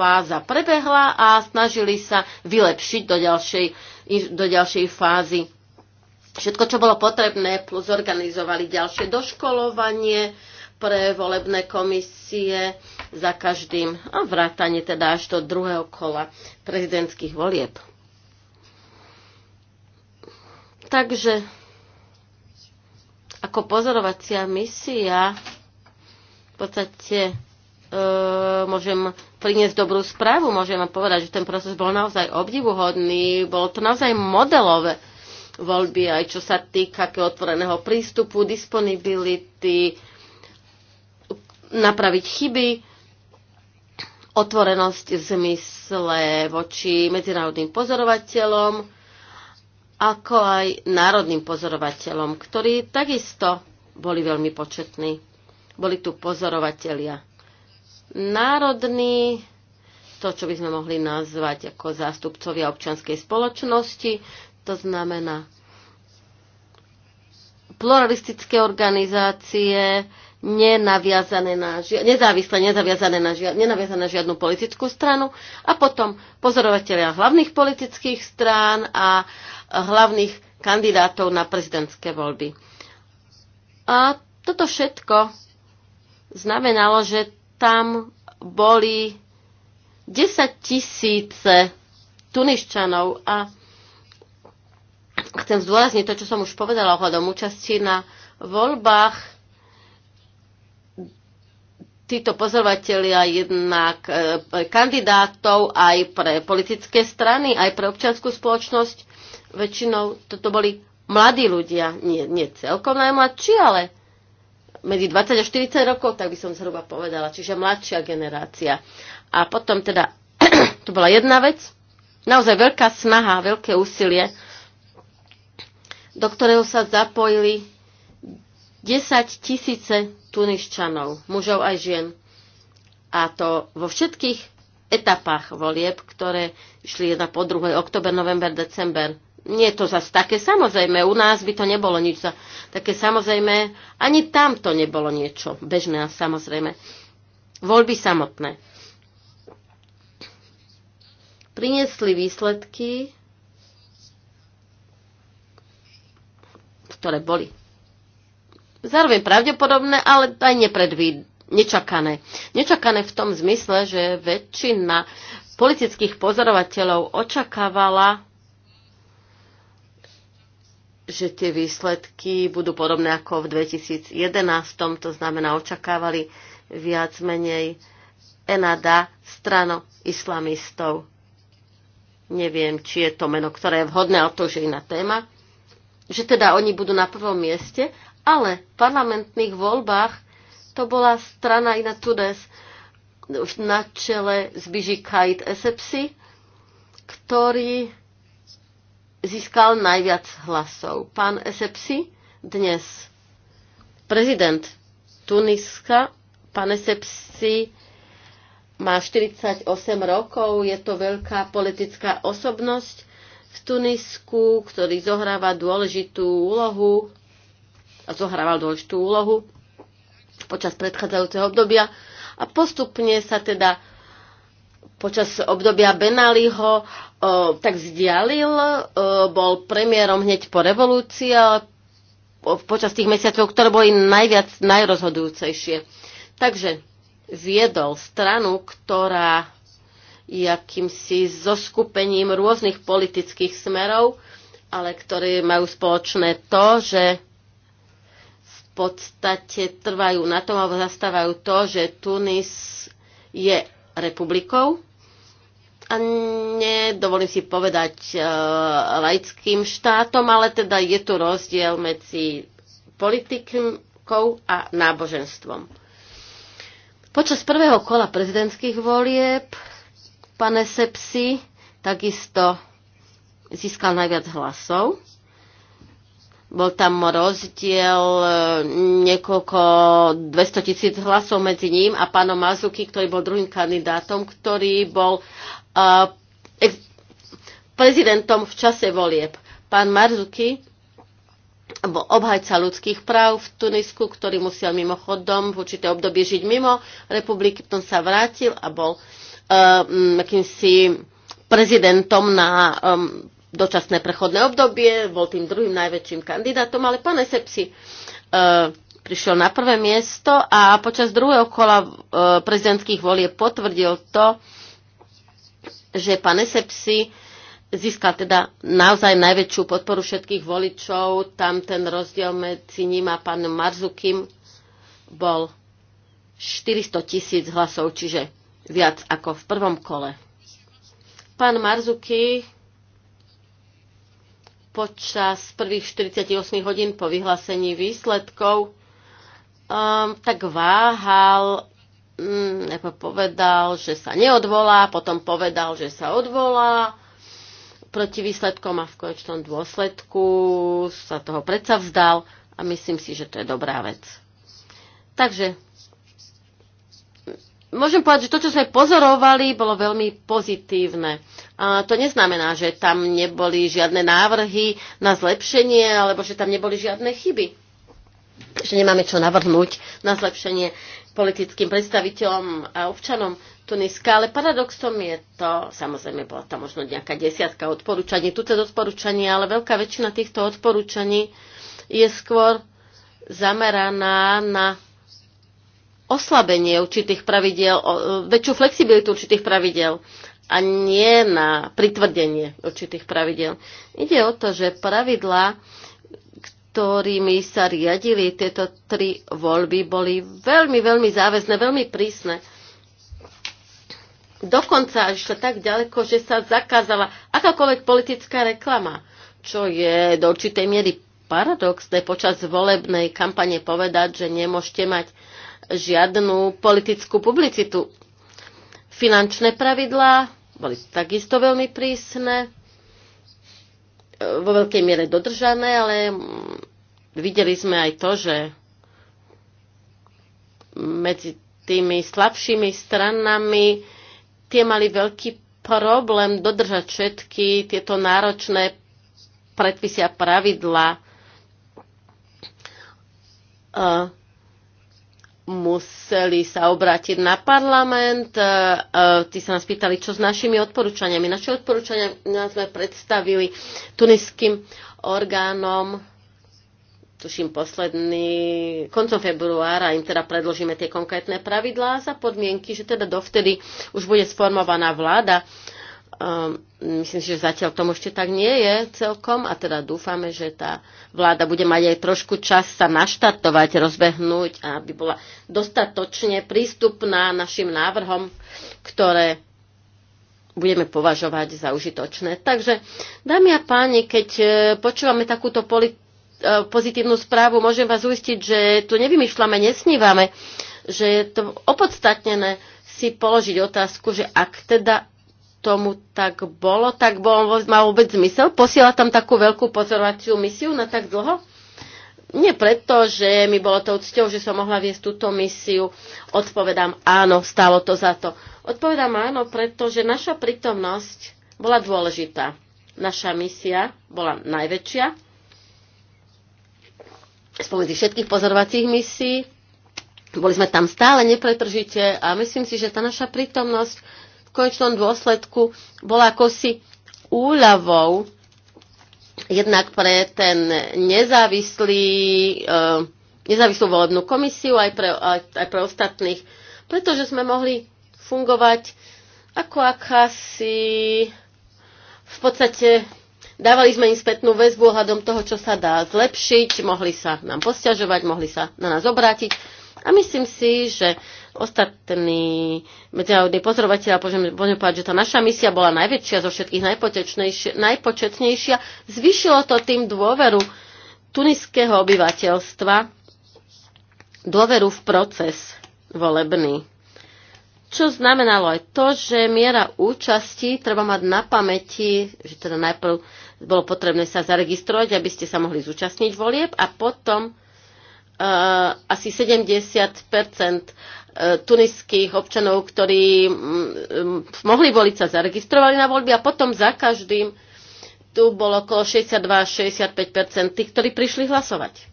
fáza prebehla a snažili sa vylepšiť do ďalšej, do ďalšej fázy. Všetko, čo bolo potrebné, plus organizovali ďalšie doškolovanie pre volebné komisie za každým a vrátanie teda až do druhého kola prezidentských volieb. Takže ako pozorovacia misia podstate e, môžem priniesť dobrú správu, môžem vám povedať, že ten proces bol naozaj obdivuhodný, bolo to naozaj modelové voľby, aj čo sa týka otvoreného prístupu, disponibility, napraviť chyby, otvorenosť v zmysle voči medzinárodným pozorovateľom, ako aj národným pozorovateľom, ktorí takisto boli veľmi početní. Boli tu pozorovatelia. Národní, to, čo by sme mohli nazvať ako zástupcovia občianskej spoločnosti, to znamená pluralistické organizácie, nenaviazané na, nezávisle nezaviazané na, nenaviazané na žiadnu politickú stranu a potom pozorovateľia hlavných politických strán a hlavných kandidátov na prezidentské voľby. A toto všetko znamenalo, že tam boli 10 tisíce tuniščanov a chcem zdôrazniť to, čo som už povedala ohľadom účasti na voľbách. Títo pozorovatelia jednak e, kandidátov aj pre politické strany, aj pre občianskú spoločnosť, väčšinou toto boli mladí ľudia, nie, nie celkom najmladší, ale medzi 20 a 40 rokov, tak by som zhruba povedala, čiže mladšia generácia. A potom teda, to bola jedna vec, naozaj veľká snaha, veľké úsilie, do ktorého sa zapojili 10 tisíce tuniščanov, mužov aj žien. A to vo všetkých etapách volieb, ktoré išli jedna po druhej, oktober, november, december nie je to zase také samozrejme. U nás by to nebolo nič za také samozrejme. Ani tam to nebolo niečo bežné a samozrejme. Voľby samotné. Priniesli výsledky, ktoré boli zároveň pravdepodobné, ale aj nečakané. Nečakané v tom zmysle, že väčšina politických pozorovateľov očakávala že tie výsledky budú podobné ako v 2011. To znamená, očakávali viac menej Enada strano islamistov. Neviem, či je to meno, ktoré je vhodné, ale to už je iná téma. Že teda oni budú na prvom mieste, ale v parlamentných voľbách to bola strana Ina Tudes na čele s Bižikajt Esepsi, ktorý získal najviac hlasov. Pán Esepsi dnes prezident Tuniska, pán Esepsi má 48 rokov, je to veľká politická osobnosť v Tunisku, ktorý zohráva dôležitú úlohu a zohrával dôležitú úlohu počas predchádzajúceho obdobia a postupne sa teda počas obdobia Benaliho tak vzdialil, bol premiérom hneď po revolúcii a počas tých mesiacov, ktoré boli najviac najrozhodujúcejšie. Takže viedol stranu, ktorá jakýmsi zoskupením rôznych politických smerov, ale ktoré majú spoločné to, že v podstate trvajú na tom alebo zastávajú to, že Tunis je republikou, a nedovolím si povedať e, laickým štátom, ale teda je tu rozdiel medzi politikou a náboženstvom. Počas prvého kola prezidentských volieb pane Sepsi takisto získal najviac hlasov. Bol tam rozdiel e, niekoľko 200 tisíc hlasov medzi ním a pánom Mazuki, ktorý bol druhým kandidátom, ktorý bol a prezidentom v čase volieb. Pán Marzuki alebo obhajca ľudských práv v Tunisku, ktorý musel mimochodom v určité obdobie žiť mimo republiky, potom sa vrátil a bol um, akýmsi prezidentom na um, dočasné prechodné obdobie, bol tým druhým najväčším kandidátom, ale pán Esepsi uh, prišiel na prvé miesto a počas druhého kola uh, prezidentských volie potvrdil to, že pán Esepsi získal teda naozaj najväčšiu podporu všetkých voličov. Tam ten rozdiel medzi ním a pánom Marzukim bol 400 tisíc hlasov, čiže viac ako v prvom kole. Pán Marzuki počas prvých 48 hodín po vyhlásení výsledkov um, tak váhal mm, povedal, že sa neodvolá, potom povedal, že sa odvolá proti výsledkom a v konečnom dôsledku sa toho predsa vzdal a myslím si, že to je dobrá vec. Takže môžem povedať, že to, čo sme pozorovali, bolo veľmi pozitívne. A to neznamená, že tam neboli žiadne návrhy na zlepšenie alebo že tam neboli žiadne chyby že nemáme čo navrhnúť na zlepšenie politickým predstaviteľom a občanom Tuniska, ale paradoxom je to, samozrejme bola tam možno nejaká desiatka odporúčaní, tuto odporúčanie, ale veľká väčšina týchto odporúčaní je skôr zameraná na oslabenie určitých pravidel, väčšiu flexibilitu určitých pravidel a nie na pritvrdenie určitých pravidel. Ide o to, že pravidlá, ktorými sa riadili tieto tri voľby, boli veľmi, veľmi záväzné, veľmi prísne. Dokonca išlo tak ďaleko, že sa zakázala akákoľvek politická reklama, čo je do určitej miery paradoxné počas volebnej kampane povedať, že nemôžete mať žiadnu politickú publicitu. Finančné pravidlá boli takisto veľmi prísne vo veľkej miere dodržané, ale videli sme aj to, že medzi tými slabšími stranami tie mali veľký problém dodržať všetky tieto náročné predpisy a pravidla museli sa obrátiť na parlament. E, e, tí sa nás pýtali, čo s našimi odporúčaniami. Naše odporúčania sme predstavili tuniským orgánom tuším posledný, koncom februára im teda predložíme tie konkrétne pravidlá za podmienky, že teda dovtedy už bude sformovaná vláda Um, myslím si, že zatiaľ tomu ešte tak nie je celkom a teda dúfame, že tá vláda bude mať aj trošku čas sa naštartovať, rozbehnúť, aby bola dostatočne prístupná našim návrhom, ktoré budeme považovať za užitočné. Takže, dámy a páni, keď e, počúvame takúto e, pozitívnu správu, môžem vás uistiť, že tu nevymýšľame, nesnívame, že je to opodstatnené si položiť otázku, že ak teda tomu tak bolo, tak bol, má vôbec zmysel posielať tam takú veľkú pozorovaciu misiu na tak dlho? Nie preto, že mi bolo to cťou, že som mohla viesť túto misiu. Odpovedám áno, stalo to za to. Odpovedám áno, pretože naša prítomnosť bola dôležitá. Naša misia bola najväčšia spomedzi všetkých pozorovacích misií. Boli sme tam stále nepretržite a myslím si, že tá naša prítomnosť konečnom dôsledku bola akosi úľavou jednak pre ten nezávislý, e, nezávislú volebnú komisiu aj pre, aj pre ostatných, pretože sme mohli fungovať ako akási v podstate dávali sme im spätnú väzbu ohľadom toho, čo sa dá zlepšiť, mohli sa nám posťažovať, mohli sa na nás obrátiť. A myslím si, že ostatní medzinárodní pozorovateľa, môžeme povedať, že tá naša misia bola najväčšia zo všetkých, najpočetnejšia. Zvyšilo to tým dôveru tuniského obyvateľstva, dôveru v proces volebný. Čo znamenalo aj to, že miera účasti treba mať na pamäti, že teda najprv bolo potrebné sa zaregistrovať, aby ste sa mohli zúčastniť volieb a potom uh, asi 70 E, tuniských občanov, ktorí mohli voliť, sa zaregistrovali na voľby a potom za každým tu bolo okolo 62-65 tých, ktorí prišli hlasovať.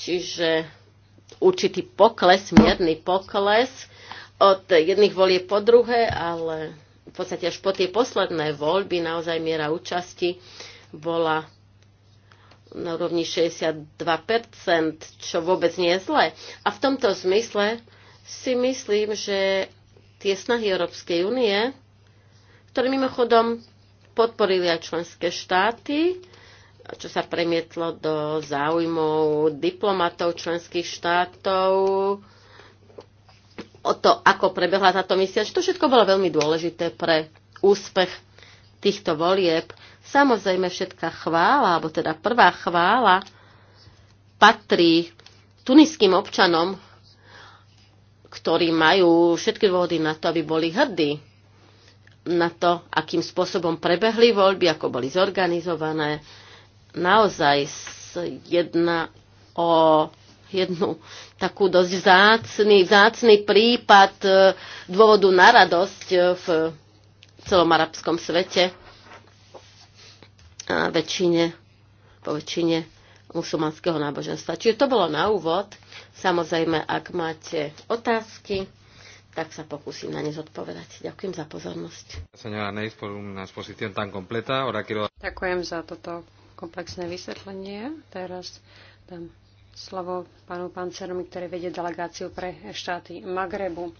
Čiže určitý pokles, mierny pokles od jedných volieb po druhé, ale v podstate až po tie posledné voľby naozaj miera účasti bola na úrovni 62%, čo vôbec nie je zlé. A v tomto zmysle si myslím, že tie snahy Európskej únie, ktoré mimochodom podporili aj členské štáty, čo sa premietlo do záujmov diplomatov členských štátov, o to, ako prebehla táto misia, že to všetko bolo veľmi dôležité pre úspech týchto volieb. Samozrejme, všetká chvála, alebo teda prvá chvála, patrí tuniským občanom, ktorí majú všetky dôvody na to, aby boli hrdí na to, akým spôsobom prebehli voľby, ako boli zorganizované. Naozaj jedna o jednu takú dosť vzácný, zácný prípad e, dôvodu na radosť e, v celom arabskom svete. A väčšine, po väčšine musulmanského náboženstva. Čiže to bolo na úvod. Samozrejme, ak máte otázky, tak sa pokúsim na ne zodpovedať. Ďakujem za pozornosť. Ďakujem za toto komplexné vysvetlenie. Teraz dám slovo pánu Pancerovi, ktorý vedie delegáciu pre štáty Magrebu.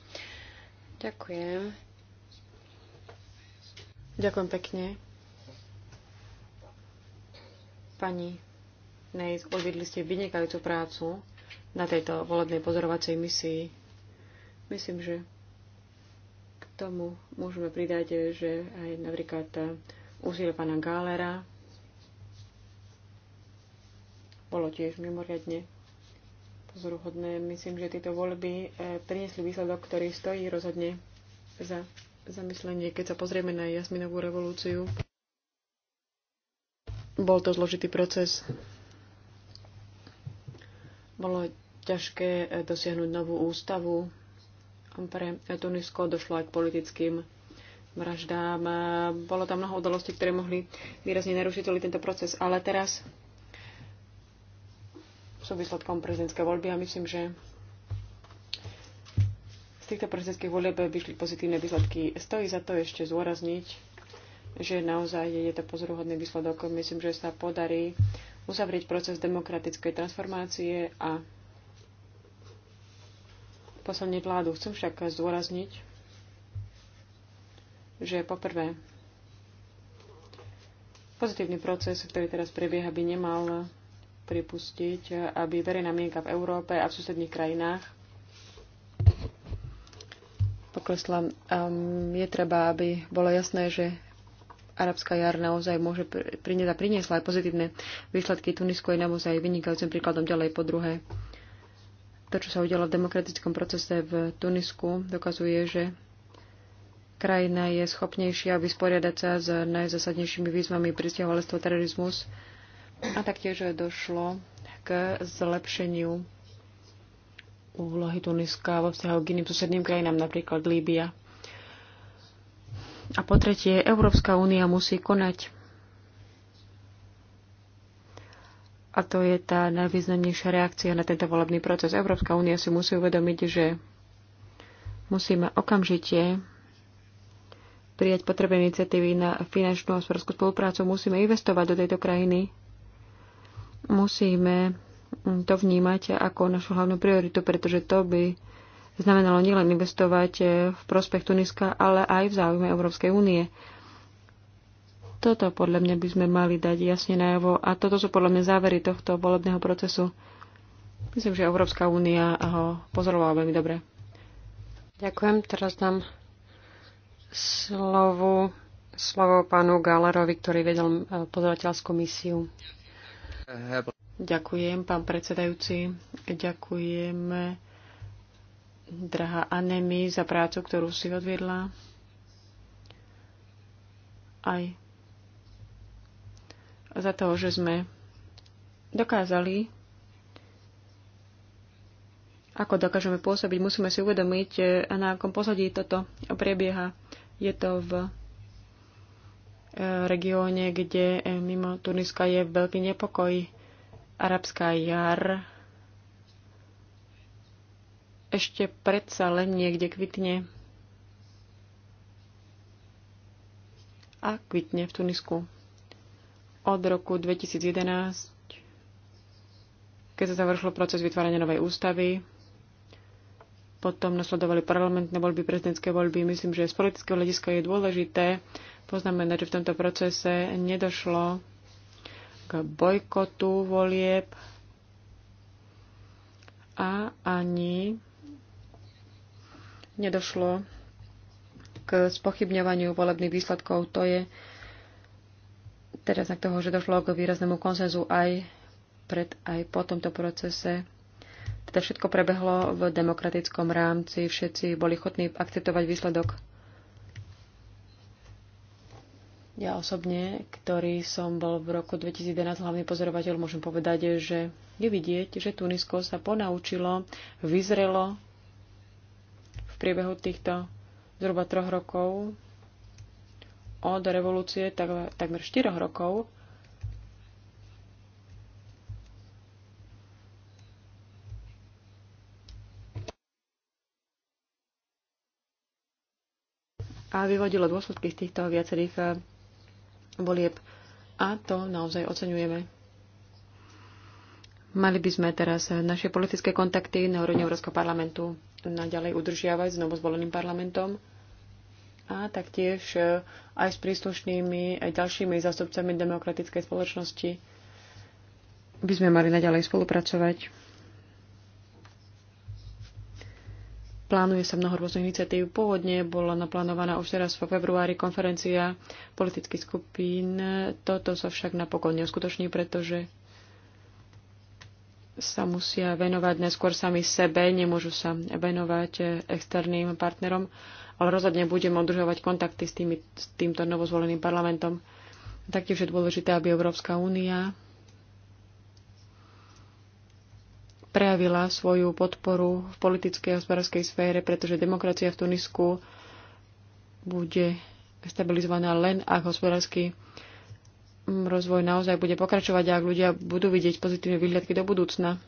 Ďakujem. Ďakujem pekne. Pani Nejs, odvedli ste vynikajúcu prácu na tejto volebnej pozorovacej misii. Myslím, že k tomu môžeme pridať, že aj napríklad úsilie pána Gálera bolo tiež mimoriadne pozoruhodné. Myslím, že tieto voľby eh, priniesli výsledok, ktorý stojí rozhodne za zamyslenie, keď sa pozrieme na jasminovú revolúciu. Bol to zložitý proces. Bolo ťažké e, dosiahnuť novú ústavu. Pre Tunisko došlo aj k politickým vraždám. E, bolo tam mnoho udalostí, ktoré mohli výrazne narušiť tento proces. Ale teraz sú výsledkom prezidentskej voľby a myslím, že z týchto prezidentských volieb vyšli pozitívne výsledky. Stojí za to ešte zôrazniť, že naozaj je to pozoruhodný výsledok. Myslím, že sa podarí uzavrieť proces demokratickej transformácie a posilniť vládu. Chcem však zdôrazniť, že poprvé pozitívny proces, ktorý teraz prebieha, by nemal pripustiť, aby verejná mienka v Európe a v susedných krajinách poklesla. Um, je treba, aby bolo jasné, že arabská jar naozaj môže priniesť a priniesla aj pozitívne výsledky. Tunisko je naozaj vynikajúcim príkladom ďalej po druhé to, čo sa udialo v demokratickom procese v Tunisku, dokazuje, že krajina je schopnejšia vysporiadať sa s najzasadnejšími výzvami pristahovalectvo terorizmus a taktiež došlo k zlepšeniu úlohy Tuniska vo vzťahu k iným susedným krajinám, napríklad Líbia. A po tretie, Európska únia musí konať A to je tá najvýznamnejšia reakcia na tento volebný proces. Európska únia si musí uvedomiť, že musíme okamžite prijať potrebné iniciatívy na finančnú a hospodárskú spoluprácu. Musíme investovať do tejto krajiny. Musíme to vnímať ako našu hlavnú prioritu, pretože to by znamenalo nielen investovať v prospech Tuniska, ale aj v záujme Európskej únie. Toto podľa mňa by sme mali dať jasne najavo a toto sú podľa mňa závery tohto volebného procesu. Myslím, že Európska únia ho pozorovala veľmi dobre. Ďakujem. Teraz dám slovo, slovo pánu Galerovi, ktorý vedel eh, pozorovateľskú misiu. Ďakujem, pán predsedajúci. Ďakujem, drahá Anemi, za prácu, ktorú si odviedla. Aj za to, že sme dokázali, ako dokážeme pôsobiť, musíme si uvedomiť, e, na akom pozadí toto prebieha. Je to v e, regióne, kde e, mimo Tuniska je veľký nepokoj. Arabská jar ešte predsa len niekde kvitne. A kvitne v Tunisku od roku 2011, keď sa završil proces vytvárania novej ústavy. Potom nasledovali parlamentné voľby, prezidentské voľby. Myslím, že z politického hľadiska je dôležité poznamenať, že v tomto procese nedošlo k bojkotu volieb a ani nedošlo k spochybňovaniu volebných výsledkov. To je teda znak toho, že došlo k výraznému konsenzu aj pred, aj po tomto procese. Teda všetko prebehlo v demokratickom rámci, všetci boli chodní akceptovať výsledok. Ja osobne, ktorý som bol v roku 2011 hlavný pozorovateľ, môžem povedať, že je vidieť, že Tunisko sa ponaučilo, vyzrelo v priebehu týchto zhruba troch rokov od revolúcie tak, takmer 4 rokov a vyvodilo dôsledky z týchto viacerých eh, volieb. A to naozaj oceňujeme. Mali by sme teraz eh, naše politické kontakty na úrovni Európskeho parlamentu naďalej udržiavať s novozvoleným parlamentom a taktiež e, aj s príslušnými aj ďalšími zástupcami demokratickej spoločnosti by sme mali naďalej spolupracovať. Plánuje sa mnoho rôznych iniciatív. Pôvodne bola naplánovaná už teraz vo februári konferencia politických skupín. Toto sa však napokon neuskutoční, pretože sa musia venovať neskôr sami sebe, nemôžu sa venovať externým partnerom ale rozhodne budem udržovať kontakty s, tými, s týmto novozvoleným parlamentom. Taktiež je dôležité, aby Európska únia prejavila svoju podporu v politickej a hospodárskej sfére, pretože demokracia v Tunisku bude stabilizovaná len ak hospodársky rozvoj naozaj bude pokračovať a ak ľudia budú vidieť pozitívne výhľadky do budúcna.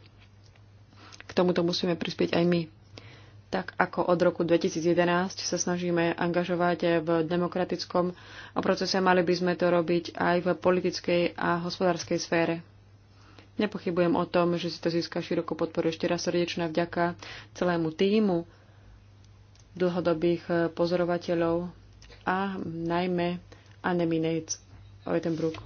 K tomuto musíme prispieť aj my tak ako od roku 2011 sa snažíme angažovať v demokratickom procese, mali by sme to robiť aj v politickej a hospodárskej sfére. Nepochybujem o tom, že si to získa širokú podporu. Ešte raz srdečná vďaka celému týmu dlhodobých pozorovateľov a najmä Anne Minec Oetenbruck.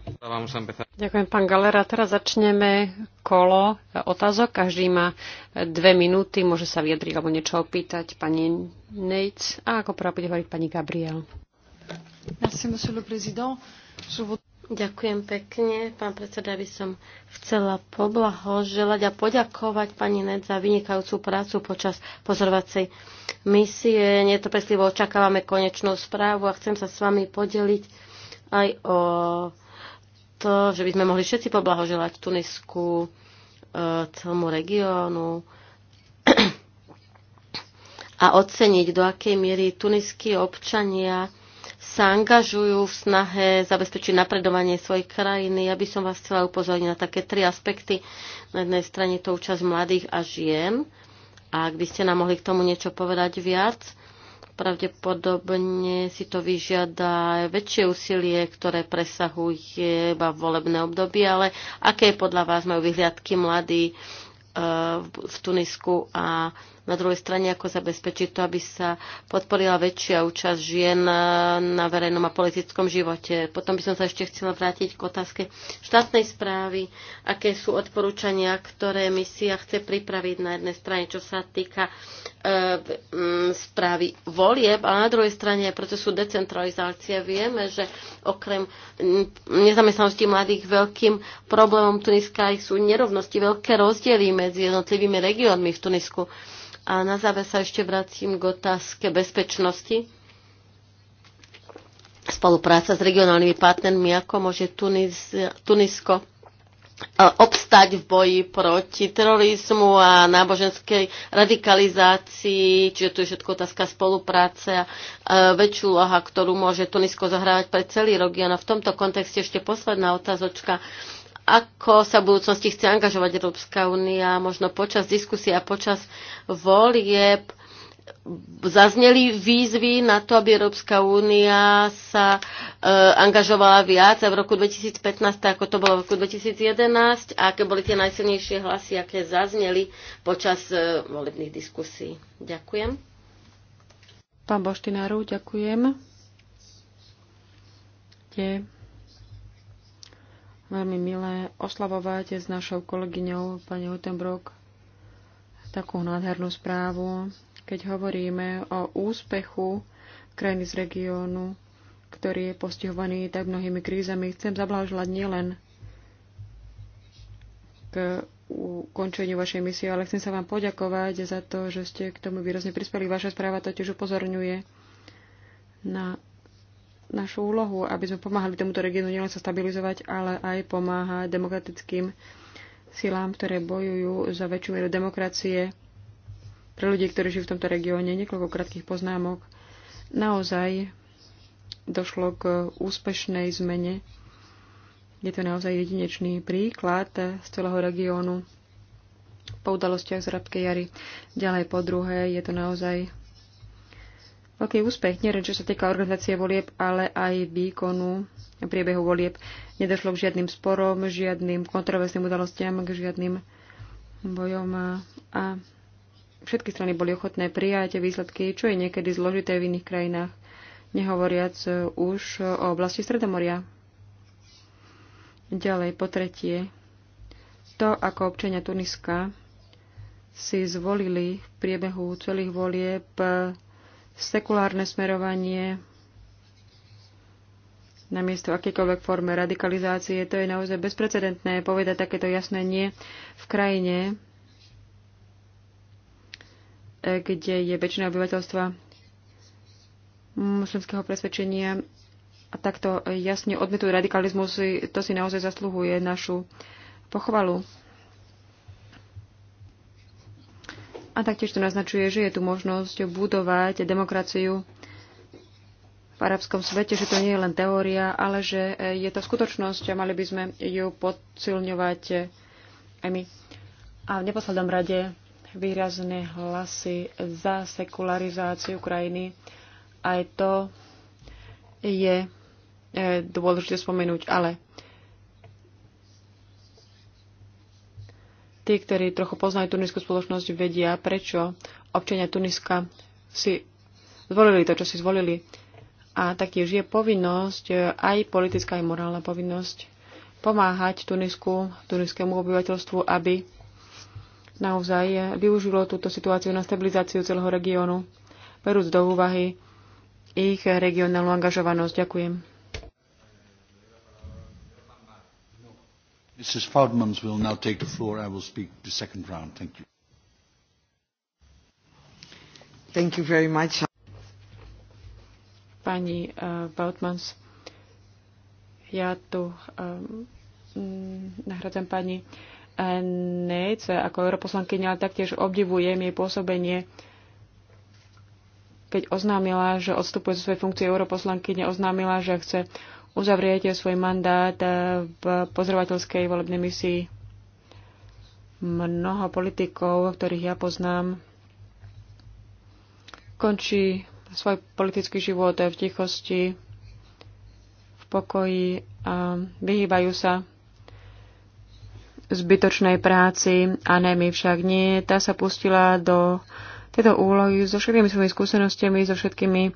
Ďakujem, pán Galera. Teraz začneme kolo otázok. Každý má dve minúty, môže sa vyjadriť alebo niečo opýtať pani Nates a ako prvá bude hovoriť pani Gabriel. Merci, monsieur le président. Ďakujem pekne. Pán predseda, by som chcela poblahoželať a poďakovať pani Ned za vynikajúcu prácu počas pozorovacej misie. Netrpezlivo očakávame konečnú správu a chcem sa s vami podeliť aj o to, že by sme mohli všetci poblahoželať Tunisku, eh, celému regiónu a oceniť, do akej miery tuniskí občania sa angažujú v snahe zabezpečiť napredovanie svojej krajiny. Ja by som vás chcela upozorniť na také tri aspekty. Na jednej strane to účasť mladých a žien. A ak by ste nám mohli k tomu niečo povedať viac, Pravdepodobne si to vyžiada väčšie úsilie, ktoré presahuje iba volebné obdobie, ale aké podľa vás majú vyhliadky mladí eh, v Tunisku a na druhej strane ako zabezpečiť to, aby sa podporila väčšia účasť žien eh, na verejnom a politickom živote. Potom by som sa ešte chcela vrátiť k otázke štátnej správy, aké sú odporúčania, ktoré misia chce pripraviť na jednej strane, čo sa týka e, správy volieb a na druhej strane procesu decentralizácie vieme, že okrem nezamestnanosti mladých veľkým problémom Tuniska sú nerovnosti, veľké rozdiely medzi jednotlivými regiónmi v Tunisku. A na záver sa ešte vracím k otázke bezpečnosti spolupráca s regionálnymi partnermi, ako môže Tunis, Tunisko E, obstať v boji proti terorizmu a náboženskej radikalizácii, čiže tu je všetko otázka spolupráce a e, väčšiu loha, ktorú môže Tunisko zahrávať pre celý región. A v tomto kontexte ešte posledná otázočka. Ako sa v budúcnosti chce angažovať Európska únia, možno počas diskusie a počas volieb, zazneli výzvy na to, aby Európska únia sa e, angažovala viac a v roku 2015, ako to bolo v roku 2011, a aké boli tie najsilnejšie hlasy, aké zazneli počas e, volebných diskusí. Ďakujem. Pán Boštináru, ďakujem. Je veľmi milé oslavovať s našou kolegyňou pani Utenbrock takú nádhernú správu keď hovoríme o úspechu krajiny z regiónu, ktorý je postihovaný tak mnohými krízami, chcem zablahožľať nielen k ukončeniu vašej misie, ale chcem sa vám poďakovať za to, že ste k tomu výrazne prispeli. Vaša správa totiž upozorňuje na našu úlohu, aby sme pomáhali tomuto regiónu nielen sa stabilizovať, ale aj pomáhať demokratickým silám, ktoré bojujú za väčšiu mieru demokracie pre ľudí, ktorí žijú v tomto regióne. Niekoľko krátkých poznámok. Naozaj došlo k úspešnej zmene. Je to naozaj jedinečný príklad z celého regiónu po udalostiach z Rabkej jary. Ďalej po druhé, je to naozaj veľký úspech, nielen čo sa týka organizácie volieb, ale aj výkonu priebehu volieb. Nedošlo k žiadnym sporom, žiadnym kontroverzným udalostiam, k žiadnym bojom a všetky strany boli ochotné prijať výsledky, čo je niekedy zložité v iných krajinách, nehovoriac už o oblasti Stredomoria. Ďalej, po tretie, to, ako občania Tuniska si zvolili v priebehu celých volieb sekulárne smerovanie namiesto akýkoľvek forme radikalizácie. To je naozaj bezprecedentné povedať takéto jasné nie v krajine, kde je väčšina obyvateľstva muslimského presvedčenia a takto jasne odmetujú radikalizmus, to si naozaj zasluhuje našu pochvalu. A taktiež to naznačuje, že je tu možnosť budovať demokraciu v arabskom svete, že to nie je len teória, ale že je to skutočnosť a mali by sme ju podsilňovať aj my. A v neposlednom rade výrazné hlasy za sekularizáciu krajiny. Aj to je e, dôležité spomenúť, ale tí, ktorí trochu poznajú tuniskú spoločnosť, vedia, prečo občania Tuniska si zvolili to, čo si zvolili. A taktiež je povinnosť, e, aj politická, aj morálna povinnosť, pomáhať Tunisku, tuniskému obyvateľstvu, aby naozaj využilo túto situáciu na stabilizáciu celého regiónu, berúc do úvahy ich regionálnu angažovanosť. Ďakujem. Mrs. will now take the floor. I will speak the second round. Thank you. Thank you very much. Pani uh, ja tu um, nahradzam pani uh, Nec ako europoslankyňa taktiež obdivujem jej pôsobenie keď oznámila, že odstupuje zo svojej funkcie europoslankyne, oznámila, že chce uzavrieť svoj mandát v pozorovateľskej volebnej misii. Mnoho politikov, ktorých ja poznám, končí svoj politický život v tichosti, v pokoji a vyhýbajú sa zbytočnej práci a ne my však nie. Tá sa pustila do tejto úlohy so všetkými svojimi skúsenostiami, so všetkými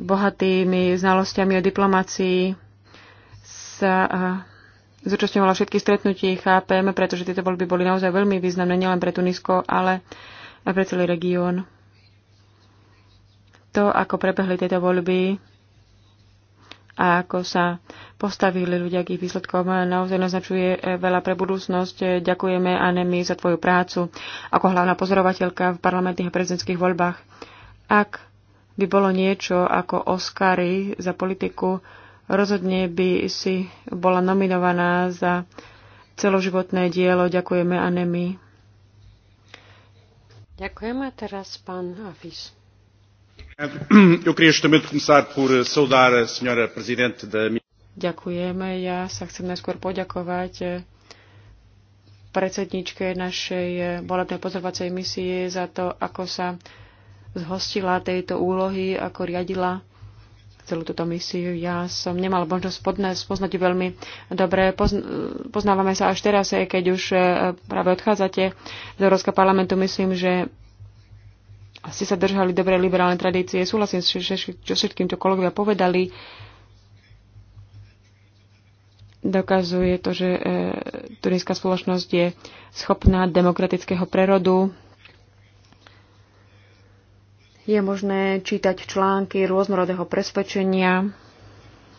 bohatými znalosťami o diplomácii sa zúčastňovala všetky stretnutí, chápem, pretože tieto voľby boli naozaj veľmi významné nielen pre Tunisko, ale aj pre celý región. To, ako prebehli tieto voľby, a ako sa postavili ľudia k ich výsledkom, naozaj naznačuje e, veľa pre budúcnosť. E, ďakujeme, Anemi, za tvoju prácu ako hlavná pozorovateľka v parlamentných a prezidentských voľbách. Ak by bolo niečo ako Oscary za politiku, rozhodne by si bola nominovaná za celoživotné dielo. Ďakujeme, Anemi. Ďakujeme teraz pán Afis. Ďakujeme. Ja sa chcem najskôr poďakovať eh, predsedničke našej eh, volebnej pozorovacej misie za to, ako sa zhostila tejto úlohy, ako riadila celú túto misiu. Ja som nemala možnosť poznať ju veľmi dobre. poznávame sa až teraz, eh, keď už práve odchádzate z Európskeho parlamentu. Myslím, že ste sa držali dobre liberálne tradície. Súhlasím že čo všetkým, čo kolegovia povedali. Dokazuje to, že e, turínská spoločnosť je schopná demokratického prerodu. Je možné čítať články rôznorodého presvedčenia.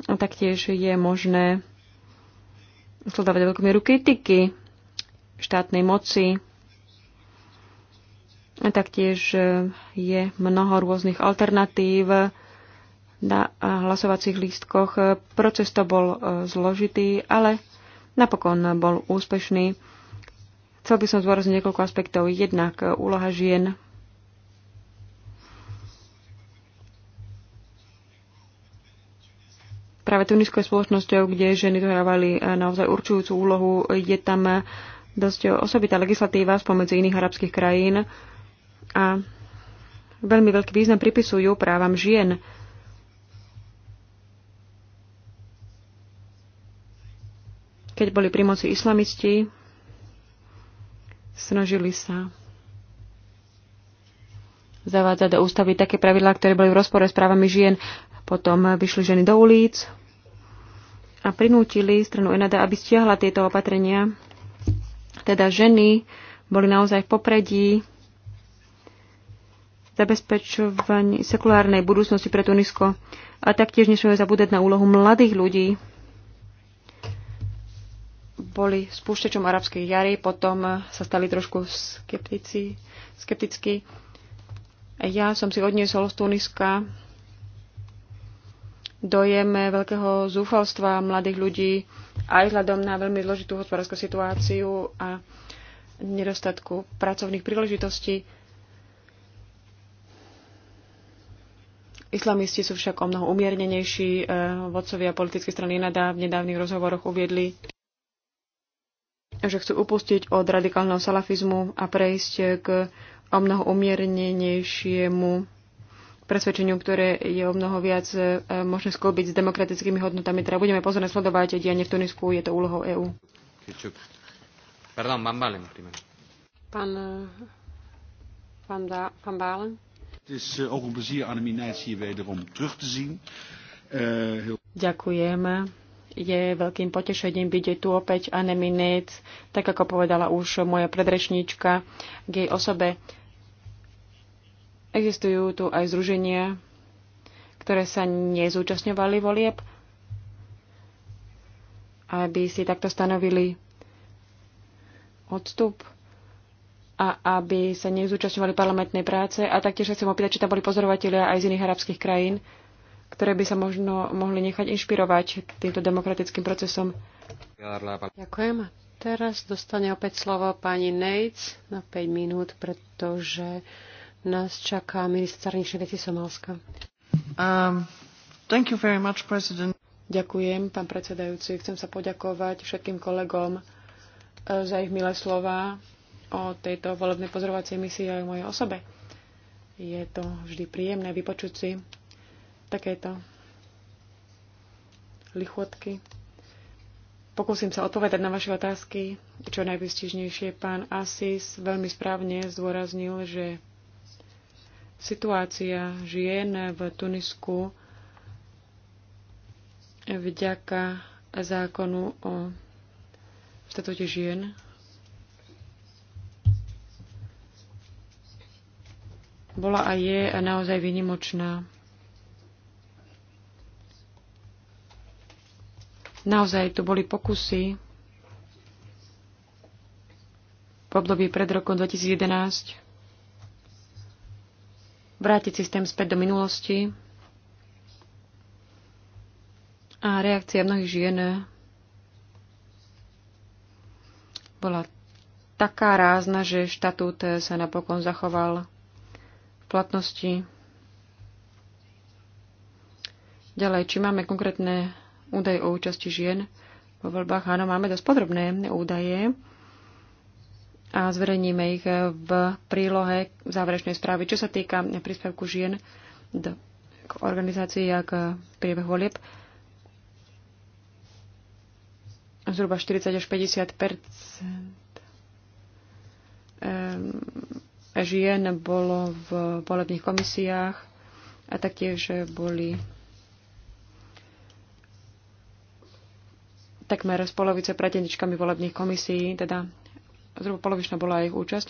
A taktiež je možné sledovať veľkomi kritiky štátnej moci, Taktiež e, je mnoho rôznych alternatív na hlasovacích lístkoch. E, proces to bol e, zložitý, ale napokon bol úspešný. Chcel by som zdôrazniť niekoľko aspektov. Jednak úloha žien práve tuniskou spoločnosťou, kde ženy dohrávali naozaj určujúcu úlohu. Je tam dosť osobitá legislatíva spomedzi iných arabských krajín, a veľmi veľký význam pripisujú právam žien. Keď boli pri moci islamisti, snažili sa zavádzať do ústavy také pravidlá, ktoré boli v rozpore s právami žien. Potom vyšli ženy do ulic a prinútili stranu Enada, aby stiahla tieto opatrenia. Teda ženy boli naozaj v popredí zabezpečovaní sekulárnej budúcnosti pre Tunisko. A taktiež nesmieme zabúdať na úlohu mladých ľudí. Boli spúšťačom arabskej jary, potom sa stali trošku skeptici, skeptickí. Ja som si odniesol z Tuniska dojem veľkého zúfalstva mladých ľudí aj vzhľadom na veľmi zložitú hospodárskú situáciu a nedostatku pracovných príležitostí Islamisti sú však o mnoho umiernenejší. Eh, vodcovia politickej strany nadá v nedávnych rozhovoroch uviedli, že chcú upustiť od radikálneho salafizmu a prejsť k o mnoho umiernenejšiemu presvedčeniu, ktoré je o mnoho viac eh, možné skôbiť s demokratickými hodnotami. Teda budeme pozorne sledovať dianie v Tunisku, je to úlohou EÚ. Pardon, Pán, pán, pán Bálen is eh, ook een plezier Annemie Nijs hier wederom terug te zien. Eh, Ďakujem. Je veľkým potešením byť tu opäť Annemie Nec, tak ako povedala už moja predrečníčka k jej osobe. Existujú tu aj združenia, ktoré sa nezúčastňovali volieb, aby si takto stanovili odstup a aby sa nezúčastňovali parlamentnej práce. A taktiež sa chcem opýtať, či tam boli pozorovatelia aj z iných arabských krajín, ktoré by sa možno mohli nechať inšpirovať týmto demokratickým procesom. Ďakujem. Teraz dostane opäť slovo pani Nates na 5 minút, pretože nás čaká minister zahraničných vecí Somálska. Um, thank you very much, president. Ďakujem, pán predsedajúci. Chcem sa poďakovať všetkým kolegom eh, za ich milé slova o tejto volebnej pozorovacej misii aj o mojej osobe. Je to vždy príjemné vypočuť si takéto lichotky. Pokúsim sa odpovedať na vaše otázky, čo najvystižnejšie. Pán Asis veľmi správne zdôraznil, že situácia žien v Tunisku vďaka zákonu o štatúte žien bola a je naozaj vynimočná. Naozaj tu boli pokusy v období pred rokom 2011 vrátiť systém späť do minulosti a reakcia mnohých žien bola taká rázna, že štatút sa napokon zachoval platnosti. Ďalej, či máme konkrétne údaje o účasti žien vo voľbách? Áno, máme dosť podrobné údaje a zverejníme ich v prílohe v záverečnej správy. Čo sa týka príspevku žien k organizácii a k priebehu volieb, zhruba 40 až 50 žien bolo v volebných komisiách a taktiež boli takmer z polovice preteničkami volebných komisií, teda zhruba polovičná bola ich účasť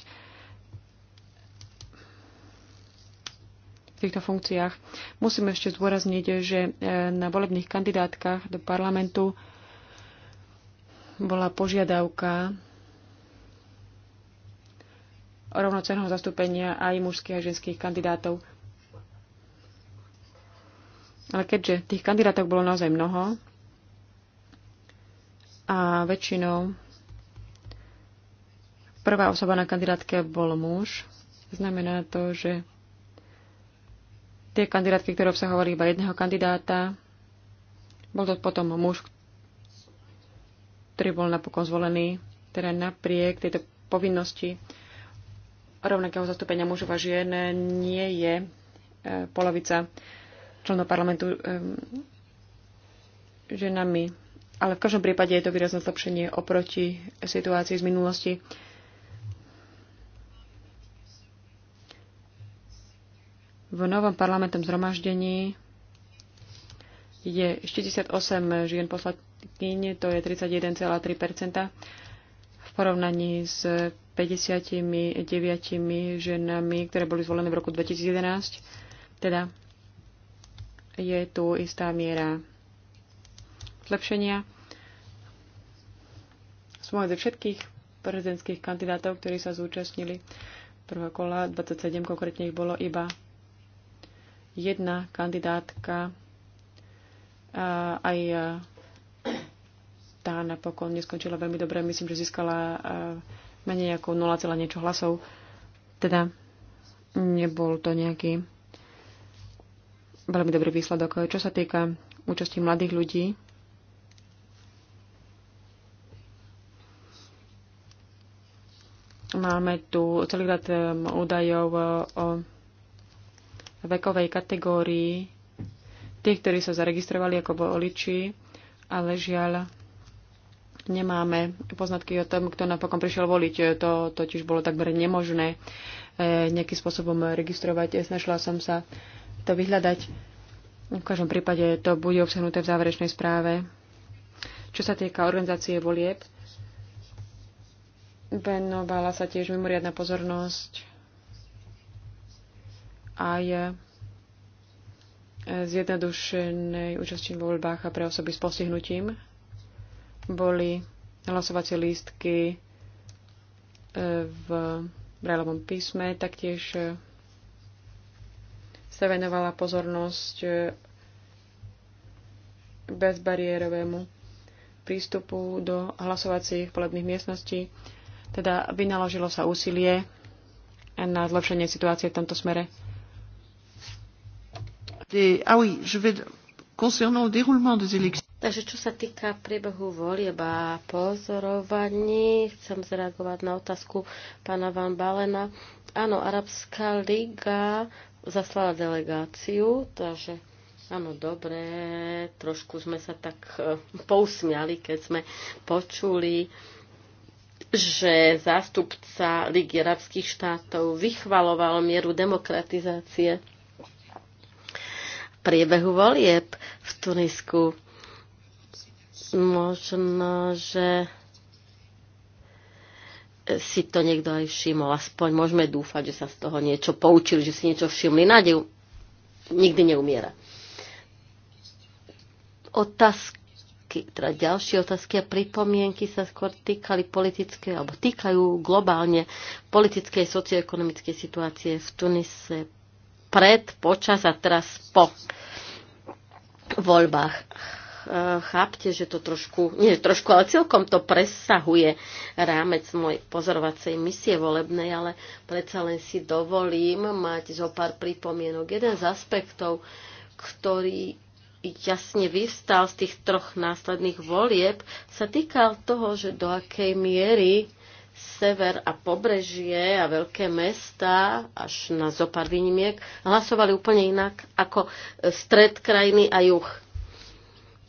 v týchto funkciách. Musím ešte zdôrazniť, že e, na volebných kandidátkach do parlamentu bola požiadavka rovnocenného zastúpenia aj mužských a ženských kandidátov. Ale keďže tých kandidátov bolo naozaj mnoho a väčšinou prvá osoba na kandidátke bol muž, znamená to, že tie kandidátky, ktoré obsahovali iba jedného kandidáta, bol to potom muž, ktorý bol napokon zvolený, teda napriek tejto povinnosti rovnakého zastúpenia mužov a žien nie je e, polovica členov parlamentu e, ženami. Ale v každom prípade je to výrazné zlepšenie oproti situácii z minulosti. V novom parlamentom zhromaždení je 48 žien poslankyň, to je 31,3 v porovnaní s 59 ženami, ktoré boli zvolené v roku 2011. Teda je tu istá miera zlepšenia. Sme ze všetkých prezidentských kandidátov, ktorí sa zúčastnili prvého kola, 27 konkrétne ich bolo iba jedna kandidátka, aj tá napokon neskončila veľmi dobre. Myslím, že získala eh, menej ako 0, niečo hlasov. Teda nebol to nejaký veľmi dobrý výsledok. Čo sa týka účasti mladých ľudí, máme tu celý rad eh, údajov eh, o vekovej kategórii tých, ktorí sa zaregistrovali ako voliči, ale žiaľ nemáme poznatky o tom, kto napokon prišiel voliť. To totiž bolo takmer nemožné e, nejakým spôsobom registrovať. Snažila som sa to vyhľadať. V každom prípade to bude obsahnuté v záverečnej správe. Čo sa týka organizácie volieb, venovala sa tiež mimoriadná pozornosť aj zjednodušenej účasti vo voľbách a pre osoby s postihnutím boli hlasovacie lístky e, v brajlovom písme, taktiež e, sa venovala pozornosť e, bezbariérovému prístupu do hlasovacích volebných miestností. Teda vynaložilo sa úsilie na zlepšenie situácie v tomto smere. Des, ah oui, je vais, concernant le déroulement des élections. Takže čo sa týka priebehu volieb a pozorovaní, chcem zareagovať na otázku pána Van Balena. Áno, Arabská liga zaslala delegáciu, takže áno, dobre, trošku sme sa tak e, pousmiali, keď sme počuli, že zástupca Ligy arabských štátov vychvaloval mieru demokratizácie priebehu volieb v Tunisku Možno, že si to niekto aj všimol. Aspoň môžeme dúfať, že sa z toho niečo poučili, že si niečo všimli. Nádej nikdy neumiera. Otázky, teda ďalšie otázky a pripomienky sa skôr týkali politické, alebo týkajú globálne politickej, socioekonomickej situácie v Tunise pred, počas a teraz po voľbách Eh, chápte, že to trošku, nie trošku, ale celkom to presahuje rámec mojej pozorovacej misie volebnej, ale predsa len si dovolím mať zo pár pripomienok. Jeden z aspektov, ktorý jasne vyvstal z tých troch následných volieb, sa týkal toho, že do akej miery sever a pobrežie a veľké mesta, až na zopár výnimiek, hlasovali úplne inak ako stred krajiny a juh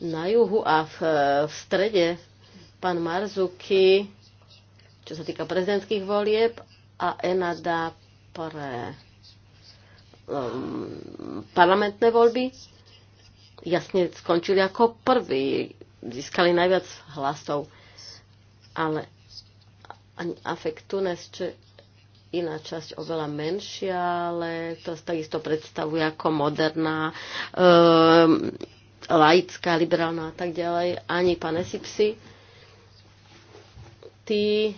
na juhu a v, v strede pán Marzuki, čo sa týka prezidentských volieb, a Enada pre um, parlamentné voľby jasne skončili ako prví, získali najviac hlasov. Ale ani afektu Tunes, čo iná časť oveľa menšia, ale to takisto predstavuje ako moderná um, laická, liberálna a tak ďalej, ani pán sipsy. tí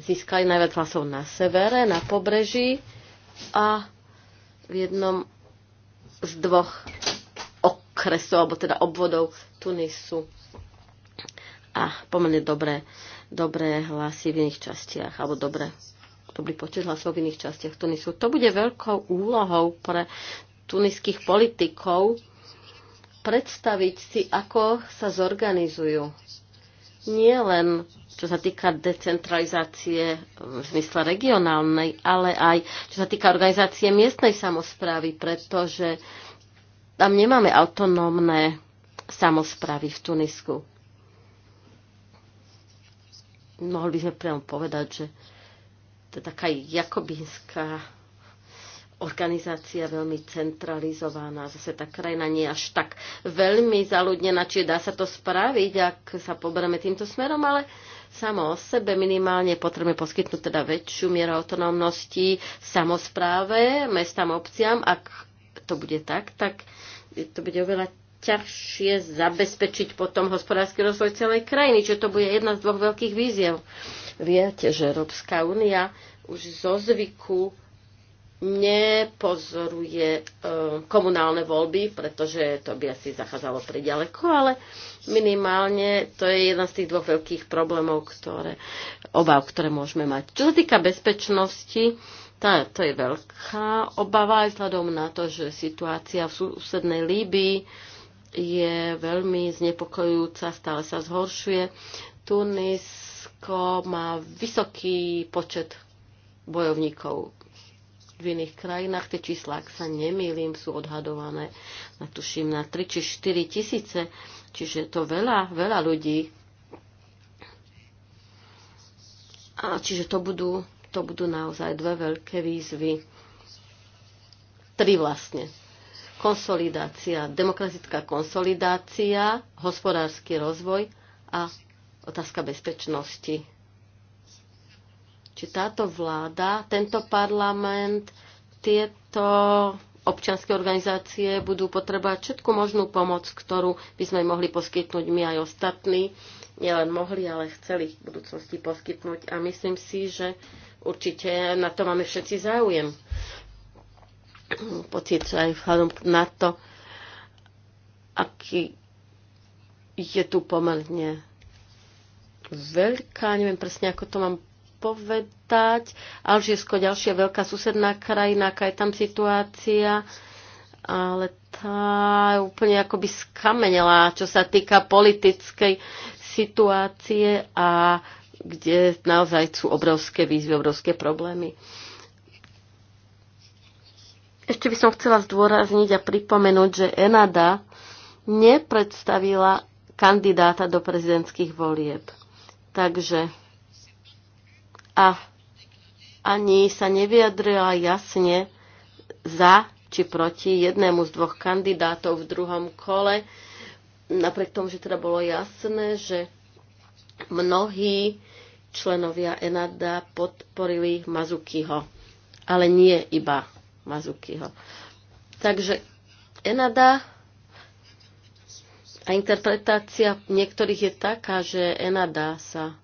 získali najviac hlasov na severe, na pobreží a v jednom z dvoch okresov, alebo teda obvodov Tunisu. A pomerne dobré, dobré hlasy v iných častiach, alebo dobré dobrý počet hlasov v iných častiach Tunisu. To bude veľkou úlohou pre tuniských politikov predstaviť si, ako sa zorganizujú. Nie len čo sa týka decentralizácie v zmysle regionálnej, ale aj čo sa týka organizácie miestnej samozprávy, pretože tam nemáme autonómne samozprávy v Tunisku. Mohli by sme priamo povedať, že to je taká jakobinská organizácia veľmi centralizovaná. Zase tá krajina nie je až tak veľmi zaludnená, či dá sa to spraviť, ak sa poberieme týmto smerom, ale samo o sebe minimálne potrebujeme poskytnúť teda väčšiu mieru autonómnosti samozpráve, mestám, obciam. Ak to bude tak, tak to bude oveľa ťažšie zabezpečiť potom hospodársky rozvoj celej krajiny, čo to bude jedna z dvoch veľkých víziev. Viete, že Európska únia už zo zvyku nepozoruje e, komunálne voľby, pretože to by asi zachádzalo priďaleko, ale minimálne to je jeden z tých dvoch veľkých problémov, ktoré, obav, ktoré môžeme mať. Čo sa týka bezpečnosti, tá, to je veľká obava aj vzhľadom na to, že situácia v susednej Líbii je veľmi znepokojujúca, stále sa zhoršuje. Tunisko má vysoký počet bojovníkov v iných krajinách. Tie čísla, ak sa nemýlim, sú odhadované, tuším, na 3 či 4 tisíce. Čiže to veľa, veľa ľudí. A čiže to budú, to budú naozaj dve veľké výzvy. Tri vlastne. Konsolidácia, demokratická konsolidácia, hospodársky rozvoj a otázka bezpečnosti či táto vláda, tento parlament, tieto občianske organizácie budú potrebovať všetku možnú pomoc, ktorú by sme mohli poskytnúť my aj ostatní. Nielen mohli, ale chceli v budúcnosti poskytnúť. A myslím si, že určite na to máme všetci záujem. Pocit aj vzhľadom na to, aký je tu pomerne veľká, neviem presne, ako to mám povedať. Alžírsko, ďalšia veľká susedná krajina, aká je tam situácia, ale tá je úplne akoby skamenela, čo sa týka politickej situácie a kde naozaj sú obrovské výzvy, obrovské problémy. Ešte by som chcela zdôrazniť a pripomenúť, že Enada nepredstavila kandidáta do prezidentských volieb. Takže a ani sa nevyjadrila jasne za či proti jednému z dvoch kandidátov v druhom kole, napriek tomu, že teda bolo jasné, že mnohí členovia Enada podporili Mazukiho, ale nie iba Mazukiho. Takže Enada a interpretácia niektorých je taká, že Enada sa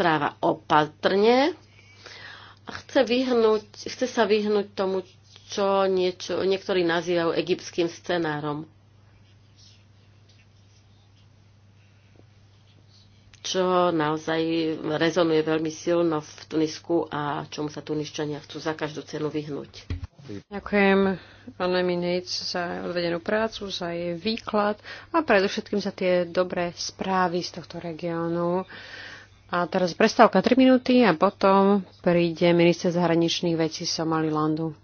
správa opatrne a chce, vyhnúť, chce sa vyhnúť tomu, čo niečo, niektorí nazývajú egyptským scenárom. čo naozaj rezonuje veľmi silno v Tunisku a čomu sa Tunisčania chcú za každú cenu vyhnúť. Ďakujem pán Minec za odvedenú prácu, za jej výklad a predovšetkým za tie dobré správy z tohto regiónu. A teraz prestávka 3 minúty a potom príde minister zahraničných vecí Somalilandu.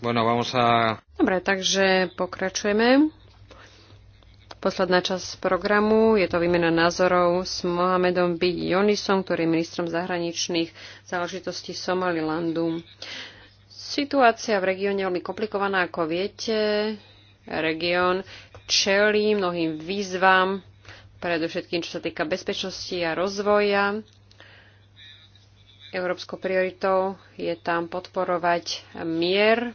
Bueno, vamos a... Dobre, takže pokračujeme. Posledná časť programu je to výmena názorov s Mohamedom B. Jonisom, ktorý je ministrom zahraničných záležitostí Somalilandu. Situácia v regióne je veľmi komplikovaná, ako viete. Región čelí mnohým výzvam, predovšetkým čo sa týka bezpečnosti a rozvoja. Európskou prioritou je tam podporovať mier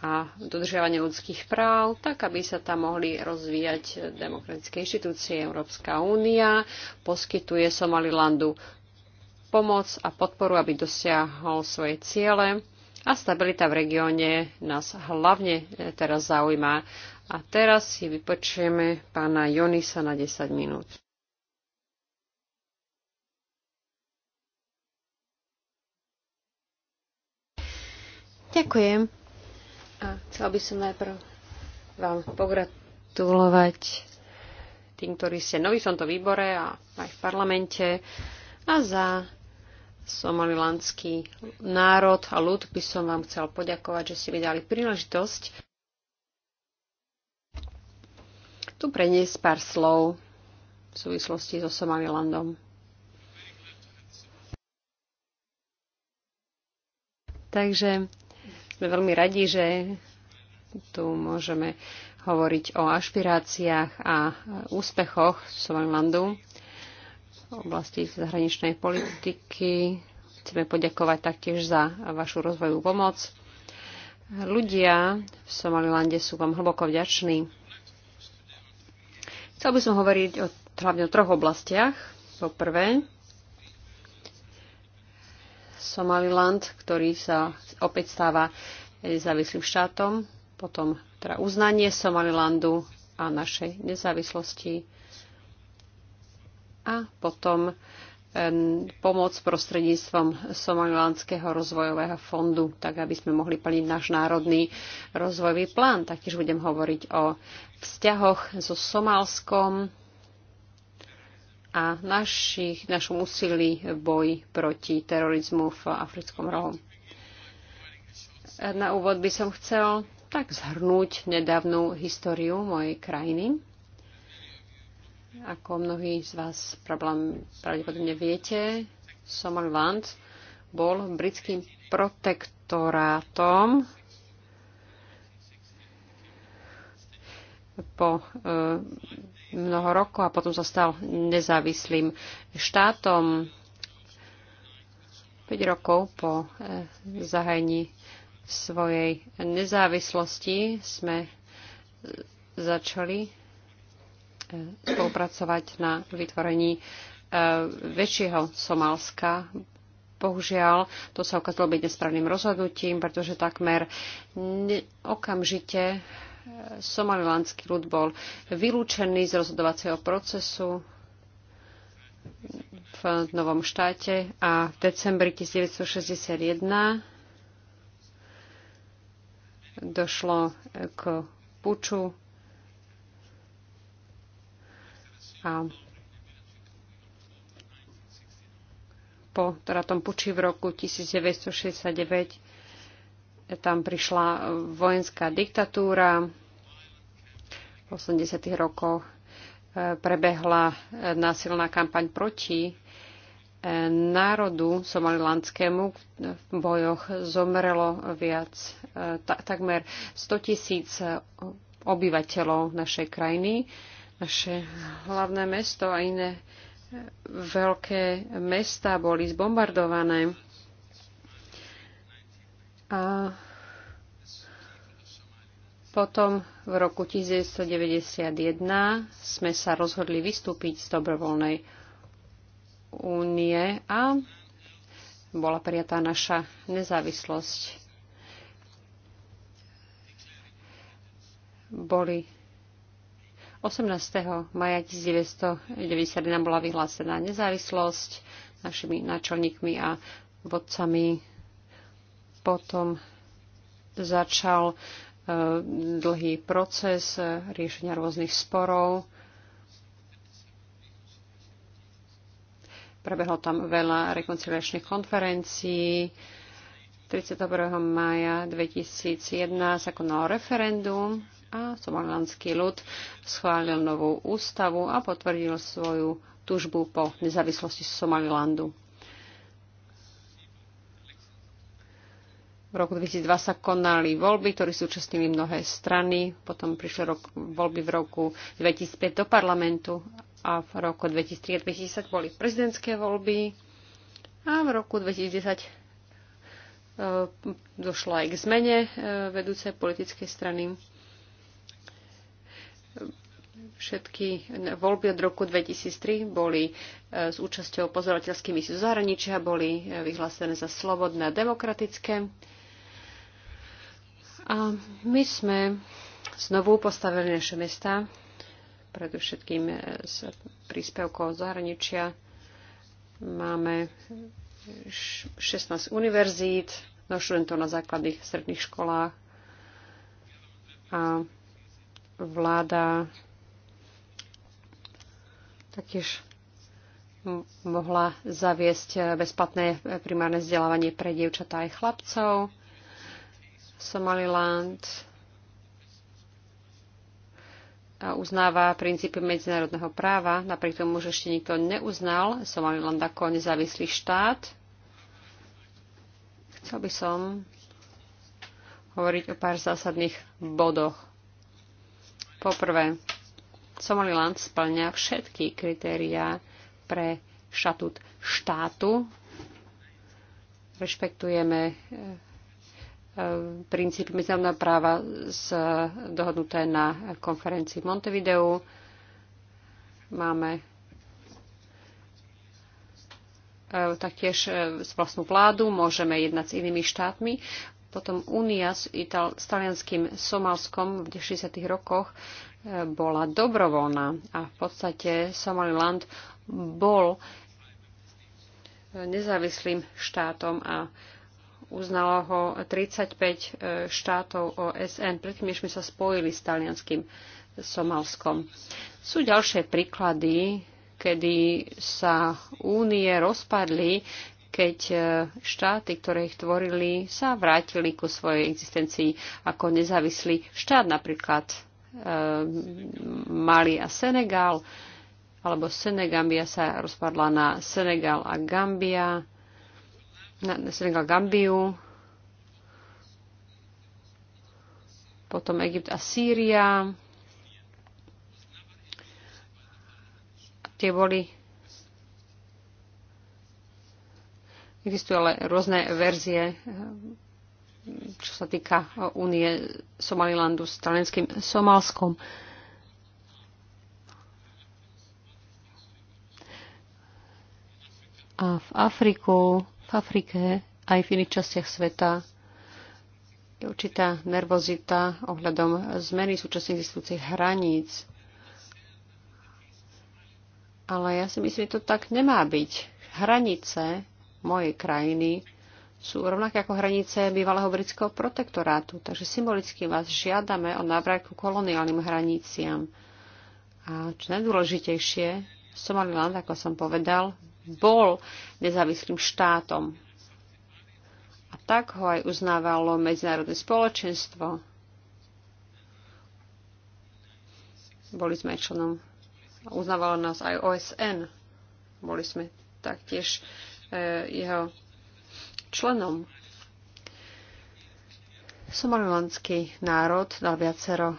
a dodržiavanie ľudských práv, tak aby sa tam mohli rozvíjať demokratické inštitúcie. Európska únia poskytuje Somalilandu pomoc a podporu, aby dosiahol svoje ciele. A stabilita v regióne nás hlavne e, teraz zaujíma. A teraz si vypočujeme pána Jonisa na 10 minút. Ďakujem. A chcela by som najprv vám pogratulovať tým, ktorí ste noví v tomto výbore a aj v parlamente a za somalilandský národ a ľud by som vám chcel poďakovať, že ste mi dali príležitosť tu preniesť pár slov v súvislosti so Somalilandom. Takže sme veľmi radi, že tu môžeme hovoriť o ašpiráciách a úspechoch Somalilandu v oblasti zahraničnej politiky. Chceme poďakovať taktiež za vašu rozvojovú pomoc. Ľudia v Somalilande sú vám hlboko vďační. Chcel by som hovoriť o, hlavne o troch oblastiach. Po prvé, Somaliland, ktorý sa opäť stáva nezávislým štátom, potom teda uznanie Somalilandu a našej nezávislosti a potom pomoc prostredníctvom Somalilandského rozvojového fondu, tak aby sme mohli plniť náš národný rozvojový plán. Taktiež budem hovoriť o vzťahoch so Somálskom, a našich, našom úsilí boj proti terorizmu v africkom rohu. Na úvod by som chcel tak zhrnúť nedávnu históriu mojej krajiny. Ako mnohí z vás pravdepodobne viete, Somaliland bol britským protektorátom po eh, mnoho rokov a potom sa stal nezávislým štátom. 5 rokov po eh, zahajení svojej nezávislosti sme eh, začali eh, spolupracovať na vytvorení väčšieho Somálska. Bohužiaľ, to sa ukázalo byť nesprávnym rozhodnutím, pretože takmer okamžite somalilandský ľud bol vylúčený z rozhodovacieho procesu v novom štáte a v decembri 1961 došlo k puču a po teda tom puči v roku 1969 tam prišla vojenská diktatúra 80. rokoch e, prebehla e, násilná kampaň proti e, národu somalilandskému. V bojoch zomrelo viac, takmer 100 tisíc obyvateľov našej krajiny. Naše hlavné mesto a iné veľké mesta boli zbombardované. A potom v roku 1991 sme sa rozhodli vystúpiť z dobrovoľnej únie a bola prijatá naša nezávislosť. Boli 18. maja 1991 bola vyhlásená nezávislosť našimi náčelníkmi a vodcami. Potom začal Eh, dlhý proces riešenia rôznych sporov. Prebehlo tam veľa rekonciliačných konferencií. 31. maja 2001 sa konalo referendum a somalilandský ľud schválil novú ústavu a potvrdil svoju tužbu po nezávislosti Somalilandu. V roku 2002 sa konali voľby, ktoré sú účastnili mnohé strany. Potom prišli rok, voľby v roku 2005 do parlamentu a v roku 2003 a 2010 boli prezidentské voľby a v roku 2010 e, došlo aj k zmene e, vedúcej politickej strany. Všetky voľby od roku 2003 boli e, s účasťou pozorovateľskými zahraničia, boli e, vyhlásené za slobodné a demokratické. A my sme znovu postavili naše mesta, predovšetkým s e, príspevkou zahraničia. Máme 16 univerzít, no študentov na základných stredných školách a vláda taktiež mohla zaviesť e, bezplatné primárne vzdelávanie pre dievčatá aj chlapcov. Somaliland uznáva princípy medzinárodného práva, napriek tomu, že ešte nikto neuznal Somaliland ako nezávislý štát. Chcel by som hovoriť o pár zásadných bodoch. Poprvé, Somaliland splňa všetky kritériá pre štatút štátu. Rešpektujeme eh, Ehm, princípy medzinárodného práva z, eh, dohodnuté na konferencii v Montevideu. Máme ehm, taktiež eh, vlastnú vládu, môžeme jednať s inými štátmi. Potom Únia s, Ital- s talianským Somálskom v 60. rokoch eh, bola dobrovoľná a v podstate Somaliland bol nezávislým štátom a uznalo ho 35 e, štátov OSN, predtým, než sme sa spojili s talianským Somalskom. Sú ďalšie príklady, kedy sa únie rozpadli, keď e, štáty, ktoré ich tvorili, sa vrátili ku svojej existencii ako nezávislý štát, napríklad e, Mali a Senegal, alebo Senegambia sa rozpadla na Senegal a Gambia na, Senegal Gambiu, potom Egypt a Sýria. Tie boli Existujú ale rôzne verzie, eh, čo sa týka eh, únie Somalilandu s talenským Somalskom, A v Afriku v Afrike aj v iných častiach sveta je určitá nervozita ohľadom zmeny súčasných existujúcich hraníc. Ale ja si myslím, že to tak nemá byť. Hranice mojej krajiny sú rovnaké ako hranice bývalého britského protektorátu, takže symbolicky vás žiadame o návrat ku koloniálnym hraniciam. A čo najdôležitejšie, Somaliland, ako som povedal, bol nezávislým štátom. A tak ho aj uznávalo medzinárodné spoločenstvo. Boli sme členom, uznávalo nás aj OSN. Boli sme taktiež e, jeho členom. Somalilandský národ dal viacero,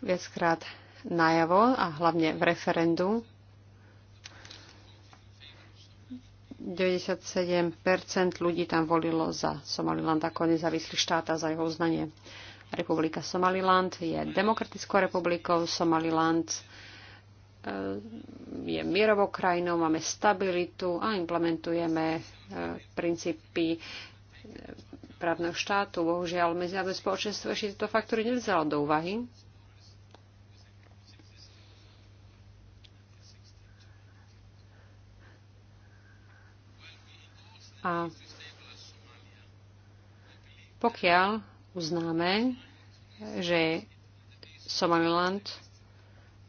viackrát najavo a hlavne v referendu 97% ľudí tam volilo za Somaliland ako nezávislý štát a za jeho uznanie. Republika Somaliland je demokratickou republikou. Somaliland eh, je mierovou krajinou, máme stabilitu a implementujeme eh, princípy eh, právneho štátu. Bohužiaľ, medzinárodné spoločenstvo ešte tieto faktory nevzalo do úvahy A pokiaľ uznáme, že Somaliland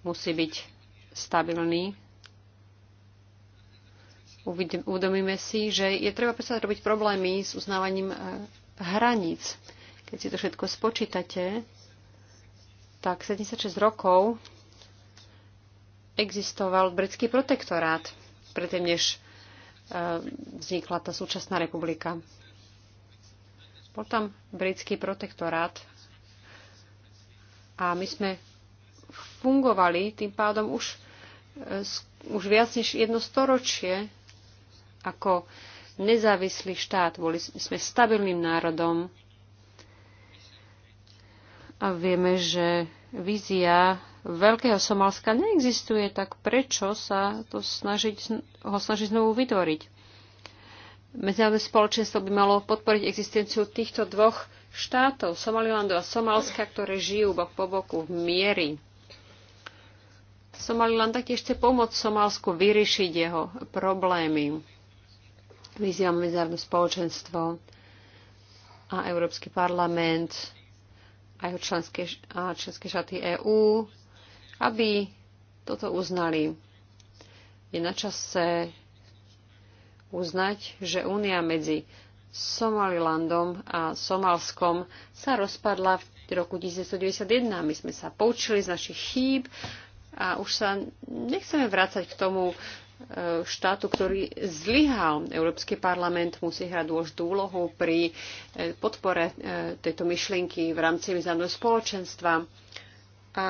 musí byť stabilný, uvedomíme si, že je treba prestať robiť problémy s uznávaním e, hraníc. Keď si to všetko spočítate, tak 76 rokov existoval britský protektorát, predtým než Eh, vznikla tá súčasná republika. Bol tam britský protektorát a my sme fungovali tým pádom už, eh, už viac než jedno storočie ako nezávislý štát. Boli sme stabilným národom a vieme, že vízia Veľkého Somálska neexistuje, tak prečo sa to snažiť, ho snažiť znovu vytvoriť? Medzinárodné spoločenstvo by malo podporiť existenciu týchto dvoch štátov, Somalilandu a Somálska, ktoré žijú bok po boku v miery. Somaliland taktiež chce pomôcť Somálsku vyriešiť jeho problémy. Vyzývam medzinárodné spoločenstvo a Európsky parlament a jeho členské, členské štáty EÚ, aby toto uznali. Je na čase uznať, že únia medzi Somalilandom a Somalskom sa rozpadla v roku 1991. My sme sa poučili z našich chýb a už sa nechceme vrácať k tomu e, štátu, ktorý zlyhal. Európsky parlament musí hrať dôležitú úlohu pri e, podpore e, tejto myšlienky v rámci medzinárodného spoločenstva. A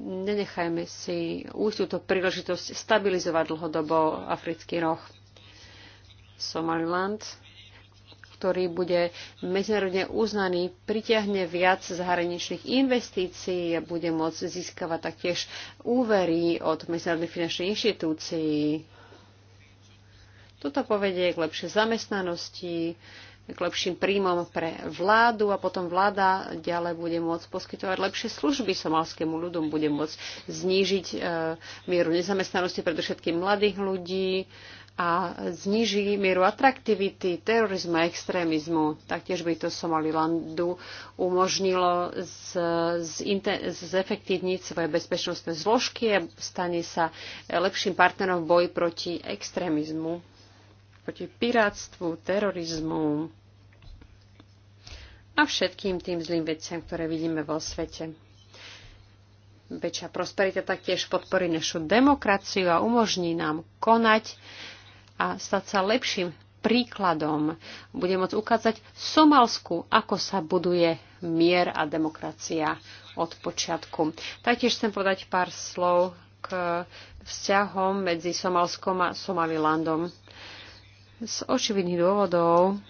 nenechajme si už túto príležitosť stabilizovať dlhodobo africký roh. Somaliland, ktorý bude medzinárodne uznaný, pritiahne viac zahraničných investícií a bude môcť získavať taktiež úvery od medzinárodných finančných inštitúcií. Toto povedie k lepšej zamestnanosti, k lepším príjmom pre vládu a potom vláda ďalej bude môcť poskytovať lepšie služby somalskému ľudom, bude môcť znížiť e, mieru nezamestnanosti predovšetkým mladých ľudí a zníži mieru atraktivity terorizmu a extrémizmu. Taktiež by to Somalilandu umožnilo z, z, zefektívniť svoje bezpečnostné zložky a stane sa lepším partnerom v boji proti extrémizmu proti pirátstvu, terorizmu a všetkým tým zlým veciam, ktoré vidíme vo svete. Väčšia prosperita taktiež podporí našu demokraciu a umožní nám konať a stať sa lepším príkladom. Bude môcť ukázať Somalsku, ako sa buduje mier a demokracia od počiatku. Taktiež chcem podať pár slov k vzťahom medzi Somalskom a Somalilandom. Z očividných dôvodov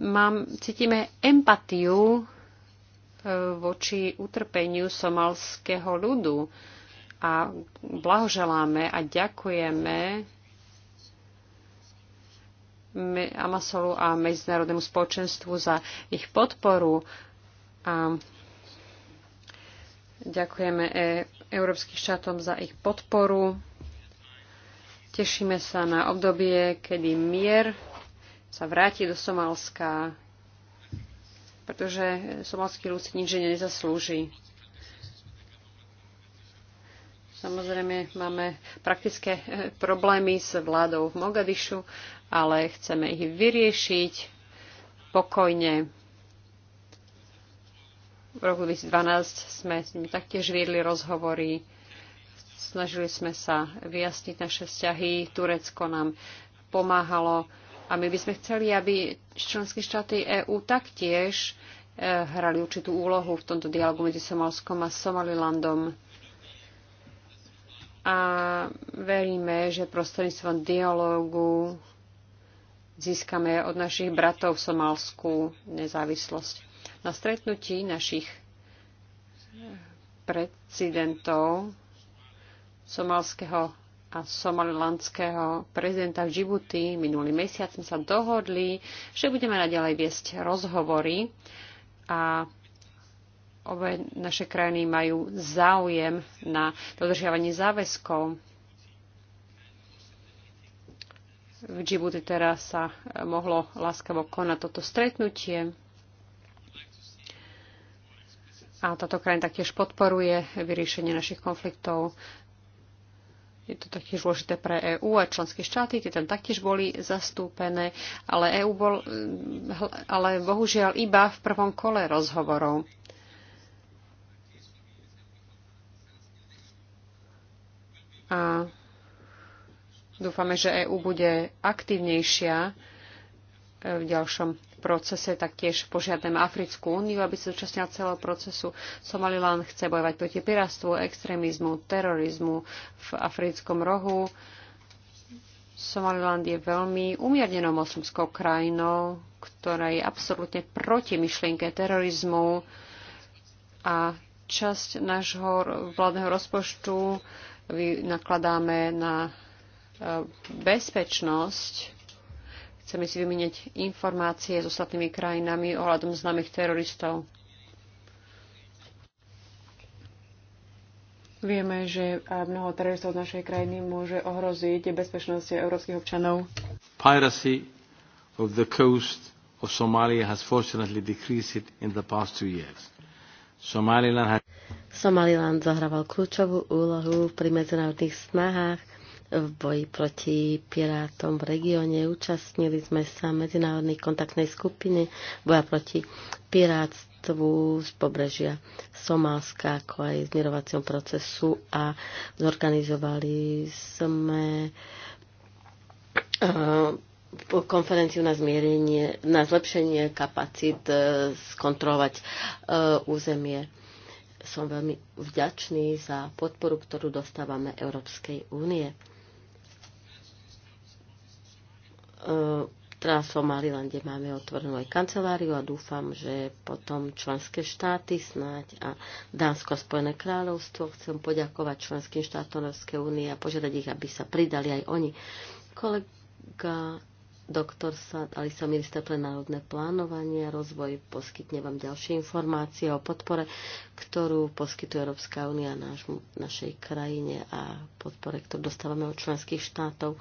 mám, cítime empatiu e, voči utrpeniu somalského ľudu a blahoželáme a ďakujeme Amasolu a medzinárodnému spoločenstvu za ich podporu a ďakujeme e európskym štátom za ich podporu. Tešíme sa na obdobie, kedy mier sa vráti do Somálska, pretože somalský ľud si nič nezaslúži. Samozrejme, máme praktické eh, problémy s vládou v Mogadišu, ale chceme ich vyriešiť pokojne. V roku 2012 sme s nimi taktiež viedli rozhovory. Snažili sme sa vyjasniť naše vzťahy. Turecko nám pomáhalo a my by sme chceli, aby členské štáty EÚ taktiež e, hrali určitú úlohu v tomto dialogu medzi Somalskom a Somalilandom. A veríme, že prostredníctvom dialogu získame od našich bratov v Somálsku nezávislosť. Na stretnutí našich prezidentov somalského a somalilandského prezidenta v Džibuti minulý mesiac sme sa dohodli, že budeme naďalej viesť rozhovory a obe naše krajiny majú záujem na dodržiavanie záväzkov. V Džibuti teraz sa e, mohlo láskavo konať toto stretnutie. A táto krajina taktiež podporuje vyriešenie našich konfliktov je to taktiež dôležité pre EÚ a členské štáty, tie tam taktiež boli zastúpené, ale EÚ bol, hm, ale bohužiaľ iba v prvom kole rozhovorov. A dúfame, že EÚ bude aktívnejšia e, v ďalšom procese, taktiež požiadame Africkú úniu, aby sa zúčastnila celého procesu. Somaliland chce bojovať proti pirastvu, extrémizmu, terorizmu v africkom rohu. Somaliland je veľmi umiernenou moslimskou krajinou, ktorá je absolútne proti myšlienke terorizmu a časť nášho vládneho rozpočtu nakladáme na e, bezpečnosť Chceme si vymieňať informácie s ostatnými krajinami ohľadom známych teroristov. Vieme, že mnoho teroristov z našej krajiny môže ohroziť bezpečnosť európskych občanov. Piracy of the coast of Somalia has fortunately decreased in the past two years. Somaliland, has... Somaliland zahrával kľúčovú úlohu pri medzinárodných snahách v boji proti pirátom v regióne. Účastnili sme sa medzinárodnej kontaktnej skupiny boja proti pirátstvu z pobrežia Somálska, ako aj v zmierovacom procesu a zorganizovali sme e, konferenciu na zmierenie, na zlepšenie kapacít e, skontrolovať e, územie. Som veľmi vďačný za podporu, ktorú dostávame Európskej únie. E, teda v Somalilande máme otvorenú aj kanceláriu a dúfam, že potom členské štáty snáď a Dánsko a Spojené kráľovstvo chcem poďakovať členským štátom Európskej únie a požiadať ich, aby sa pridali aj oni. Kolega doktor Sad, ale som minister pre národné plánovanie a rozvoj, poskytne vám ďalšie informácie o podpore, ktorú poskytuje Európska únia našej krajine a podpore, ktorú dostávame od členských štátov.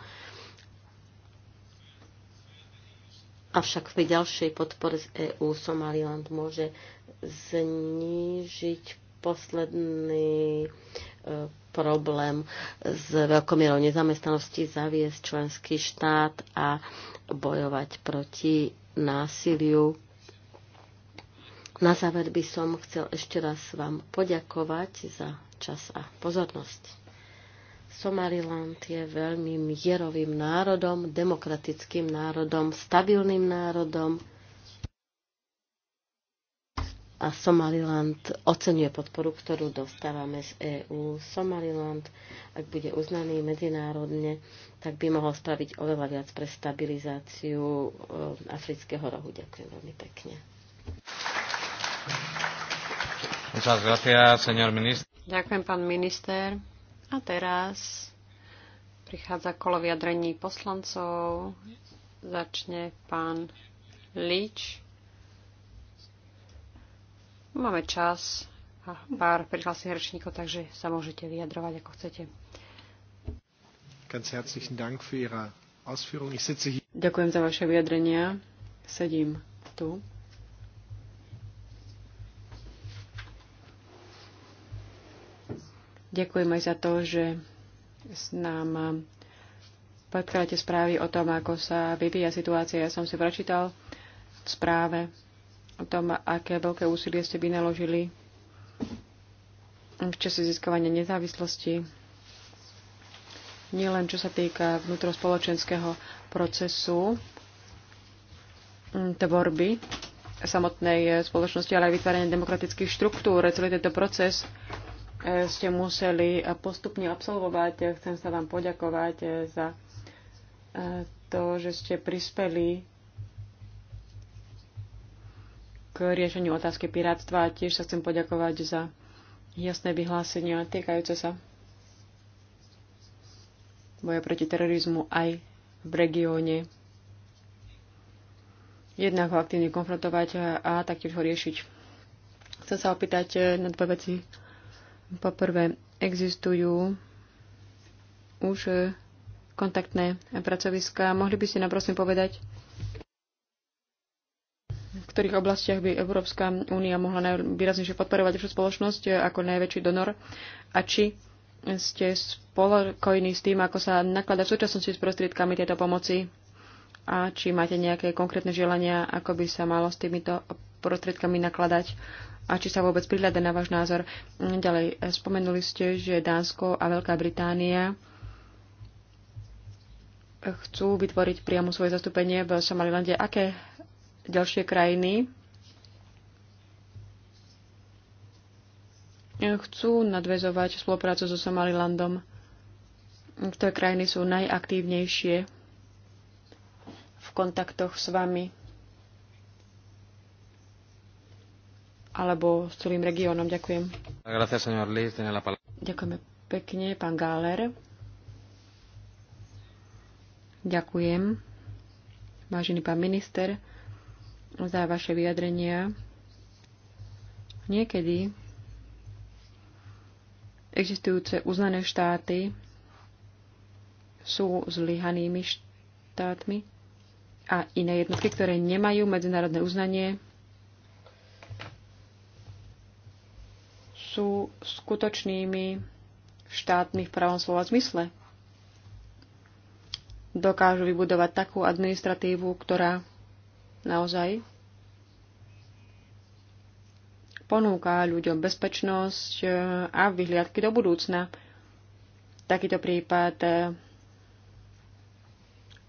Avšak pri ďalšej podpore z EÚ Somaliland môže znížiť posledný e, problém s veľkou mierou nezamestnanosti, zaviesť členský štát a bojovať proti násiliu. Na záver by som chcel ešte raz vám poďakovať za čas a pozornosť. Somaliland je veľmi mierovým národom, demokratickým národom, stabilným národom a Somaliland oceňuje podporu, ktorú dostávame z EÚ. Somaliland, ak bude uznaný medzinárodne, tak by mohol spraviť oveľa viac pre stabilizáciu eh, afrického rohu. Ďakujem veľmi pekne. Ďakujem, pán minister. A teraz prichádza kolo vyjadrení poslancov. Začne pán Lič. Máme čas a pár prihlásených rečníkov, takže sa môžete vyjadrovať, ako chcete. Ďakujem za vaše vyjadrenia. Sedím tu. Ďakujem aj za to, že s nám predkladáte správy o tom, ako sa vyvíja situácia. Ja som si prečítal v správe o tom, aké veľké úsilie ste vynaložili v čase získavania nezávislosti. Nielen čo sa týka vnútrospoločenského procesu mm, tvorby samotnej spoločnosti, ale aj vytvárania demokratických štruktúr. Celý tento proces ste museli postupne absolvovať. Chcem sa vám poďakovať eh, za eh, to, že ste prispeli k riešeniu otázky pirátstva a tiež sa chcem poďakovať za jasné vyhlásenia týkajúce sa boja proti terorizmu aj v regióne. Jednak ho aktívne konfrontovať a taktiež ho riešiť. Chcem sa opýtať eh, na dve veci Poprvé, existujú už e, kontaktné pracoviská. Mohli by ste nám prosím povedať, v ktorých oblastiach by Európska únia mohla najvýraznejšie podporovať vašu spoločnosť e, ako najväčší donor a či ste spokojní s tým, ako sa naklada v súčasnosti s prostriedkami tejto pomoci a či máte nejaké konkrétne želania, ako by sa malo s týmito prostriedkami nakladať a či sa vôbec prihľada na váš názor. Ďalej, spomenuli ste, že Dánsko a Veľká Británia chcú vytvoriť priamo svoje zastúpenie v Somalilande. Aké ďalšie krajiny chcú nadvezovať spoluprácu so Somalilandom? Ktoré krajiny sú najaktívnejšie v kontaktoch s vami? alebo s celým regiónom. Ďakujem. Ďakujeme pekne, pán Gáler. Ďakujem, vážený pán minister, za vaše vyjadrenia. Niekedy existujúce uznané štáty sú zlyhanými štátmi a iné jednotky, ktoré nemajú medzinárodné uznanie, sú skutočnými štátmi v pravom slova zmysle. Dokážu vybudovať takú administratívu, ktorá naozaj ponúka ľuďom bezpečnosť eh, a vyhliadky do budúcna. Takýto prípad eh,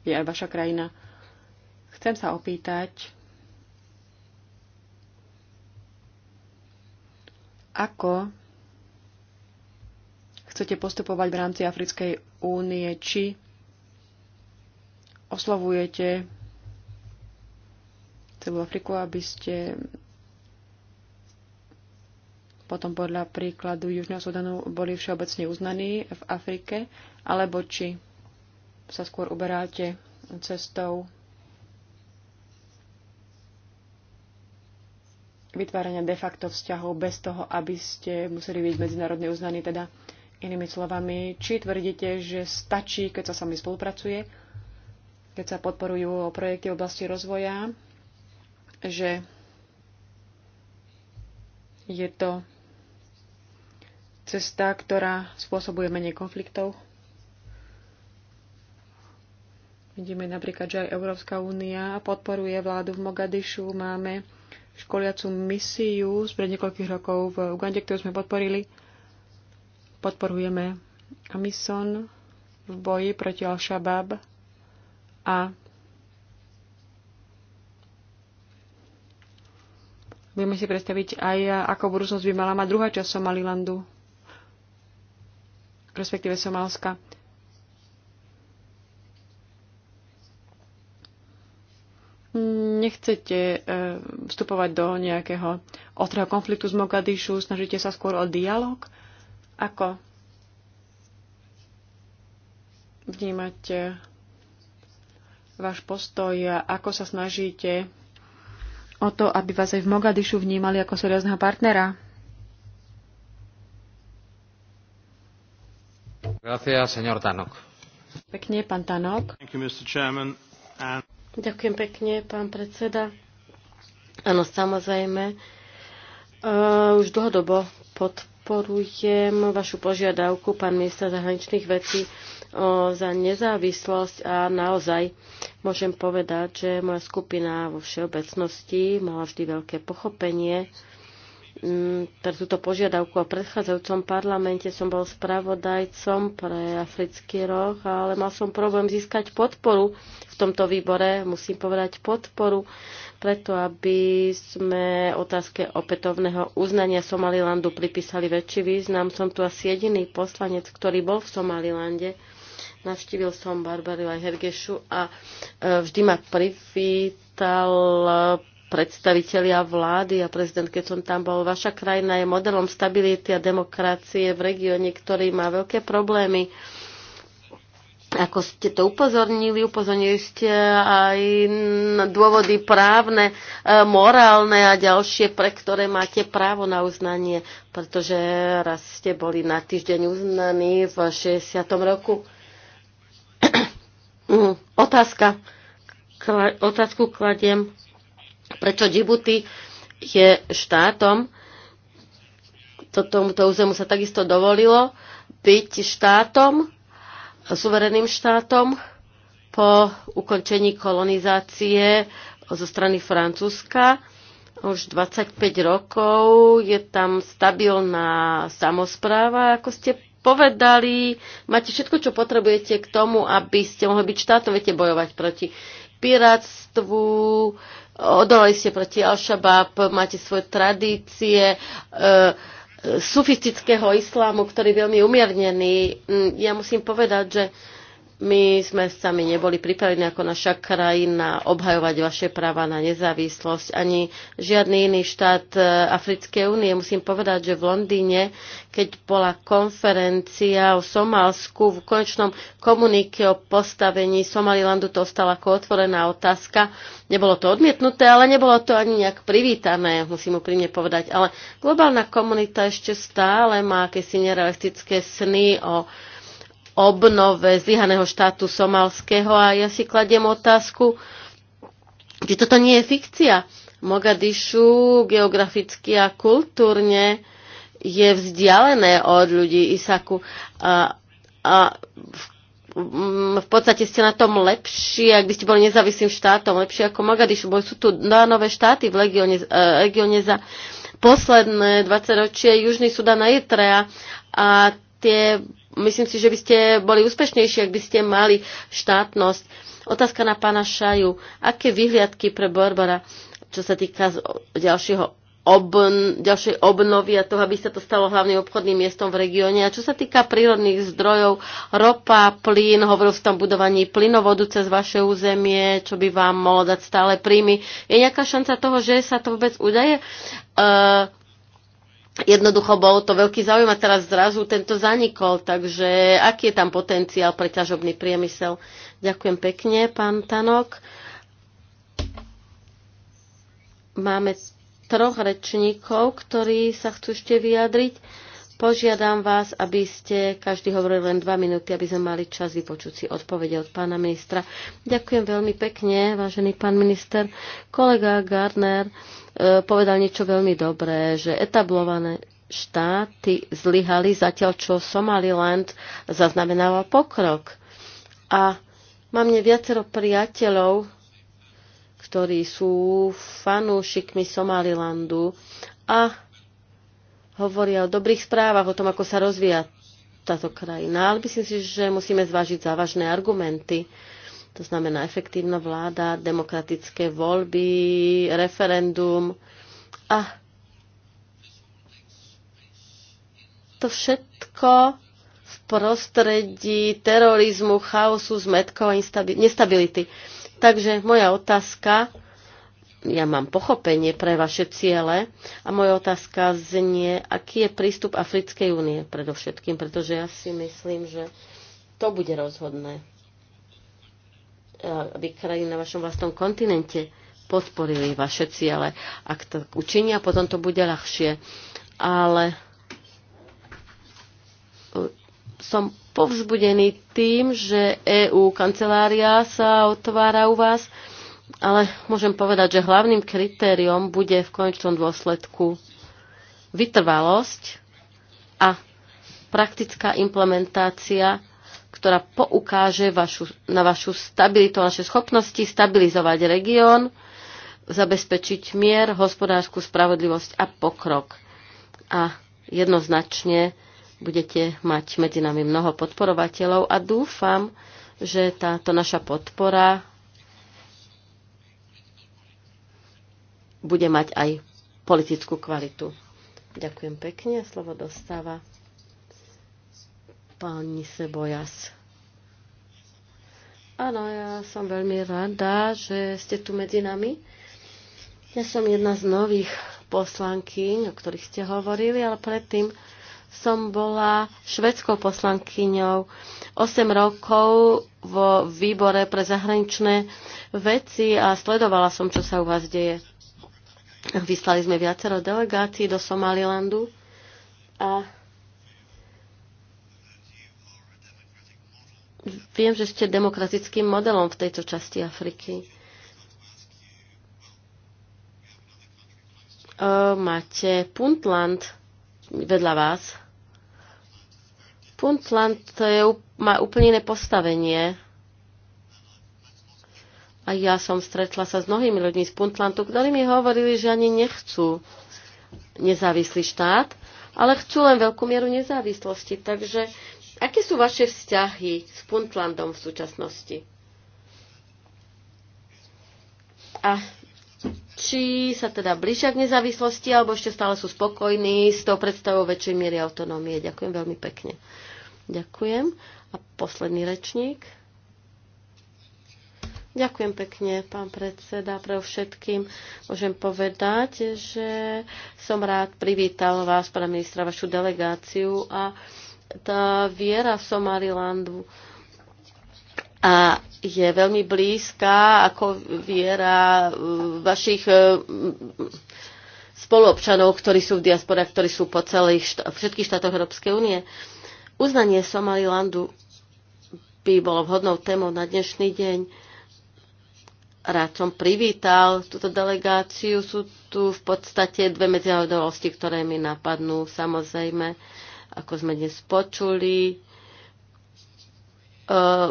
je aj vaša krajina. Chcem sa opýtať, Ako chcete postupovať v rámci Africkej únie? Či oslovujete celú Afriku, aby ste potom podľa príkladu Južného Sudanu boli všeobecne uznaní v Afrike, alebo či sa skôr uberáte cestou vytvárania de facto vzťahov bez toho, aby ste museli byť medzinárodne uznaní. Teda inými slovami, či tvrdíte, že stačí, keď sa sami spolupracuje, keď sa podporujú projekty v oblasti rozvoja, že je to cesta, ktorá spôsobuje menej konfliktov. Vidíme napríklad, že aj Európska únia podporuje vládu v Mogadišu. Máme školiacu misiu spred niekoľkých rokov v Ugande, ktorú sme podporili. Podporujeme Amison v boji proti Al-Shabaab a budeme si predstaviť aj, ako budúcnosť by mala mať druhá časť Somalilandu, respektíve Somálska. Hmm nechcete e, vstupovať do nejakého otrého konfliktu z Mogadišu, snažíte sa skôr o dialog? Ako vnímať váš postoj a ako sa snažíte o to, aby vás aj v Mogadišu vnímali ako seriózneho partnera? Gracias, señor Tanok. Pekne, pán Tanok. Thank you, Mr. Chairman. Ďakujem pekne, pán predseda. Áno, samozrejme. Uh, už dlhodobo podporujem vašu požiadavku, pán minister zahraničných vecí, uh, za nezávislosť a naozaj môžem povedať, že moja skupina vo všeobecnosti mala vždy veľké pochopenie uh, Mm, teda túto požiadavku a predchádzajúcom parlamente som bol spravodajcom pre africký roh, ale mal som problém získať podporu v tomto výbore, musím povedať podporu, preto aby sme otázke opätovného uznania Somalilandu pripísali väčší význam. Som tu asi jediný poslanec, ktorý bol v Somalilande. Navštívil som Barbaru aj Hergešu a e, vždy ma privítal predstavitelia vlády a prezident, keď som tam bol, vaša krajina je modelom stability a demokracie v regióne, ktorý má veľké problémy. Ako ste to upozornili, upozornili ste aj na dôvody právne, e, morálne a ďalšie, pre ktoré máte právo na uznanie, pretože raz ste boli na týždeň uznaní v 60. roku. Otázka. Otázku kladiem Prečo Djibouti je štátom, to, tomuto územu sa takisto dovolilo byť štátom, suvereným štátom po ukončení kolonizácie zo strany Francúzska. Už 25 rokov je tam stabilná samozpráva, ako ste povedali. Máte všetko, čo potrebujete k tomu, aby ste mohli byť štátom, viete bojovať proti piráctvu, odolali ste proti Al-Shabaab, máte svoje tradície, e, sufistického islámu, ktorý je veľmi umiernený. Mm, ja musím povedať, že my sme sami neboli pripravení ako naša krajina obhajovať vaše práva na nezávislosť. Ani žiadny iný štát e, Africkej únie. Musím povedať, že v Londýne, keď bola konferencia o Somálsku, v konečnom komunike o postavení Somalilandu to ostala ako otvorená otázka. Nebolo to odmietnuté, ale nebolo to ani nejak privítané, musím úprimne povedať. Ale globálna komunita ešte stále má akési nerealistické sny o obnove zlyhaného štátu somalského a ja si kladiem otázku, či toto nie je fikcia. Mogadišu geograficky a kultúrne je vzdialené od ľudí Isaku a, a v mm, v podstate ste na tom lepší, ak by ste boli nezávislým štátom, lepšie ako Mogadišu, bo sú tu dva nové štáty v legióne, regióne e, za posledné 20 ročie, Južný Sudan a Eritrea a tie myslím si, že by ste boli úspešnejší, ak by ste mali štátnosť. Otázka na pána Šaju. Aké vyhliadky pre Barbara, čo sa týka ďalšieho obn, ďalšej obnovy a toho, aby sa to stalo hlavným obchodným miestom v regióne. A čo sa týka prírodných zdrojov, ropa, plyn, hovoril v tom budovaní plynovodu cez vaše územie, čo by vám mohlo dať stále príjmy. Je nejaká šanca toho, že sa to vôbec udaje? Uh, Jednoducho bol to veľký záujem a teraz zrazu tento zanikol, takže aký je tam potenciál pre ťažobný priemysel? Ďakujem pekne, pán Tanok. Máme troch rečníkov, ktorí sa chcú ešte vyjadriť. Požiadam vás, aby ste každý hovorili len dva minúty, aby sme mali čas vypočuť si odpovede od pána ministra. Ďakujem veľmi pekne, vážený pán minister. Kolega Gardner e, povedal niečo veľmi dobré, že etablované štáty zlyhali, zatiaľ čo Somaliland zaznamenával pokrok. A mám ne viacero priateľov, ktorí sú fanúšikmi Somalilandu a hovoria o dobrých správach, o tom, ako sa rozvíja táto krajina, ale myslím si, že musíme zvážiť závažné argumenty. To znamená efektívna vláda, demokratické voľby, referendum a to všetko v prostredí terorizmu, chaosu, zmetkov a nestability. Takže moja otázka ja mám pochopenie pre vaše ciele a moja otázka znie, aký je prístup Africkej únie predovšetkým, pretože ja si myslím, že to bude rozhodné, aby krajiny na vašom vlastnom kontinente podporili vaše ciele. Ak to učinia, potom to bude ľahšie. Ale e, som povzbudený tým, že EU kancelária sa otvára u vás ale môžem povedať, že hlavným kritériom bude v konečnom dôsledku vytrvalosť a praktická implementácia, ktorá poukáže vašu, na vašu stabilitu, naše schopnosti stabilizovať región, zabezpečiť mier, hospodárskú spravodlivosť a pokrok. A jednoznačne budete mať medzi nami mnoho podporovateľov a dúfam, že táto naša podpora bude mať aj politickú kvalitu. Ďakujem pekne. Slovo dostáva pani Sebojas. Áno, ja som veľmi rada, že ste tu medzi nami. Ja som jedna z nových poslankyň, o ktorých ste hovorili, ale predtým som bola švedskou poslankyňou 8 rokov vo výbore pre zahraničné veci a sledovala som, čo sa u vás deje. Vyslali sme viacero delegácií do Somalilandu a viem, že ste demokratickým modelom v tejto časti Afriky. Máte Puntland vedľa vás. Puntland je, má úplne iné postavenie a ja som stretla sa s mnohými ľuďmi z Puntlandu, ktorí mi hovorili, že ani nechcú nezávislý štát, ale chcú len veľkú mieru nezávislosti. Takže aké sú vaše vzťahy s Puntlandom v súčasnosti? A či sa teda blížia k nezávislosti, alebo ešte stále sú spokojní s tou predstavou väčšej miery autonómie. Ďakujem veľmi pekne. Ďakujem. A posledný rečník. Ďakujem pekne, pán predseda, pre všetkým. Môžem povedať, že som rád privítal vás, pána ministra, vašu delegáciu a tá viera Somalilandu a je veľmi blízka ako viera uh, vašich uh, spoluobčanov, ktorí sú v diaspore, ktorí sú po celých všetkých štátoch Európskej únie. Uznanie Somalilandu by bolo vhodnou témou na dnešný deň rád som privítal túto delegáciu. Sú tu v podstate dve medzinárodnosti, ktoré mi napadnú. Samozrejme, ako sme dnes počuli, eh,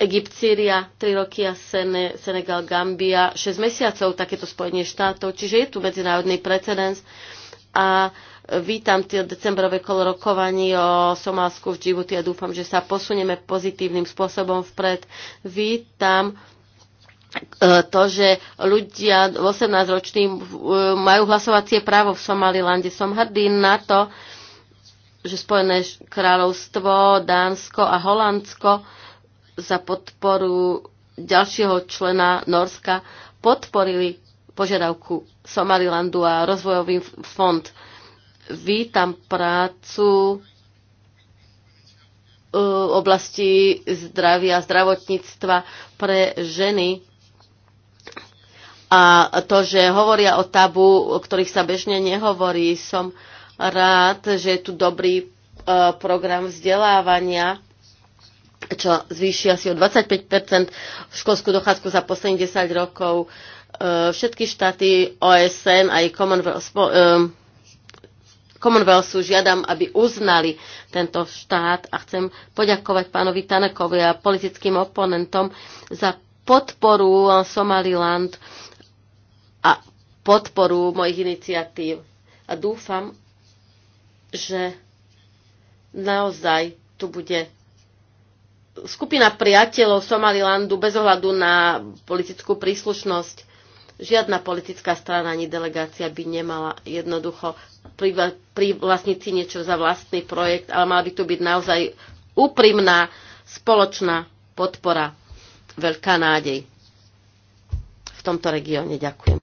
Egypt, Sýria, 3 roky a Sene, Senegal, Gambia, 6 mesiacov takéto spojenie štátov, čiže je tu medzinárodný precedens a vítam tie decembrové kolorokovanie o Somálsku v Džibuti a dúfam, že sa posunieme pozitívnym spôsobom vpred. Vítam E, to, že ľudia 18-roční e, majú hlasovacie právo v Somalilande. Som hrdý na to, že Spojené kráľovstvo, Dánsko a Holandsko za podporu ďalšieho člena Norska podporili požiadavku Somalilandu a rozvojový fond. Vítam prácu v e, oblasti zdravia, zdravotníctva pre ženy a to, že hovoria o tabu, o ktorých sa bežne nehovorí. Som rád, že je tu dobrý e, program vzdelávania, čo zvýši asi o 25 školskú dochádzku za posledných 10 rokov. E, všetky štáty OSN aj Commonwealth, e, Commonwealthu žiadam, aby uznali tento štát a chcem poďakovať pánovi Tanakovi a politickým oponentom za podporu Somaliland podporu mojich iniciatív. A dúfam, že naozaj tu bude skupina priateľov Somalilandu bez ohľadu na politickú príslušnosť. Žiadna politická strana ani delegácia by nemala jednoducho privlastniť si niečo za vlastný projekt, ale mala by tu byť naozaj úprimná spoločná podpora. Veľká nádej v tomto regióne. Ďakujem.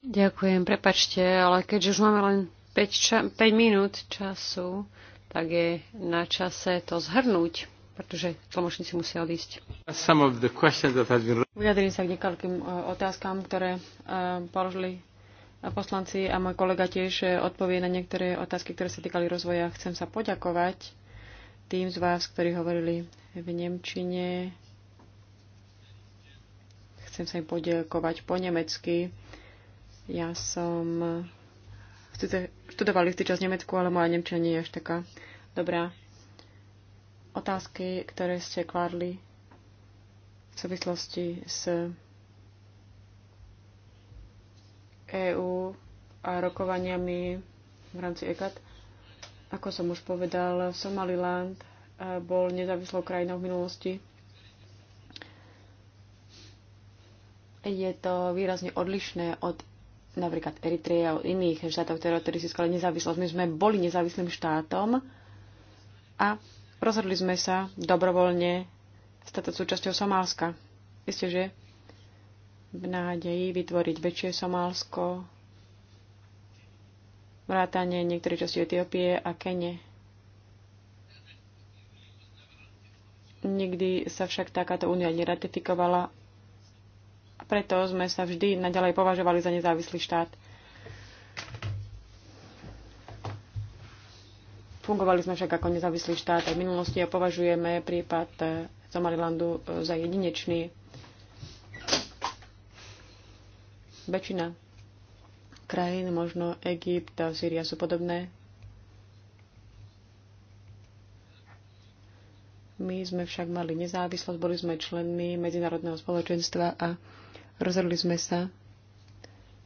Ďakujem, prepačte, ale keďže už máme len 5, ča- 5 minút času, tak je na čase to zhrnúť, pretože tlmočníci musia odísť. Vyjadrím sa k niekoľkým e, otázkam, ktoré e, položili e, poslanci a môj kolega tiež odpovie na niektoré otázky, ktoré sa týkali rozvoja. Chcem sa poďakovať tým z vás, ktorí hovorili v Nemčine, Chcem sa im podielkovať po nemecky. Ja som študoval istý čas v Nemecku, ale moja nemčina nie je až taká dobrá. Otázky, ktoré ste kladli v súvislosti s EÚ a rokovaniami v rámci Ekat, Ako som už povedal, Somaliland eh, bol nezávislou krajinou v minulosti. je to výrazne odlišné od napríklad Eritreje a iných štátov, ktoré odtedy získali nezávislosť. My sme boli nezávislým štátom a rozhodli sme sa dobrovoľne stať súčasťou Somálska. Isté, že v nádeji vytvoriť väčšie Somálsko, vrátanie niektorých časti Etiópie a Kene. Nikdy sa však takáto únia neratifikovala a preto sme sa vždy naďalej považovali za nezávislý štát. Fungovali sme však ako nezávislý štát aj v minulosti a považujeme prípad Somalilandu e, za jedinečný. Väčšina krajín, možno Egypt a Sýria sú podobné. My sme však mali nezávislosť, boli sme členmi medzinárodného spoločenstva a Rozhodli sme sa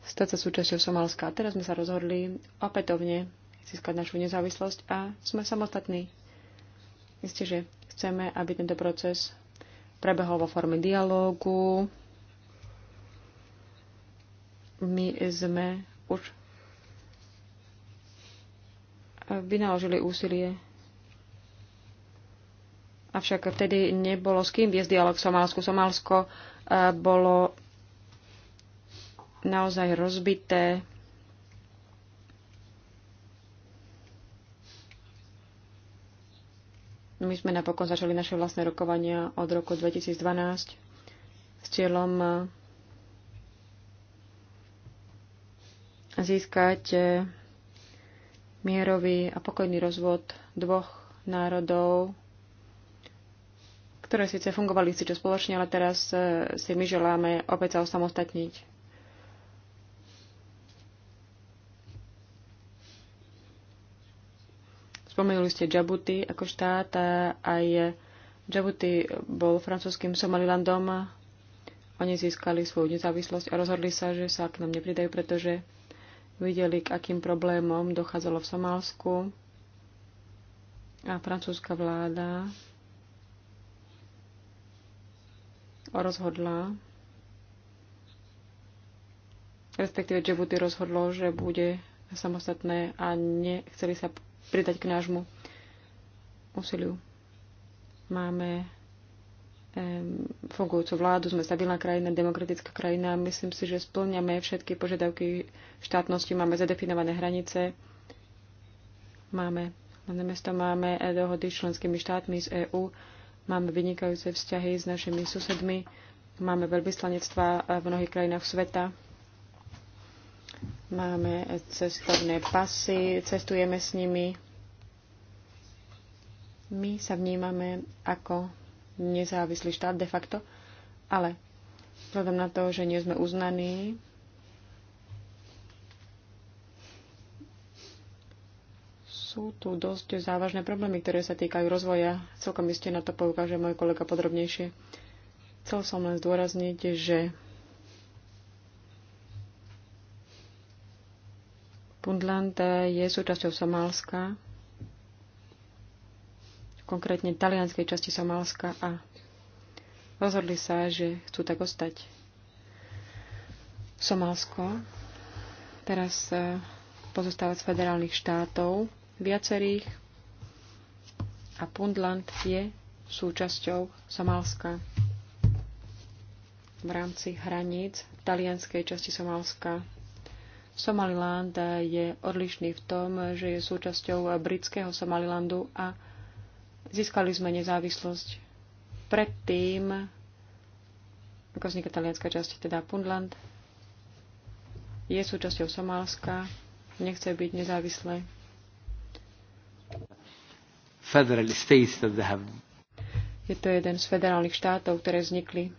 stať sa súčasťou Somálska. A teraz sme sa rozhodli opätovne získať našu nezávislosť a sme samostatní. Isté, že chceme, aby tento proces prebehol vo forme dialógu. My sme už vynaložili úsilie. Avšak vtedy nebolo s kým viesť dialog v Somálsku. Somálsko eh, bolo naozaj rozbité. My sme napokon začali naše vlastné rokovania od roku 2012 s cieľom získať mierový a pokojný rozvod dvoch národov, ktoré síce fungovali si čo spoločne, ale teraz si my želáme opäť sa osamostatniť. Spomenuli ste Džabuty ako štát a aj Džabuty bol francúzským Somalilandom. Oni získali svoju nezávislosť a rozhodli sa, že sa k nám nepridajú, pretože videli, k akým problémom dochádzalo v Somálsku. A francúzska vláda rozhodla, respektíve Džabuty rozhodlo, že bude samostatné a nechceli sa pridať k nášmu úsiliu. Máme fungujúcu vládu, sme stabilná krajina, demokratická krajina. Myslím si, že splňame všetky požiadavky štátnosti, máme zadefinované hranice, máme hlavné mesto, máme dohody s členskými štátmi z EÚ, máme vynikajúce vzťahy s našimi susedmi, máme veľvyslanectvá v mnohých krajinách sveta, máme cestovné pasy, cestujeme s nimi, my sa vnímame ako nezávislý štát de facto, ale vzhľadom na to, že nie sme uznaní, sú tu dosť závažné problémy, ktoré sa týkajú rozvoja. Celkom iste na to poukáže môj kolega podrobnejšie. Chcel som len zdôrazniť, že Puntland je súčasťou Somálska konkrétne talianskej časti Somálska a rozhodli sa, že chcú tak ostať. Somálsko teraz e, pozostáva z federálnych štátov, viacerých a Puntland je súčasťou Somálska v rámci hraníc talianskej časti Somálska. Somaliland je odlišný v tom, že je súčasťou britského Somalilandu a Získali sme nezávislosť predtým, ako vzniká talianská časť, teda Puntland, je súčasťou Somálska, nechce byť nezávislé. Je to jeden z federálnych štátov, ktoré vznikli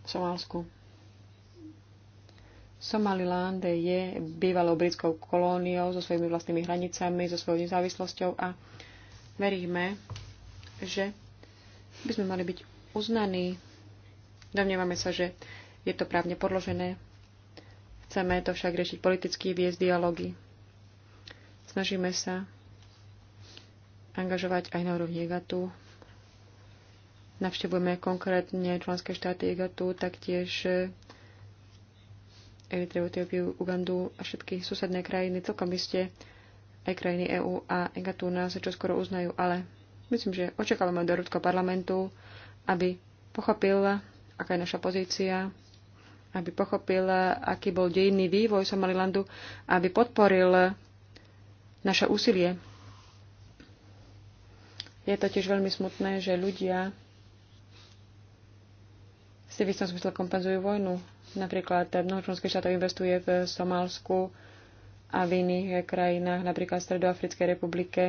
v Somálsku. Somaliland je bývalou britskou kolóniou so svojimi vlastnými hranicami, so svojou nezávislosťou a veríme, že by sme mali byť uznaní. Domnievame sa, že je to právne podložené. Chceme to však riešiť politicky, viesť dialógy. Snažíme sa angažovať aj na úrovni EGATU. Navštevujeme konkrétne členské štáty EGATU, taktiež Eritreu, Etiópiu, Ugandu a všetky susedné krajiny. Celkom by ste aj krajiny EÚ a Egatúna sa čoskoro uznajú, ale myslím, že očakávame od Európskeho parlamentu, aby pochopil, aká je naša pozícia, aby pochopil, aký bol dejinný vývoj Somalilandu, aby podporil naše úsilie. Je totiž veľmi smutné, že ľudia si v istom smysle kompenzujú vojnu. Napríklad mnoho členských štátov investuje v Somálsku a v iných krajinách, napríklad v Stredoafrickej republike.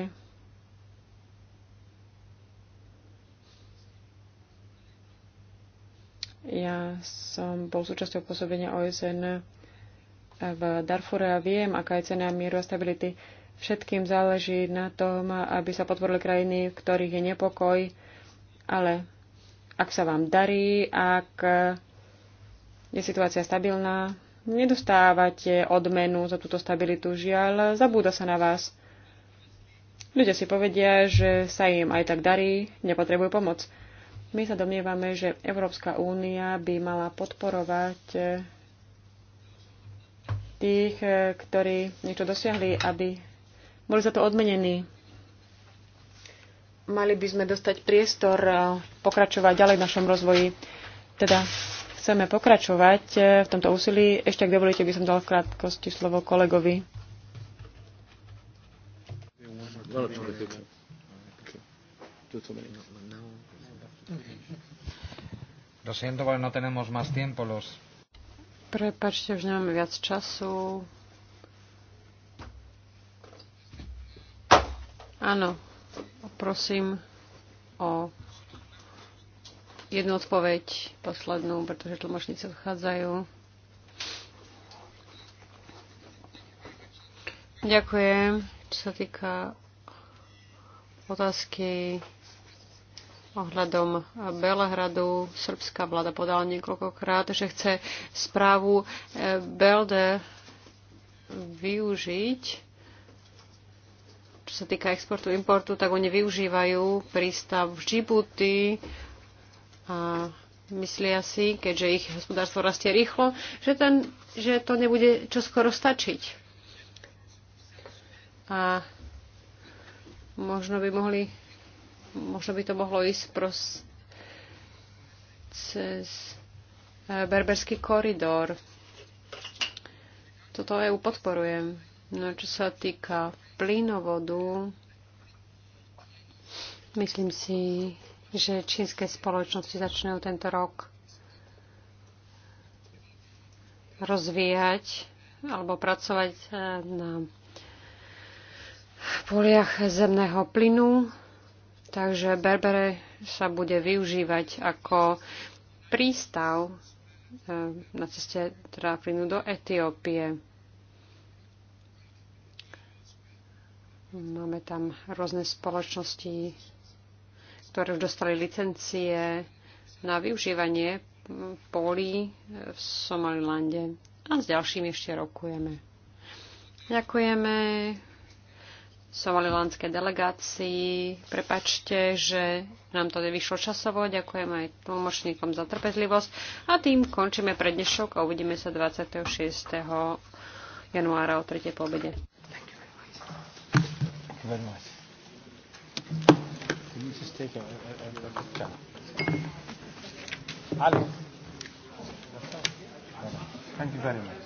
Ja som bol súčasťou pôsobenia OSN v Darfure a viem, aká je cena mieru a stability. Všetkým záleží na tom, aby sa potvorili krajiny, v ktorých je nepokoj, ale ak sa vám darí, ak je situácia stabilná, nedostávate odmenu za túto stabilitu. Žiaľ, zabúda sa na vás. Ľudia si povedia, že sa im aj tak darí, nepotrebujú pomoc. My sa domnievame, že Európska únia by mala podporovať tých, ktorí niečo dosiahli, aby boli za to odmenení. Mali by sme dostať priestor pokračovať ďalej v našom rozvoji. Teda chceme pokračovať eh, v tomto úsilí. Ešte, ak dovolíte, by som dal v krátkosti slovo kolegovi. No Prepačte, už nemáme viac času. Áno, prosím o jednu odpoveď, poslednú, pretože tlmočníci odchádzajú. Ďakujem. Čo sa týka otázky ohľadom Belehradu, srbská vláda podala niekoľkokrát, že chce správu eh, Belde využiť. Čo sa týka exportu, importu, tak oni využívajú prístav v Džibuti, a myslia si, keďže ich hospodárstvo rastie rýchlo, že, ten, že to nebude čoskoro stačiť. A možno by mohli, možno by to mohlo ísť pros, cez e, berberský koridor. Toto EU podporujem. No čo sa týka plynovodu, myslím si, že čínske spoločnosti začnú tento rok rozvíjať alebo pracovať eh, na poliach zemného plynu. Takže Berbere sa bude využívať ako prístav eh, na ceste teda plynu do Etiópie. Máme tam rôzne spoločnosti ktoré už dostali licencie na využívanie polí v Somalilande. A s ďalšími ešte rokujeme. Ďakujeme somalilandskej delegácii. Prepačte, že nám to nevyšlo časovo. Ďakujem aj tlmočníkom za trpezlivosť. A tým končíme dnešok a uvidíme sa 26. januára o 3. po obede. Thank you very much you just take a, a, a, picture? Alex. Thank you very much.